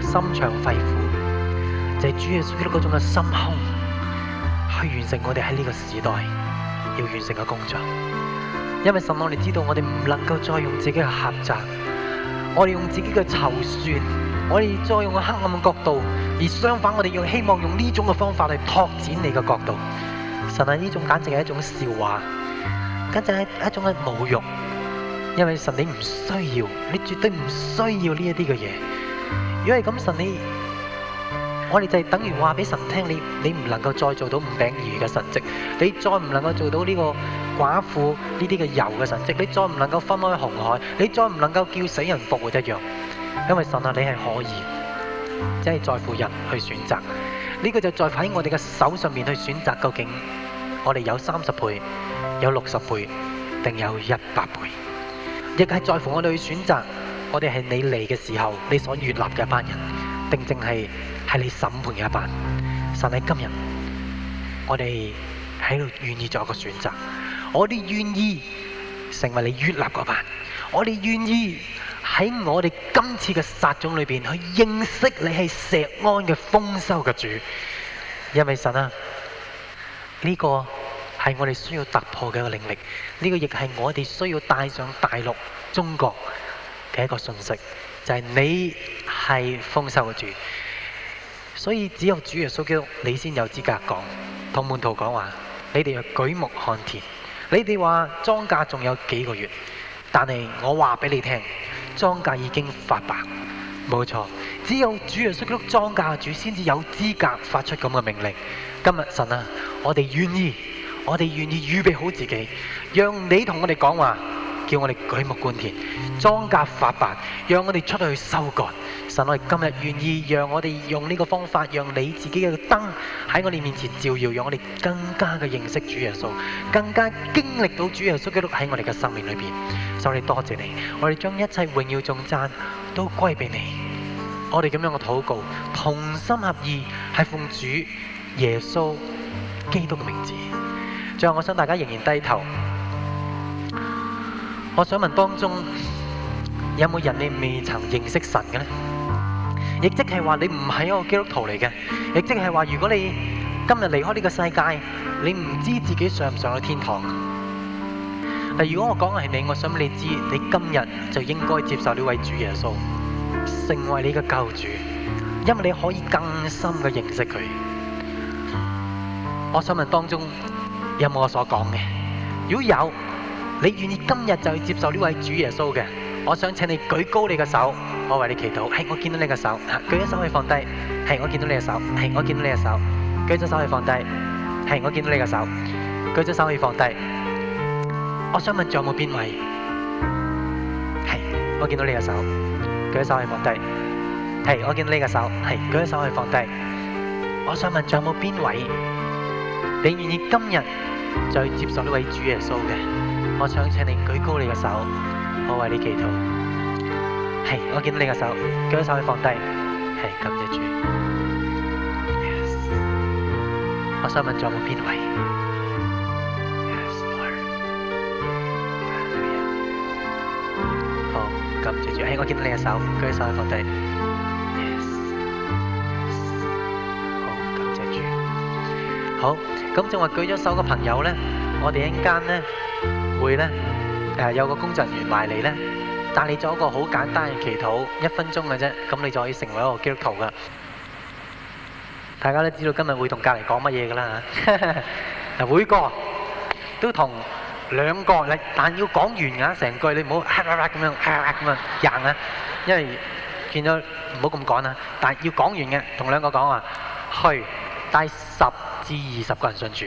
心腸肺腑，就係主耶穌基督嗰種嘅心胸，去完成我哋喺呢個時代要完成嘅工作。因為神，我哋知道我哋唔能夠再用自己嘅狹窄，我哋用自己嘅籌算，我哋再用個黑暗嘅角度，而相反我哋要希望用呢種嘅方法去拓展你嘅角度。神喺，呢種簡直係一種笑話，簡直係一種嘅侮辱。因為神你唔需要，你絕對唔需要呢一啲嘅嘢。如果係咁，神你，我哋就係等於話俾神聽，你你唔能夠再做到五餅魚嘅神迹，你再唔能夠做到呢個。寡婦呢啲嘅油嘅神蹟，你再唔能夠分開紅海，你再唔能夠叫死人復活一樣，因為神啊，你係可以，即係在乎人去選擇，呢、這個就在乎喺我哋嘅手上面去選擇，究竟我哋有三十倍、有六十倍定有一百倍，亦係在乎我哋去選擇，我哋係你嚟嘅時候，你所悅納嘅一班人，定淨係係你審判嘅一班？神喺、啊、今日，我哋喺度願意做一個選擇。我哋願意成為你越立個班，我哋願意喺我哋今次嘅撒種裏邊去認識你係石安嘅豐收嘅主，因為神啊，呢、這個係我哋需要突破嘅一個領域，呢、這個亦係我哋需要帶上大陸、中國嘅一個信息，就係、是、你係豐收嘅主，所以只有主耶穌基督你先有資格講，同門徒講話，你哋舉目看田。你哋話莊稼仲有幾個月？但係我話俾你聽，莊稼已經發白，冇錯。只有主啊，收割莊稼嘅主，先至有資格發出咁嘅命令。今日神啊，我哋願意，我哋願意預備好自己，讓你同我哋講話，叫我哋舉目觀田，莊稼發白，讓我哋出去收割。神，我哋今日願意讓我哋用呢個方法，讓你自己嘅燈喺我哋面前照耀，讓我哋更加嘅認識主耶穌，更加經歷到主耶穌基督喺我哋嘅生命裏邊。所以，我哋多謝你，我哋將一切榮耀頌讚都歸俾你。我哋咁樣嘅禱告，同心合意，係奉主耶穌基督嘅名字。最後，我想大家仍然低頭，我想問當中有冇人你未曾認識神嘅呢？亦即係話你唔係一個基督徒嚟嘅，亦即係話如果你今日離開呢個世界，你唔知自己上唔上到天堂。但係如果我講嘅係你，我想你知，你今日就應該接受呢位主耶穌，成為你嘅救主，因為你可以更深嘅認識佢。我想問當中有冇我所講嘅？如果有，你願意今日就去接受呢位主耶穌嘅？我想請你舉高你嘅手，我為你祈禱。係，我見到你嘅手，舉咗手可以放低。係，我見到你嘅手，係，我見到你嘅手，舉咗手可以放低。係，我見到你嘅手，舉咗手可以放低。我想問仲有冇邊位？係，我見到你嘅手，舉咗手可以放低。係，我見到你嘅手，係，舉咗手可以放低。我想問仲有冇邊位？你願意今日再接受呢位主耶穌嘅？我想請你舉高你嘅手。我為你祈禱，係我見到你個手，舉咗手可以放低，係，感謝主。我想問仲有冇邊位？好，感謝主，係我見到你個手，舉咗手可以放低。好，感謝主。好，咁正話舉咗手嘅朋友咧，我哋一陣間咧會咧。誒有個工作人員埋嚟咧，帶你做一個好簡單嘅祈禱，一分鐘嘅啫，咁你就可以成為一個基督徒噶。大家都知道今日會同隔籬講乜嘢㗎啦吓，嗱每個都同兩個你，但要講完㗎，成句你唔好啪啪啪咁樣，啪啪啪咁樣贏啊，因為見到唔好咁講啦，但要講完嘅，同兩個講啊，去帶十至二十個人信主。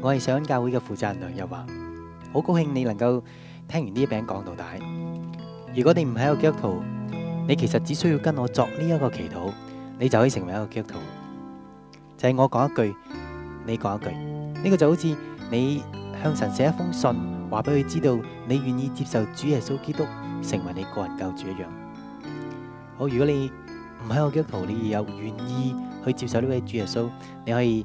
我係上恩教會嘅負責人梁日華，好高興你能夠聽完呢一篇講道。如果你唔係一個基督徒，你其實只需要跟我作呢一個祈禱，你就可以成為一個基督徒。就係我講一句，你講一句，呢個就好似你向神寫一封信，話俾佢知道你願意接受主耶穌基督成為你個人救主一樣。好，如果你唔係一個基督徒，你又願意去接受呢位主耶穌，你可以。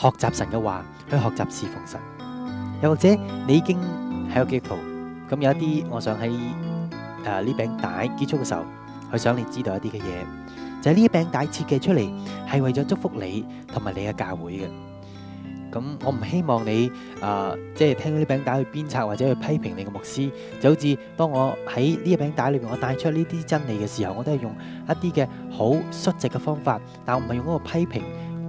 學習神嘅話，去學習侍奉神。又或者你已經喺個基督徒，咁有一啲，我想喺誒呢餅帶結束嘅時候，去想你知道一啲嘅嘢，就係呢餅帶設計出嚟係為咗祝福你同埋你嘅教會嘅。咁我唔希望你誒即係聽到呢餅帶去鞭策或者去批評你嘅牧師，就好似當我喺呢餅帶裏面，我帶出呢啲真理嘅時候，我都係用一啲嘅好率直嘅方法，但係我唔係用嗰個批評。